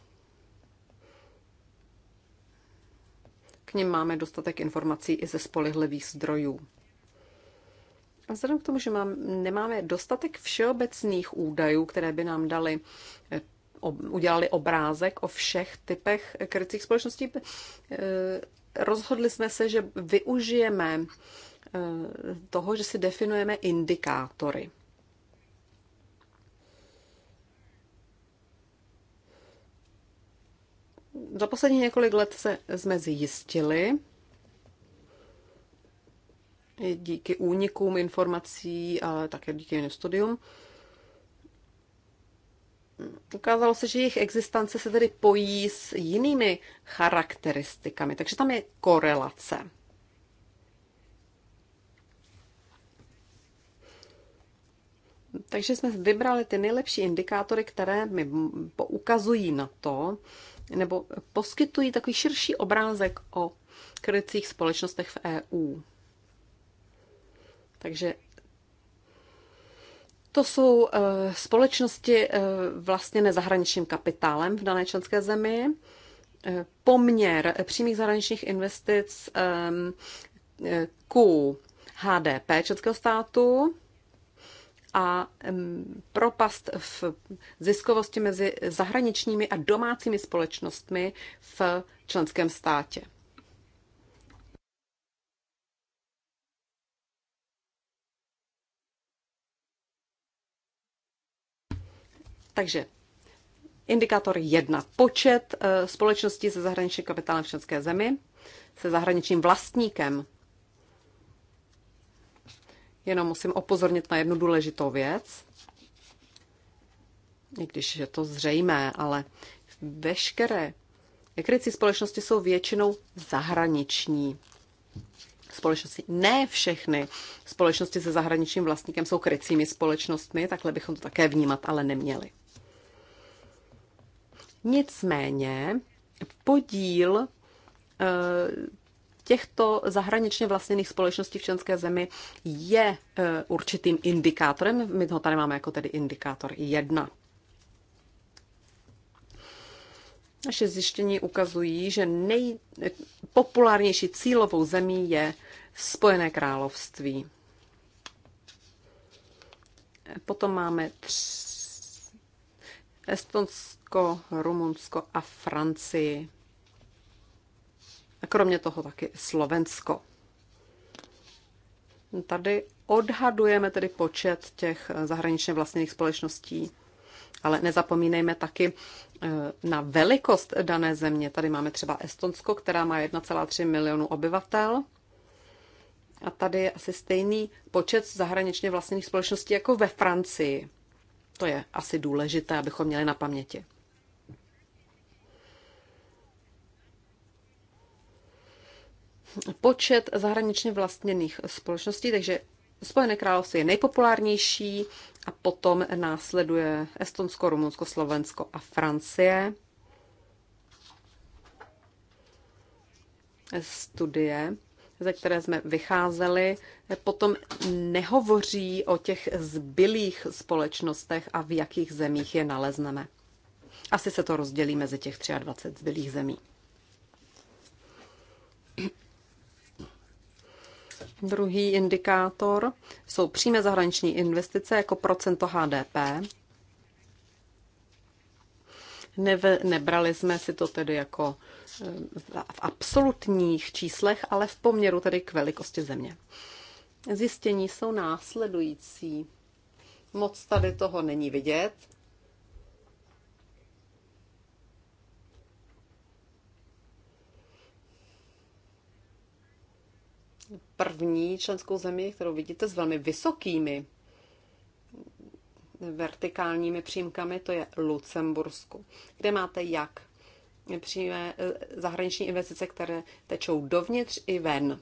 k nim máme dostatek informací i ze spolehlivých zdrojů. A vzhledem k tomu, že mám, nemáme dostatek všeobecných údajů, které by nám dali, eh, ob, udělali obrázek o všech typech krycích společností, eh, rozhodli jsme se, že využijeme eh, toho, že si definujeme indikátory. Za poslední několik let se, jsme zjistili, díky únikům informací, ale také díky jiným studium, ukázalo se, že jejich existence se tedy pojí s jinými charakteristikami, takže tam je korelace. Takže jsme vybrali ty nejlepší indikátory, které mi poukazují na to, nebo poskytují takový širší obrázek o krycích společnostech v EU. Takže to jsou eh, společnosti eh, vlastně nezahraničním kapitálem v dané členské zemi. Eh, poměr přímých zahraničních investic ehm, ku HDP českého státu a propast v ziskovosti mezi zahraničními a domácími společnostmi v členském státě. Takže indikátor 1. Počet eh, společností se zahraničním kapitálem v členské zemi se zahraničním vlastníkem Jenom musím opozornit na jednu důležitou věc, i když je to zřejmé, ale veškeré krycí společnosti jsou většinou zahraniční společnosti. Ne všechny společnosti se zahraničním vlastníkem jsou krycími společnostmi, takhle bychom to také vnímat, ale neměli. Nicméně podíl eh, těchto zahraničně vlastněných společností v členské zemi je e, určitým indikátorem. My ho tady máme jako tedy indikátor 1. Naše zjištění ukazují, že nejpopulárnější cílovou zemí je Spojené království. Potom máme Estonsko, Rumunsko a Francii kromě toho taky Slovensko. Tady odhadujeme tedy počet těch zahraničně vlastněných společností, ale nezapomínejme taky eh, na velikost dané země. Tady máme třeba Estonsko, která má 1,3 milionu obyvatel. A tady je asi stejný počet zahraničně vlastněných společností jako ve Francii. To je asi důležité, abychom měli na paměti. počet zahraničně vlastněných společností, takže Spojené království je nejpopulárnější a potom následuje Estonsko, Rumunsko, Slovensko a Francie. Studie, ze které jsme vycházeli, potom nehovoří o těch zbylých společnostech a v jakých zemích je nalezneme. Asi se to rozdělí mezi těch 23 zbylých zemí. Druhý indikátor jsou přímé zahraniční investice jako procento HDP. Neve, nebrali jsme si to tedy jako eh, v absolutních číslech, ale v poměru tedy k velikosti země. Zjištění jsou následující. Moc tady toho není vidět, první členskou zemi, kterou vidíte s velmi vysokými vertikálními přímkami, to je Lucembursku, kde máte jak přímé eh, zahraniční investice, které tečou dovnitř i ven.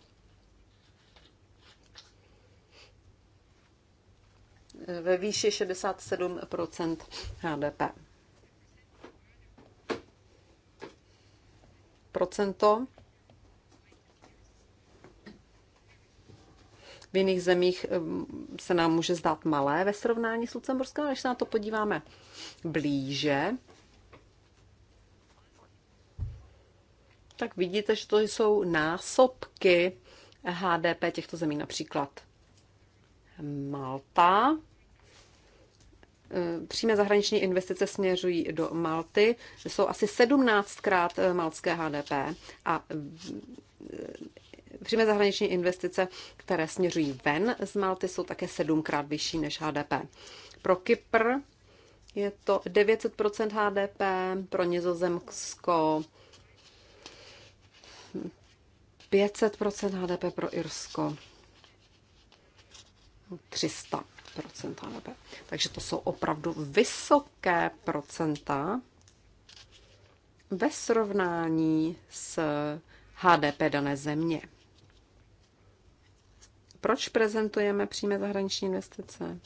Eh, ve výši 67 HDP. Procento v jiných zemích se nám může zdát malé ve srovnání s Lucemburskem, ale když se na to podíváme blíže, tak vidíte, že to jsou násobky HDP těchto zemí, například Malta. Přímé zahraniční investice směřují do Malty, jsou asi 17krát maltské HDP a Přímé zahraniční investice, které směřují ven z Malty, jsou také sedmkrát vyšší než HDP. Pro Kypr je to 900 HDP, pro Nizozemsko 500 HDP, pro Irsko 300 HDP. Takže to jsou opravdu vysoké procenta ve srovnání s HDP dané země. Proč prezentujeme přímé zahraniční investice?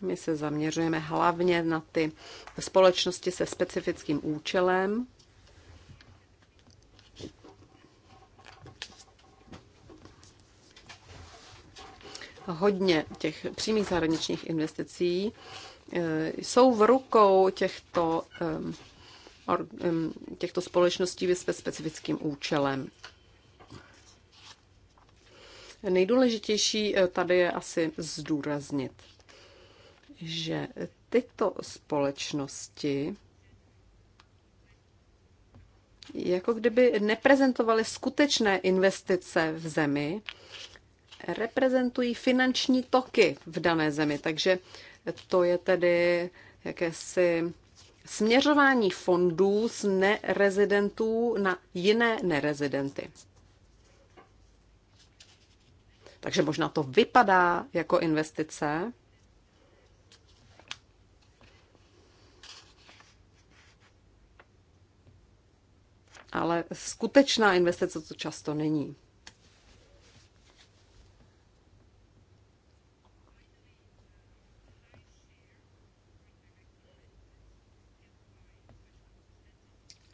My se zaměřujeme hlavně na ty společnosti se specifickým účelem. Hodně těch přímých zahraničních investicí eh, jsou v rukou těchto, eh, eh, těchto společností ve specifickým účelem. Nejdůležitější eh, tady je asi zdůraznit, že tyto společnosti jako kdyby neprezentovaly skutečné investice v zemi, reprezentují finanční toky v dané zemi. Takže to je tedy jakési směřování fondů z nerezidentů na jiné nerezidenty. Takže možná to vypadá jako investice, ale skutečná investice to často není.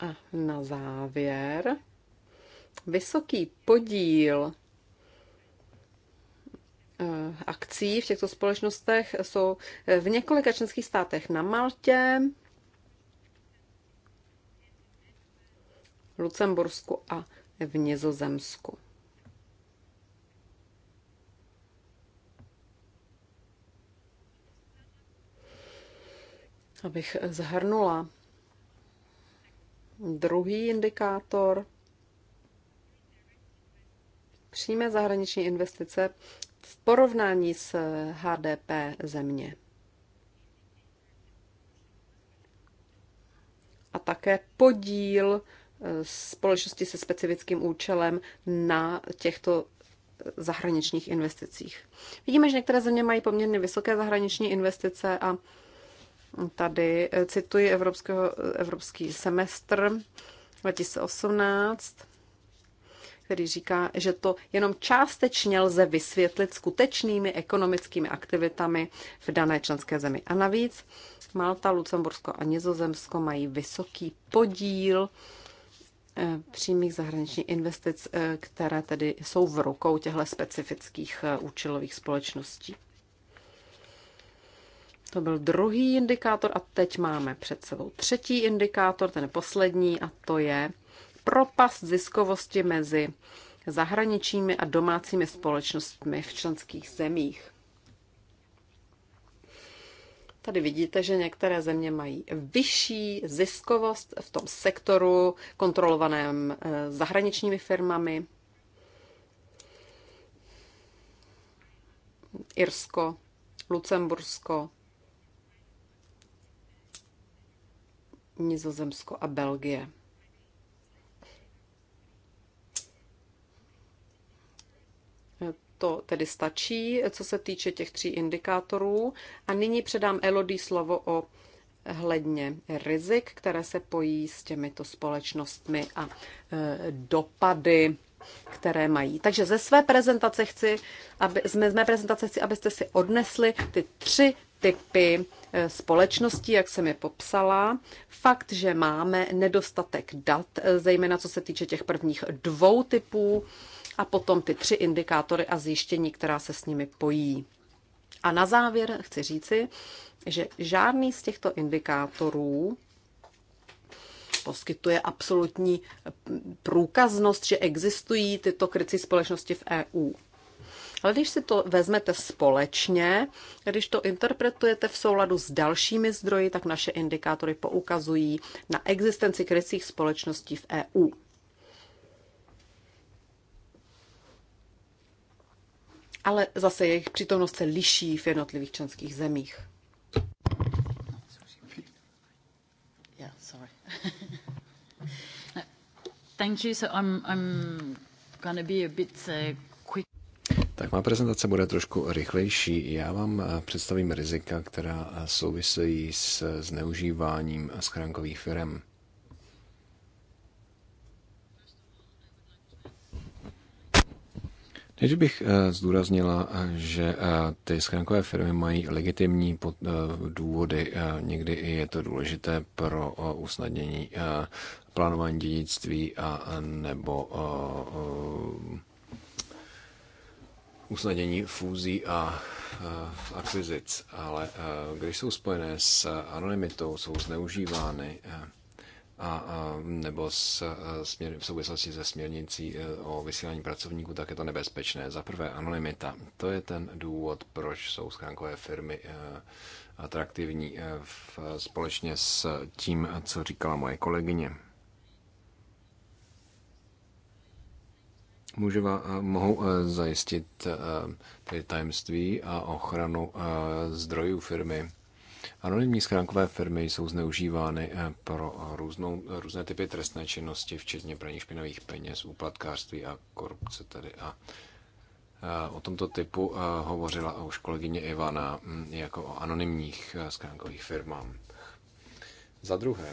A na závěr vysoký podíl Eh, akcí v těchto společnostech jsou eh, v několika členských státech na Maltě, Lucembursku a v Nizozemsku. Abych zhrnula druhý indikátor, přímé zahraniční investice v porovnání s HDP země. A také podíl eh, společnosti se specifickým účelem na těchto zahraničních investicích. Vidíme, že některé země mají poměrně vysoké zahraniční investice a tady eh, cituji evropského, eh, evropský semestr 2018 který říká, že to jenom částečně lze vysvětlit skutečnými ekonomickými aktivitami v dané členské zemi. A navíc Malta, Lucembursko a Nizozemsko mají vysoký podíl eh, přímých zahraničních investic, eh, které tedy jsou v rukou těchto specifických eh, účelových společností. To byl druhý indikátor a teď máme před sebou třetí indikátor, ten poslední, a to je propast ziskovosti mezi zahraničními a domácími společnostmi v členských zemích. Tady vidíte, že některé země mají vyšší ziskovost v tom sektoru kontrolovaném eh, zahraničními firmami. Irsko, Lucembursko, Nizozemsko a Belgie. to tedy stačí, co se týče těch tří indikátorů. A nyní předám Elodie slovo o hledně rizik, které se pojí s těmito společnostmi a e, dopady, které mají. Takže ze své prezentace chci, aby, z mé prezentace chci, abyste si odnesli ty tři typy e, společností, jak jsem je popsala. Fakt, že máme nedostatek dat, e, zejména co se týče těch prvních dvou typů, a potom ty tři indikátory a zjištění, která se s nimi pojí. A na závěr chci říci, že žádný z těchto indikátorů poskytuje absolutní průkaznost, že existují tyto krycí společnosti v EU. Ale když si to vezmete společně, když to interpretujete v souladu s dalšími zdroji, tak naše indikátory poukazují na existenci krycích společností v EU. ale zase jejich přítomnost se liší v jednotlivých členských zemích. Uh, tak má prezentace bude trošku rychlejší. Já vám eh, představím rizika, která eh, souvisejí s zneužíváním schránkových firm. Než bych eh, zdůraznila, eh, že eh, ty schránkové firmy mají legitimní důvody, někdy je to důležité pro usnadnění plánování dědictví a nebo usnadnění fúzí a akvizic, ale když jsou spojené s anonymitou, jsou zneužívány, a, a nebo s, e, směr, v souvislosti se směrnicí e, o vysílání pracovníků, tak je to nebezpečné. Za prvé anonymita. To je ten důvod, proč jsou schránkové firmy e, atraktivní v, společně s tím, co říkala moje kolegyně. může, mohou zajistit tedy tajemství a ochranu zdrojů firmy. Anonymní schránkové firmy jsou zneužívány eh, pro eh, různou, eh, různé typy trestné činnosti, včetně praní špinavých peněz, úplatkářství a korupce tedy. A o tomto typu hovořila už kolegyně Ivana hm, jako o anonymních schránkových firmám. Za druhé,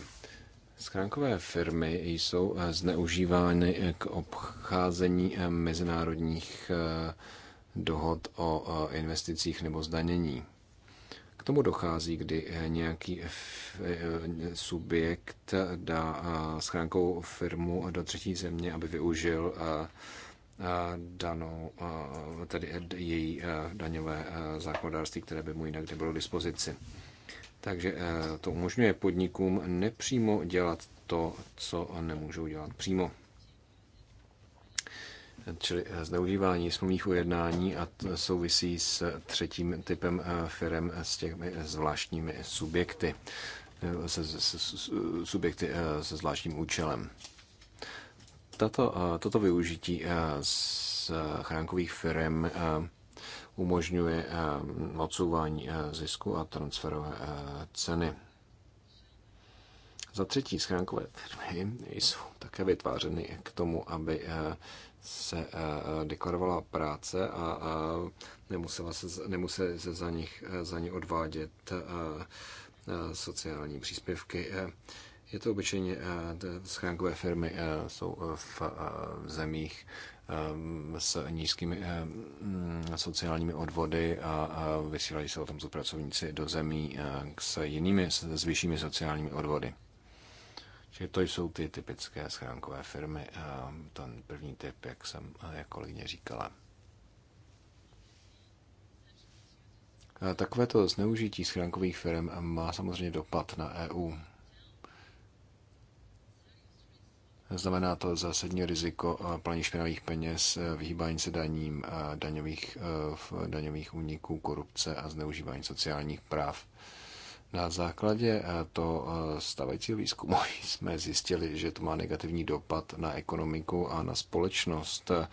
Schránkové firmy jsou zneužívány k obcházení mezinárodních dohod o investicích nebo zdanění. K tomu dochází, kdy eh, nějaký eh, eh, subjekt dá schránkou firmu do třetí země, aby využil danou, tedy její daňové zákonodárství, které by mu jinak nebylo k dispozici. Takže to umožňuje podnikům nepřímo dělat to, co nemůžou dělat přímo čili eh, zneužívání smluvních ujednání a souvisí s třetím typem eh, firm eh, s těmi zvláštními subjekty, se, se, subjekty se zvláštním účelem. Tato, toto využití z chránkových firm umožňuje odsouvání zisku a transferové ceny. Za třetí, schránkové firmy jsou také vytvářeny k tomu, aby se eh, deklarovala práce a nemusela se, nemuseli se za, nich, eh, za ní odvádět eh, sociální příspěvky. Je to obyčejně schránkové firmy, jsou v zemích s nízkými mm, sociálními odvody a vysílají se o tom pracovníci do zemí s jinými, s vyššími sociálními odvody že to jsou ty typické schránkové firmy, ten první typ, jak jsem, jak kolegyně říkala. Takovéto zneužití schránkových firm má samozřejmě dopad na EU. Znamená to zásadní riziko plání špinavých peněz, vyhýbání se daním, daňových, daňových úniků, korupce a zneužívání sociálních práv. Na základě eh, toho eh, stavajícího výzkumu jsme zjistili, že to má negativní dopad na ekonomiku a na společnost, eh,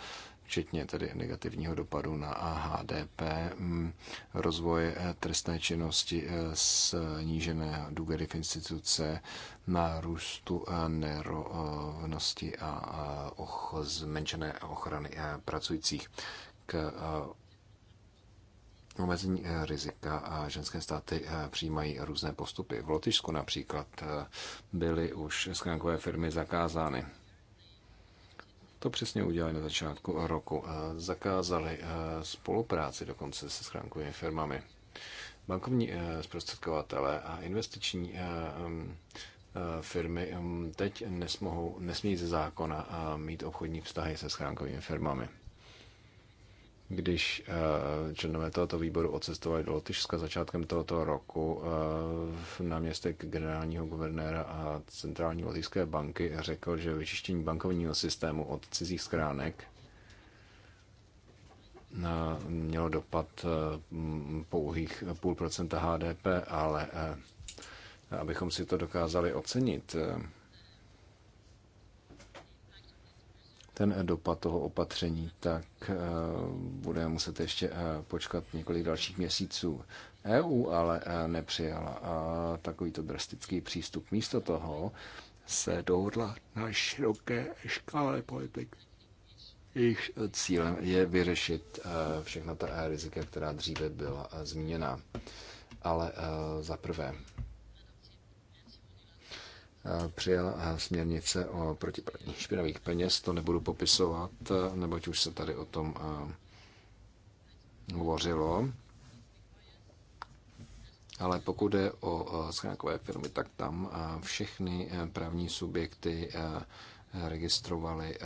včetně tedy negativního dopadu na HDP, mm, rozvoje trestné činnosti, snížené důvěry v instituce, na růstu nerovnosti a zmenšené ochrany pracujících k omezení eh, rizika a ženské státy eh, přijímají různé postupy. V Lotyšsku například eh, byly už skránkové firmy zakázány. To přesně udělali na začátku roku. Zakázali spolupráci dokonce se schránkovými firmami. Bankovní zprostředkovatele a investiční mm, firmy mm, teď nesmohou, nesmí ze zákona mít obchodní vztahy se schránkovými firmami když eh, členové tohoto výboru odcestovali do Lotyšska začátkem tohoto roku, eh, náměstek generálního guvernéra a centrální lotyšské banky řekl, že vyčištění bankovního systému od cizích schránek mělo dopad eh, pouhých půl procenta HDP, ale abychom si to dokázali ocenit, ten dopad toho opatření, tak eh, budeme muset ještě eh, počkat několik dalších měsíců. EU ale eh, nepřijala takovýto drastický přístup. Místo toho se dohodla na široké škále politik. Jejich cílem je vyřešit všechna ta rizika, která dříve byla zmíněna. Ale za prvé, přijal eh, směrnice o protipraní špinavých peněz. To nebudu popisovat, eh, neboť už se tady o tom eh, hovořilo. Ale pokud je o schránkové firmy, tak tam všechny právní subjekty registrovaly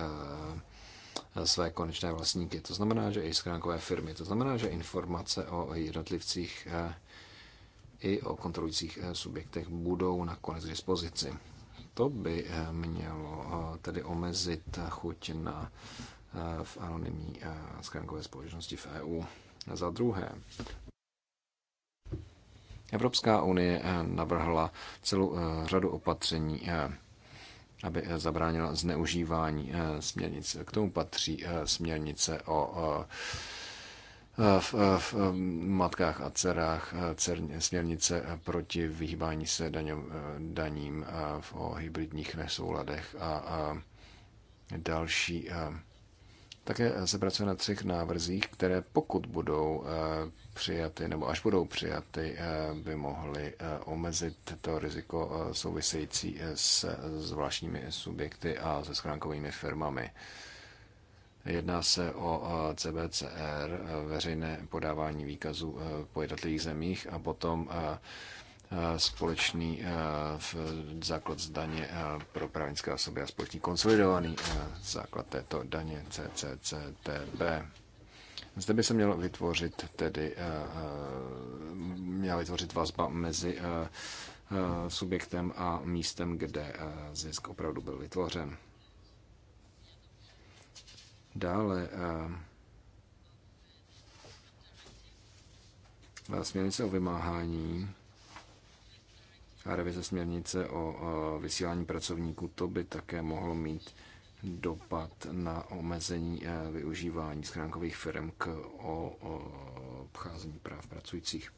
své konečné vlastníky. To znamená, že i schránkové firmy. To znamená, že informace o jednotlivcích i o kontrolujících subjektech budou nakonec k dispozici to by eh, mělo eh, tedy omezit chuť na eh, v anonymní skránkové společnosti v EU. Za druhé, Evropská unie navrhla celou řadu opatření, aby zabránila zneužívání směrnic. K tomu patří směrnice o v, v matkách a dcerách eh, směrnice eh, proti vyhýbání se eh, daním daním v, o hybridních nesouladech a, a další. Také se pracuje na třech návrzích, které pokud budou přijaty, nebo až budou přijaty, by mohly omezit to riziko související s zvláštními subjekty a se schránkovými firmami. Jedná se o CBCR, veřejné podávání výkazů po jednotlivých zemích a potom společný základ z daně pro právnické osoby a společný konsolidovaný základ této daně CCCTB. Zde by se mělo vytvořit tedy měla vytvořit vazba mezi subjektem a místem, kde zisk opravdu byl vytvořen. Dále směrnice o vymáhání a revize směrnice o vysílání pracovníků, to by také mohlo mít dopad na omezení e, využívání schránkových firm k obcházení práv pracujících.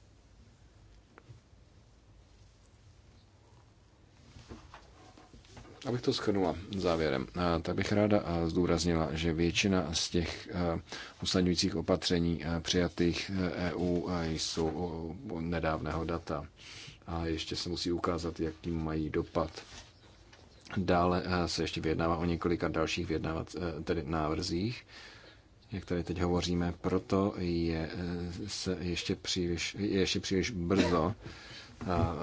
Abych to schrnula závěrem, eh, tak bych ráda eh, zdůraznila, že většina z těch eh, usnadňujících opatření přijatých EU e jsou nedávného data a ještě se musí ukázat, jaký mají dopad. Dále se ještě vyjednává o několika dalších vyjednávat, tedy návrzích, jak tady teď hovoříme, proto je, se ještě příliš, je ještě příliš brzo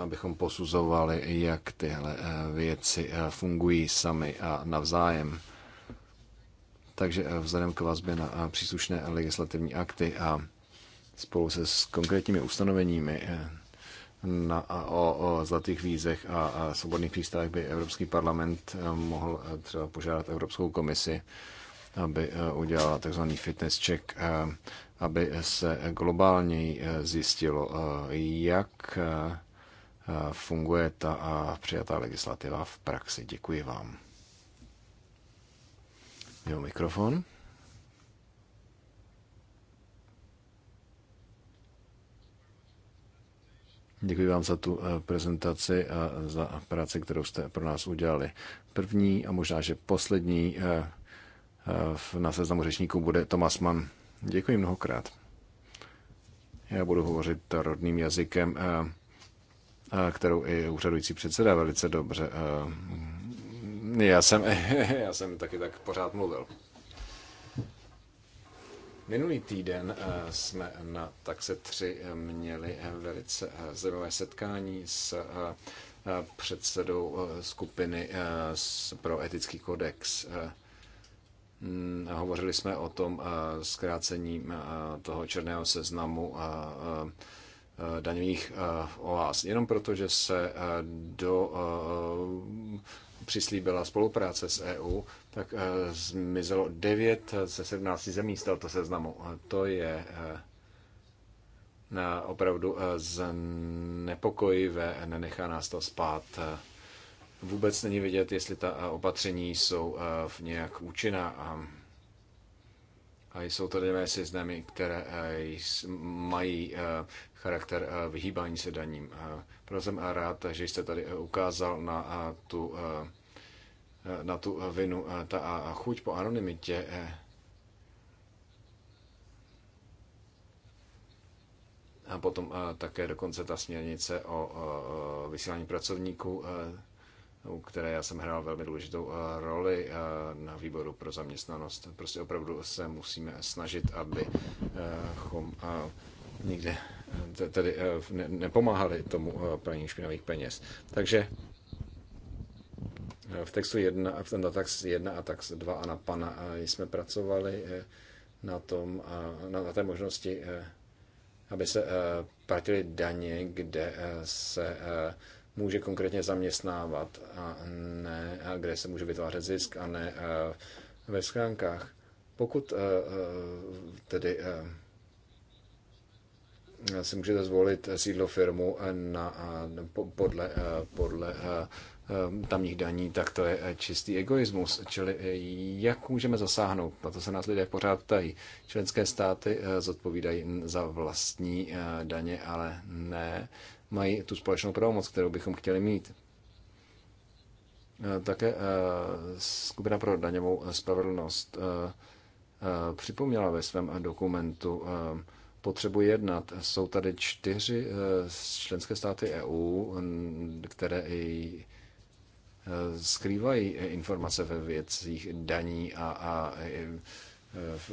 abychom posuzovali, jak tyhle eh, věci eh, fungují sami a navzájem. Takže eh, vzhledem k vazbě na příslušné legislativní akty a spolu se s konkrétními ustanoveními na, o, o zlatých vízech a, a svobodných přístavech by Evropský parlament mohl třeba požádat Evropskou komisi, aby udělala takzvaný fitness check aby se globálně eh, zjistilo, eh, jak eh, funguje ta přijatá legislativa v praxi. Děkuji vám. Jo, mikrofon. Děkuji vám za tu prezentaci a za práci, kterou jste pro nás udělali. První a možná, že poslední na seznamu řečníků bude Tomas Mann. Děkuji mnohokrát. Já budu hovořit rodným jazykem, eh, eh, kterou i úřadující předseda velice dobře. Eh, já jsem, já jsem taky tak pořád mluvil. Minulý týden jsme na Taxe 3 měli velice zajímavé setkání s předsedou skupiny pro etický kodex Mm, hovořili jsme o tom eh, zkrácení eh, toho černého seznamu eh, daňových oás. Jenom proto, že se do přislíbila spolupráce s EU, tak zmizelo 9 ze 17 zemí z tohoto seznamu. To je opravdu znepokojivé, nenechá nás to spát vůbec není vidět, jestli ta eh, opatření jsou eh, v nějak účinná a, a jsou to daňové seznamy, které eh, mají charakter vyhýbání se daním. Proto jsem rád, že jste tady ukázal na tu, na tu vinu, ta chuť po anonymitě. A potom také dokonce ta směrnice o vysílání pracovníků u které já jsem hrál velmi důležitou eh, roli eh, na výboru pro zaměstnanost. Prostě opravdu se musíme snažit, abychom eh, nikde tedy nepomáhali tomu praní špinavých peněz. Takže v textu 1, v tom tax 1 a tax 2 a na pana jsme pracovali na, tom, na, na té možnosti, aby se platily daně, kde se může konkrétně zaměstnávat a ne, a kde se může vytvářet zisk a ne a eh, ve schránkách. Pokud a, eh, a, eh, tedy a, si můžete zvolit sídlo firmu na, podle, podle Ehm, tamních daní, tak to je eh, čistý egoismus. Čili eh, jak můžeme zasáhnout? Na to se nás lidé pořád ptají. Členské státy eh, zodpovídají za vlastní daně, ale ne mají tu společnou pravomoc, kterou bychom chtěli mít. Také skupina pro daňovou spravedlnost připomněla ve svém dokumentu potřebu jednat. Jsou tady čtyři členské státy EU, které i Eh, skrývají eh, informace ve věcích daní a, a eh,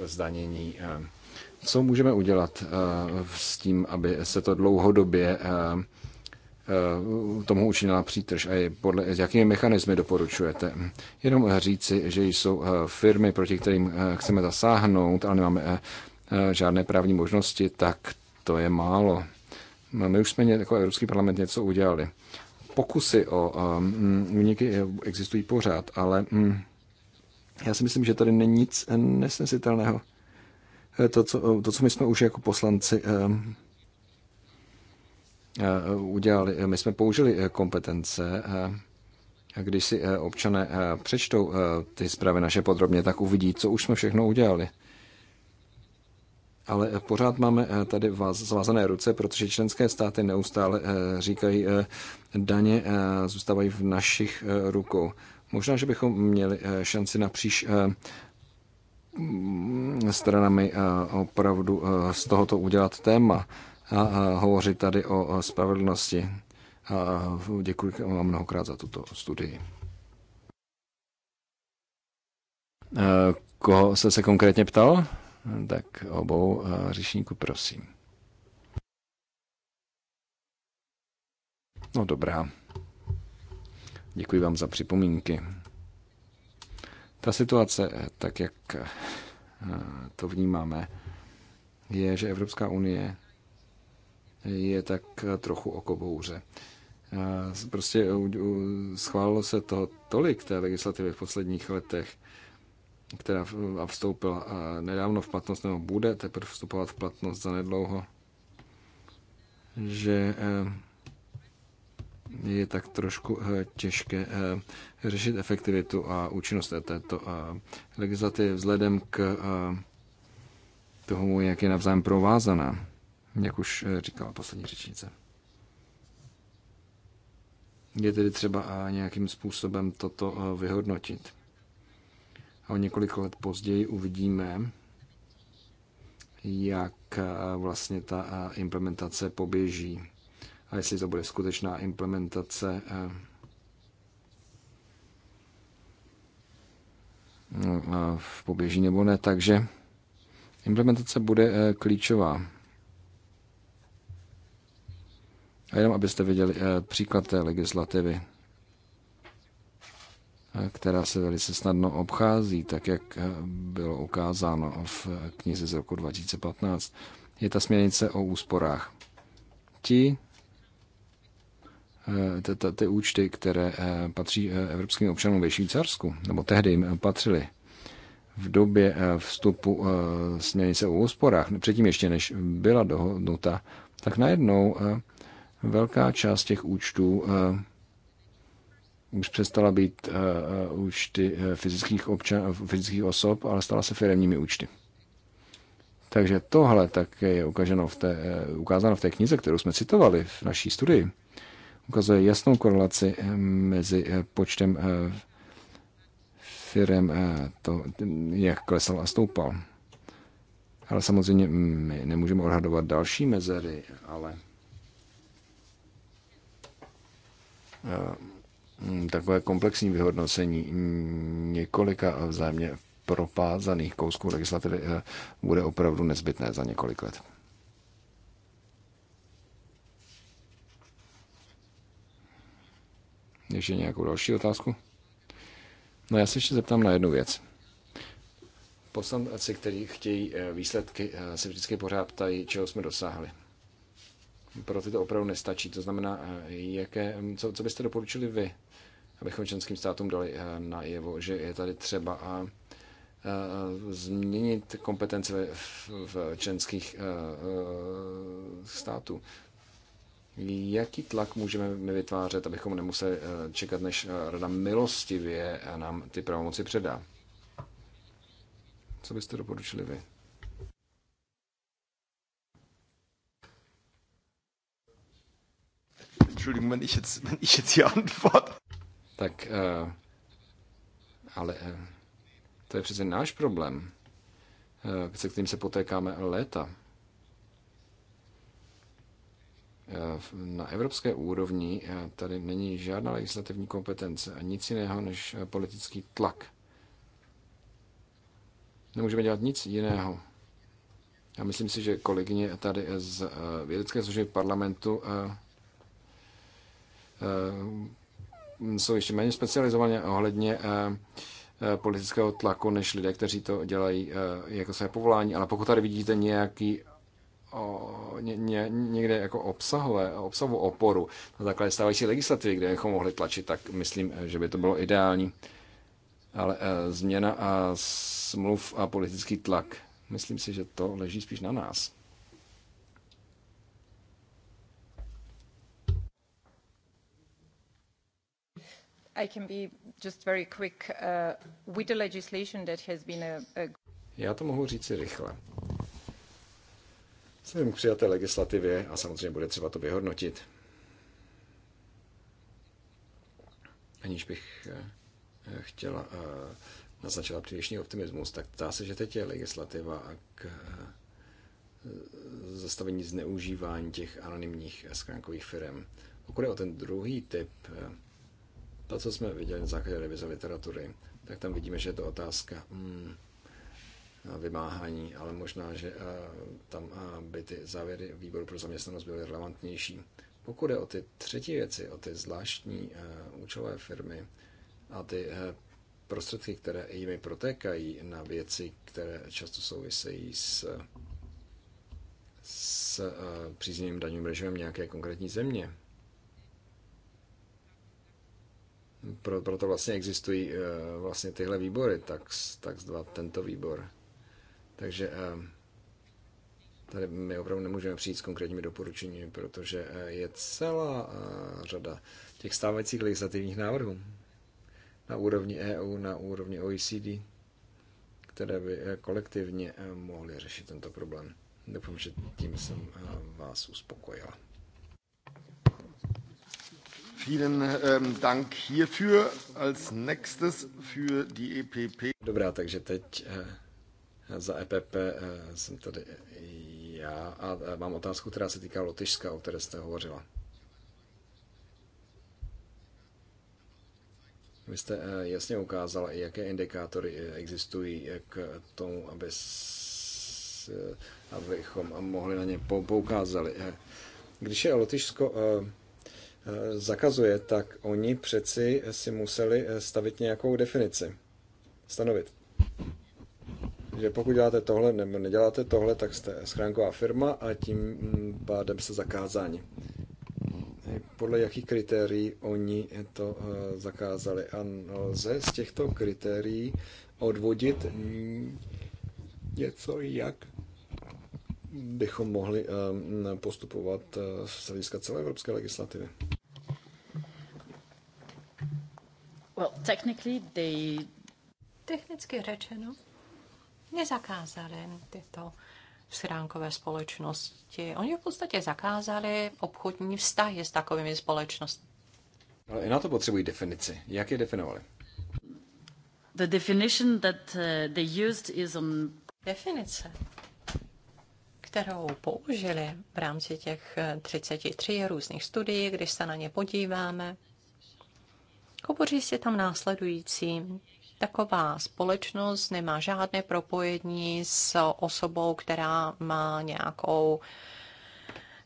zdanění. Co můžeme udělat s tím, aby se to dlouhodobě tomu učinila přítrž a podle, s jakými mechanismy doporučujete. Jenom říci, že jsou firmy, proti kterým chceme zasáhnout, ale nemáme žádné právní možnosti, tak to je málo. No, my už jsme jako Evropský parlament něco udělali pokusy o mm, úniky existují pořád, ale mm, já si myslím, že tady není nic nesnesitelného. E, to co, e, to, co my jsme už jako poslanci e, udělali, my jsme použili kompetence a když si občané přečtou ty zprávy naše podrobně, tak uvidí, co už jsme všechno udělali ale eh, pořád máme eh, tady zvázané ruce, protože členské státy neustále eh, říkají, daně zůstávají v našich rukou. Možná, že bychom měli šanci napříč mm, stranami opravdu z tohoto udělat téma a hovořit tady o spravedlnosti. A děkuji vám mnohokrát za tuto studii. Koho se se konkrétně ptal? tak obou eh, řečníků prosím. No dobrá. Děkuji vám za připomínky. Ta situace, eh, tak jak eh, to vnímáme, je, že Evropská unie je tak trochu okobouře. Prostě schválilo se to tolik té legislativy v posledních letech, která vstoupila nedávno v platnost nebo bude teprve vstupovat v platnost nedlouho, že eh, je tak trošku eh, těžké eh, řešit efektivitu a účinnost této legislativy vzhledem k tomu, jak je navzájem provázaná, jak už říkala poslední řečnice. Je tedy třeba nějakým způsobem toto vyhodnotit o několik let později uvidíme, jak eh, vlastně ta eh, implementace poběží a jestli to bude skutečná implementace eh, no, v poběží nebo ne. Takže implementace bude klíčová. A jenom abyste viděli příklad té legislativy. Eh, která se velice snadno obchází, tak jak eh, bylo ukázáno v knize z roku 2015, je ta směrnice o úsporách. Ti, eh, ty účty, které patří evropským občanům ve Švýcarsku, nebo tehdy jim patřily, v době vstupu směrnice o úsporách, předtím ještě než byla dohodnuta, tak najednou velká část těch účtů už přestala být uh, eh, účty eh, eh, fyzických, občan, fyzických osob, ale stala se firemními účty. Takže tohle také je ukáženo v té, uh, ukázáno v té knize, kterou jsme citovali v naší studii. Ukazuje jasnou korelaci mezi počtem uh, uh, to, jak klesal a stoupal. Ale samozřejmě mm, my nemůžeme odhadovat další mezery, ale... Uh, Mm, takové komplexní vyhodnocení několika vzájemně propázaných kousků legislativy eh, bude opravdu nezbytné za několik let. Ještě nějakou další otázku? No já se ještě zeptám na jednu věc. Poslanci, kteří chtějí eh, výsledky, eh, se vždycky pořád ptají, čeho jsme dosáhli pro ty to opravdu nestačí. To znamená, eh, jaké, mm, co, co byste doporučili vy, abychom členským státům dali eh, najevo, že je tady třeba a, eh, změnit kompetence v, v členských států. Jaký tlak můžeme my vytvářet, abychom nemuseli čekat, než Rada milostivě nám ty pravomoci předá? Co byste doporučili vy? Entschuldigung, wenn ich jetzt, wenn ich jetzt hier antworte. Tak, äh, ale äh, to je přece náš problém, äh, se kterým se potékáme léta. Na evropské úrovni tady není žádná legislativní kompetence a nic jiného než politický tlak. Nemůžeme dělat nic jiného. Já myslím si, že kolegyně tady z vědecké služby parlamentu Eh, jsou ještě méně specializovaně ohledně eh, eh, politického tlaku než lidé, kteří to dělají jako své povolání. Ale pokud tady vidíte nějaký o, ně, ně, někde jako obsahové, obsahovou oporu na základě stávající legislativy, kde bychom mohli tlačit, tak myslím, že by to bylo ideální. Ale e, změna a smluv a politický tlak, myslím si, že to leží spíš na nás. I can be just very quick. Uh, with the legislation that has been a, a... Já to mohu říci rychle. Jsem k přijaté legislativě a samozřejmě bude třeba to vyhodnotit. Aniž bych eh, eh, chtěla eh, naznačila přílišný optimismus, tak zdá se, že teď je legislativa k zastavení zneužívání těch anonymních skránkových firm. Pokud je o ten druhý typ to, co jsme viděli na základě revize literatury, tak tam vidíme, že je to otázka hmm, vymáhání, ale možná, že tam by ty závěry výboru pro zaměstnanost byly relevantnější. Pokud je o ty třetí věci, o ty zvláštní účelové firmy a ty prostředky, které jimi protékají na věci, které často souvisejí s, s přízněným daňovým režimem nějaké konkrétní země, Pro, proto vlastně existují eh, vlastně tyhle výbory, tak, tak zdva tento výbor. Takže eh, tady my opravdu nemůžeme přijít s konkrétními doporučeními, protože eh, je celá řada těch stávajících legislativních návrhů na úrovni EU, na úrovni OECD, které by kolektivně mohly řešit tento problém. Doufám, že tím jsem vás uspokojila. Vielen um, Dank hierfür. Als nächstes für die EPP. Dobrá, takže teď eh, za EPP eh, jsem tady já a eh, mám otázku, která se týká Lotyšska, o které jste hovořila. Vy jste jasně ukázal, jaké indikátory existují k tomu, aby s, abychom mohli na ně poukázali. Když je Lotyšsko Eh, zakazuje, tak oni přeci si museli eh, stavit nějakou definici. Stanovit. Že pokud děláte tohle nebo neděláte tohle, tak jste schránková firma a tím mm, pádem se zakázání. Eh, podle jakých kritérií oni to zakázali. A lze z těchto kritérií odvodit mm, něco, jak bychom mohli postupovat z hlediska celé evropské legislativy. Well, technically they... Technicky řečeno, nezakázali tyto schránkové společnosti. Oni v podstatě zakázali obchodní vztahy s takovými společnostmi. Ale i na to potřebují definici. Jak je definovali? The definition that uh, they used is on... Definice, kterou použili v rámci těch 33 eh, různých studií, když se na ně podíváme, Hovoří se tam následující. Taková společnost nemá žádné propojení s osobou, která má nějakou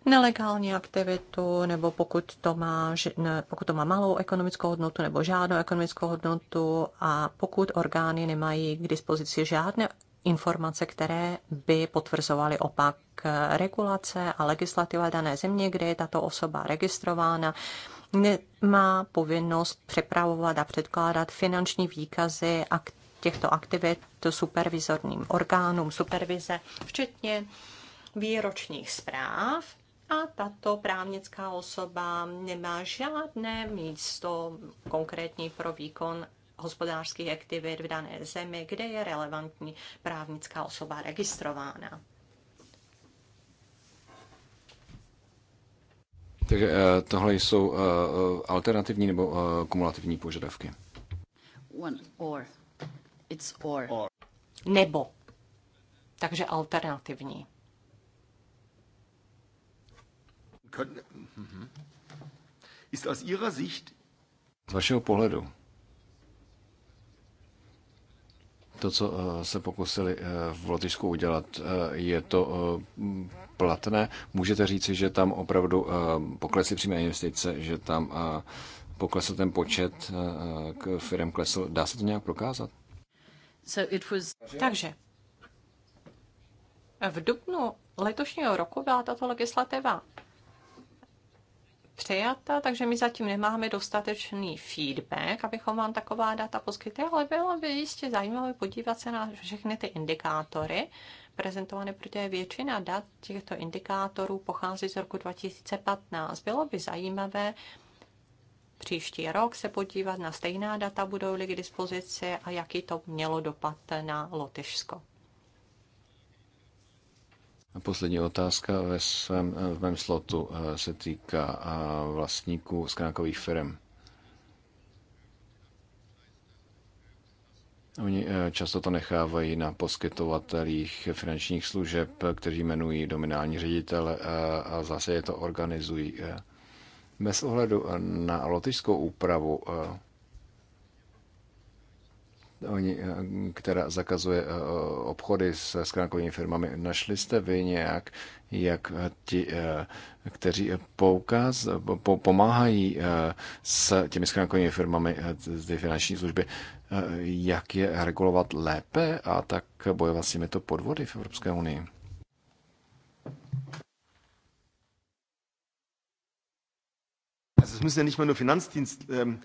nelegální aktivitu, nebo pokud to má, ne, pokud to má malou ekonomickou hodnotu nebo žádnou ekonomickou hodnotu a pokud orgány nemají k dispozici žádné informace, které by potvrzovaly opak regulace a legislativa dané země, kde je tato osoba registrována, nemá povinnost přepravovat a předkládat finanční výkazy a těchto aktivit supervizorním orgánům supervize, včetně výročních zpráv a tato právnická osoba nemá žádné místo konkrétní pro výkon hospodářských aktivit v dané zemi, kde je relevantní právnická osoba registrována. Takže eh, tohle jsou eh, eh, alternativní nebo kumulativní požadavky. One or. It's or. or. Nebo. Takže alternativní. Mhm. Ist aus Ihrer Sicht z vašeho pohledu to, co se pokusili v Lotyšsku udělat, je to platné, můžete říci, že tam opravdu eh, poklesly přímé investice, že tam eh, poklesl ten počet eh, k firm klesl. Dá se to nějak prokázat? Takže v dubnu letošního roku byla tato legislativa přijata, takže my zatím nemáme dostatečný feedback, abychom vám taková data poskytli, ale bylo by jistě zajímavé podívat se na všechny ty indikátory, prezentované, protože většina dat těchto indikátorů pochází z roku 2015. Bylo by zajímavé příští rok se podívat na stejná data, budou-li k dispozici a jaký to mělo dopad na Lotyšsko. Poslední otázka ve svém, v mém slotu eh, se týká eh, vlastníků skránkových firm. Oni eh, často to nechávají na poskytovatelích finančních služeb, kteří jmenují dominální ředitel eh, a zase je to organizují. Eh. Bez ohledu na lotyšskou úpravu Eh, která zakazuje eh, obchody s skránkovými firmami. Našli jste vy nějak, jak eh, ti, kteří poukaz, po, pomáhají s těmi skránkovými firmami, z finanční služby, jak je regulovat lépe a tak bojovat s těmito podvody v Evropské unii? Also es müssen ja nicht mal nur Finanzdienst, ähm,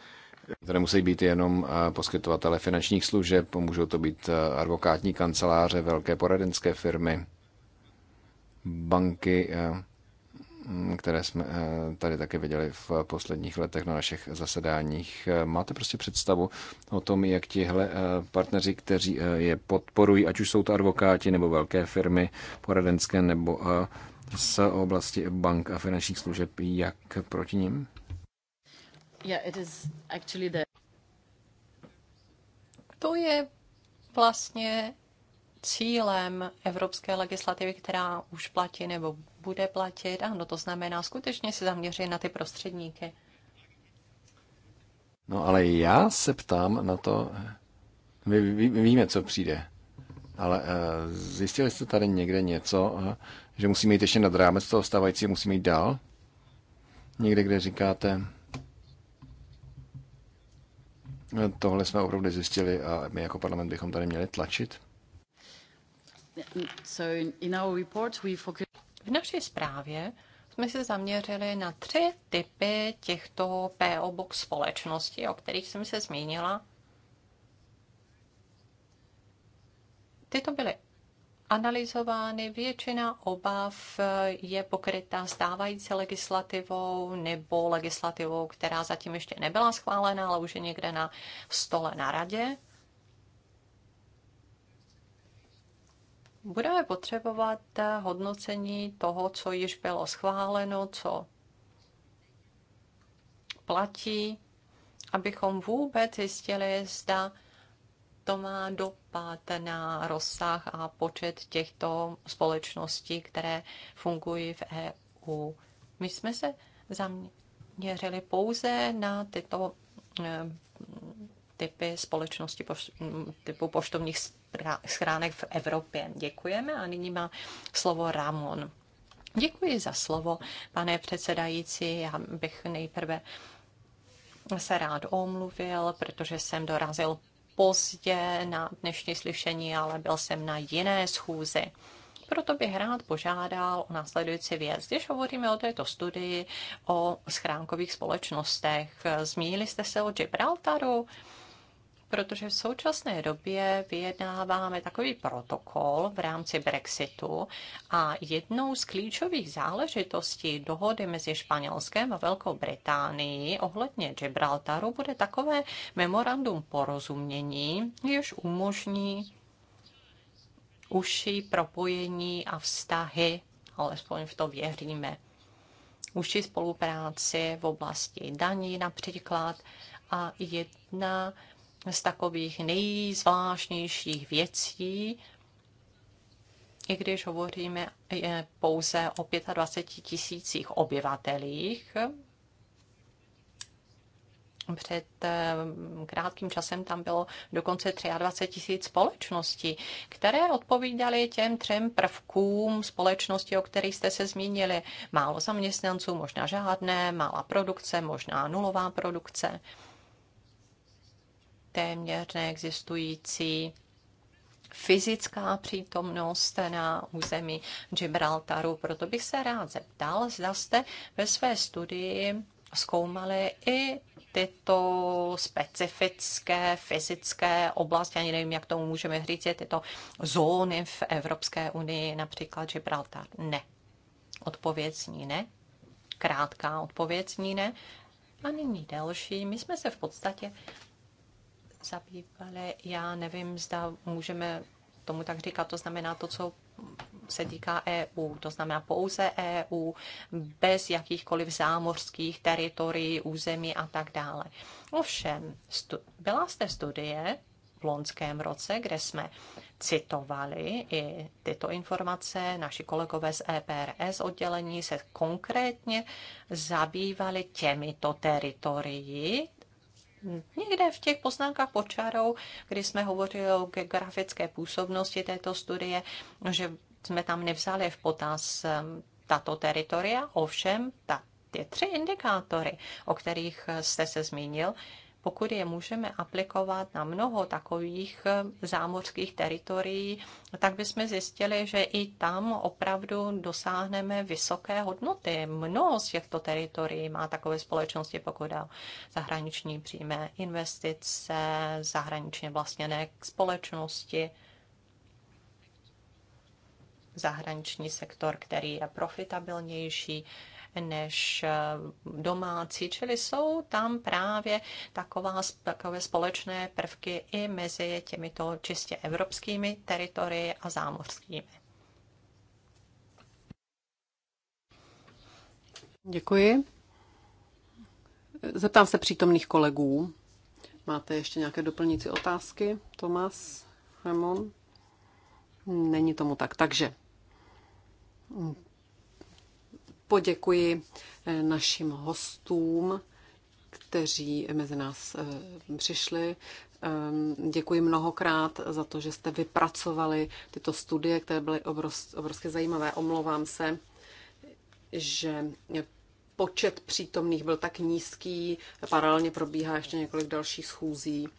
to nemusí být jenom eh, poskytovatele finančních služeb, můžou to být eh, advokátní kanceláře, velké poradenské firmy, banky, eh, které jsme tady také viděli v posledních letech na našich zasedáních. Máte prostě představu o tom, jak tihle partneři, kteří je podporují, ať už jsou to advokáti nebo velké firmy poradenské nebo z oblasti bank a finančních služeb, jak proti ním? To je vlastně cílem evropské legislativy, která už platí nebo bude platit. Ano, to znamená skutečně se zaměřit na ty prostředníky. No ale já se ptám na to, my víme, co přijde, ale eh, zjistili jste tady někde něco, eh, že musíme jít ještě nad rámec toho stávajícího, musíme jít dál? Někde, kde říkáte, Tohle jsme opravdu zjistili a my jako parlament bychom tady měli tlačit. V naší zprávě jsme se zaměřili na tři typy těchto PO Box společností, o kterých jsem se zmínila. Tyto byly analyzovány. Většina obav eh, je pokrytá stávající legislativou nebo legislativou, která zatím ještě nebyla schválena, ale už je někde na stole na radě. Budeme potřebovat eh, hodnocení toho, co již bylo schváleno, co platí, abychom vůbec zjistili, zda to má dopad na rozsah a počet těchto společností, které fungují v EU. My jsme se zaměřili pouze na tyto eh, typy společnosti typu poštovních schránek v Evropě. Děkujeme a nyní má slovo Ramon. Děkuji za slovo, pane předsedající. Já bych nejprve se rád omluvil, protože jsem dorazil pozdě na dnešní slyšení, ale byl jsem na jiné schůzi. Proto bych rád požádal o následující věc. Když hovoříme o této studii o schránkových společnostech, zmínili jste se o Gibraltaru, protože v současné době vyjednáváme takový protokol v rámci Brexitu a jednou z klíčových záležitostí dohody mezi Španělskem a Velkou Británií ohledně Gibraltaru bude takové memorandum porozumění, jež umožní uši propojení a vztahy, alespoň v to věříme, uši spolupráci v oblasti daní například a jedna z takových nejzvláštnějších věcí, i když hovoříme pouze o 25 tisících obyvatelích, před eh, krátkým časem tam bylo dokonce 23 tisíc společností, které odpovídaly těm třem prvkům společnosti, o kterých jste se zmínili. Málo zaměstnanců, možná žádné, mála produkce, možná nulová produkce téměř neexistující fyzická přítomnost na území Gibraltaru. Proto bych se rád zeptal, zda jste ve své studii zkoumali i tyto specifické fyzické oblasti, ani nevím, jak tomu můžeme říct, tyto zóny v Evropské unii, například Gibraltar. Ne. Odpovědní ne. Krátká odpovědní ne. A nyní další. My jsme se v podstatě zabývali. Já nevím, zda můžeme tomu tak říkat, to znamená to, co se týká EU, to znamená pouze EU, bez jakýchkoliv zámořských teritorií, území a tak dále. Ovšem, byla jste studie v loňském roce, kde jsme citovali i tyto informace. Naši kolegové z EPRS oddělení se konkrétně zabývali těmito teritorií, někde v těch poznámkách pod čarou, kdy jsme hovořili o geografické působnosti této studie, že jsme tam nevzali v potaz ehm, tato teritoria, ovšem ta, ty tři indikátory, o kterých jste se zmínil, pokud je můžeme aplikovat na mnoho takových eh, zámořských teritorií, tak bychom zjistili, že i tam opravdu dosáhneme vysoké hodnoty. Mnoho z těchto teritorií má takové společnosti, pokud je zahraniční přímé investice, zahraničně vlastněné společnosti, zahraniční sektor, který je profitabilnější, než eh, domácí, čili jsou tam právě taková, takové společné prvky i mezi těmito čistě evropskými teritorii a zámořskými. Děkuji. Zeptám se přítomných kolegů. Máte ještě nějaké doplnící otázky, Tomas, Ramon? Není tomu tak. Takže poděkuji eh, našim hostům, kteří mezi nás eh, přišli. Ehm, děkuji mnohokrát za to, že jste vypracovali tyto studie, které byly obrovsky zajímavé. Omlouvám se, že počet přítomných byl tak nízký. Paralelně probíhá ještě několik dalších schůzí.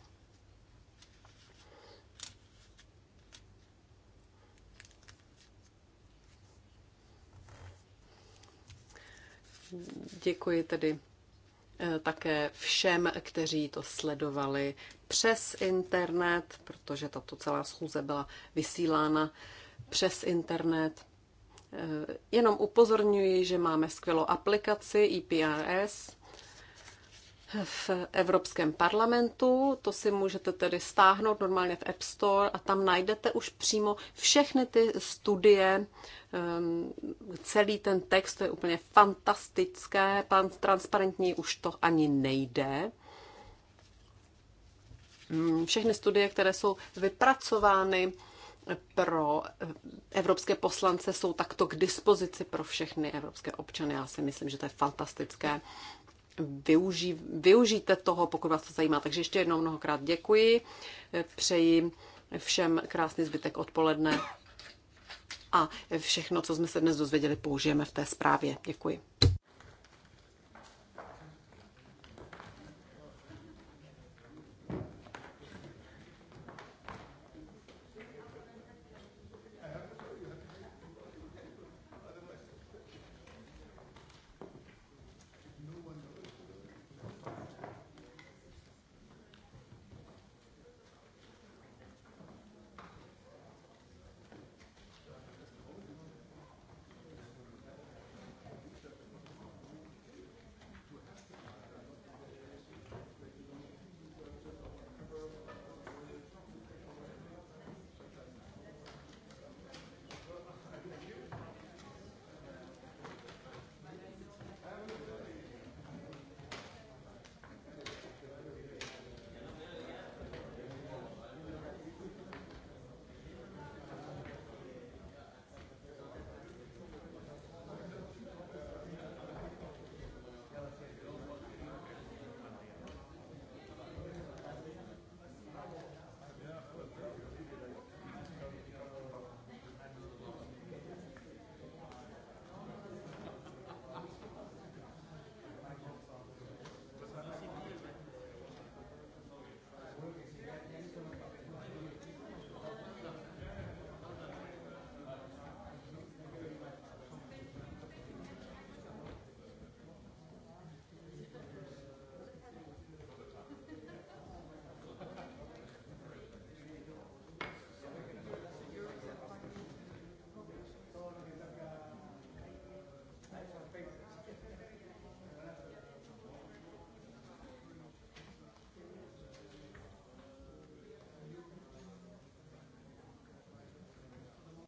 Děkuji tedy eh, také všem, kteří to sledovali přes internet, protože tato celá schůze byla vysílána přes internet. Eh, jenom upozorňuji, že máme skvělou aplikaci IPRS, e v Evropském parlamentu. To si můžete tedy stáhnout normálně v App Store a tam najdete už přímo všechny ty studie, ehm, celý ten text, to je úplně fantastické, transparentní už to ani nejde. Mm, všechny studie, které jsou vypracovány pro eh, evropské poslance, jsou takto k dispozici pro všechny evropské občany. Já si myslím, že to je fantastické využij, využijte toho, pokud vás to zajímá. Takže ještě jednou mnohokrát děkuji, přeji všem krásný zbytek odpoledne a všechno, co jsme se dnes dozvěděli, použijeme v té zprávě. Děkuji.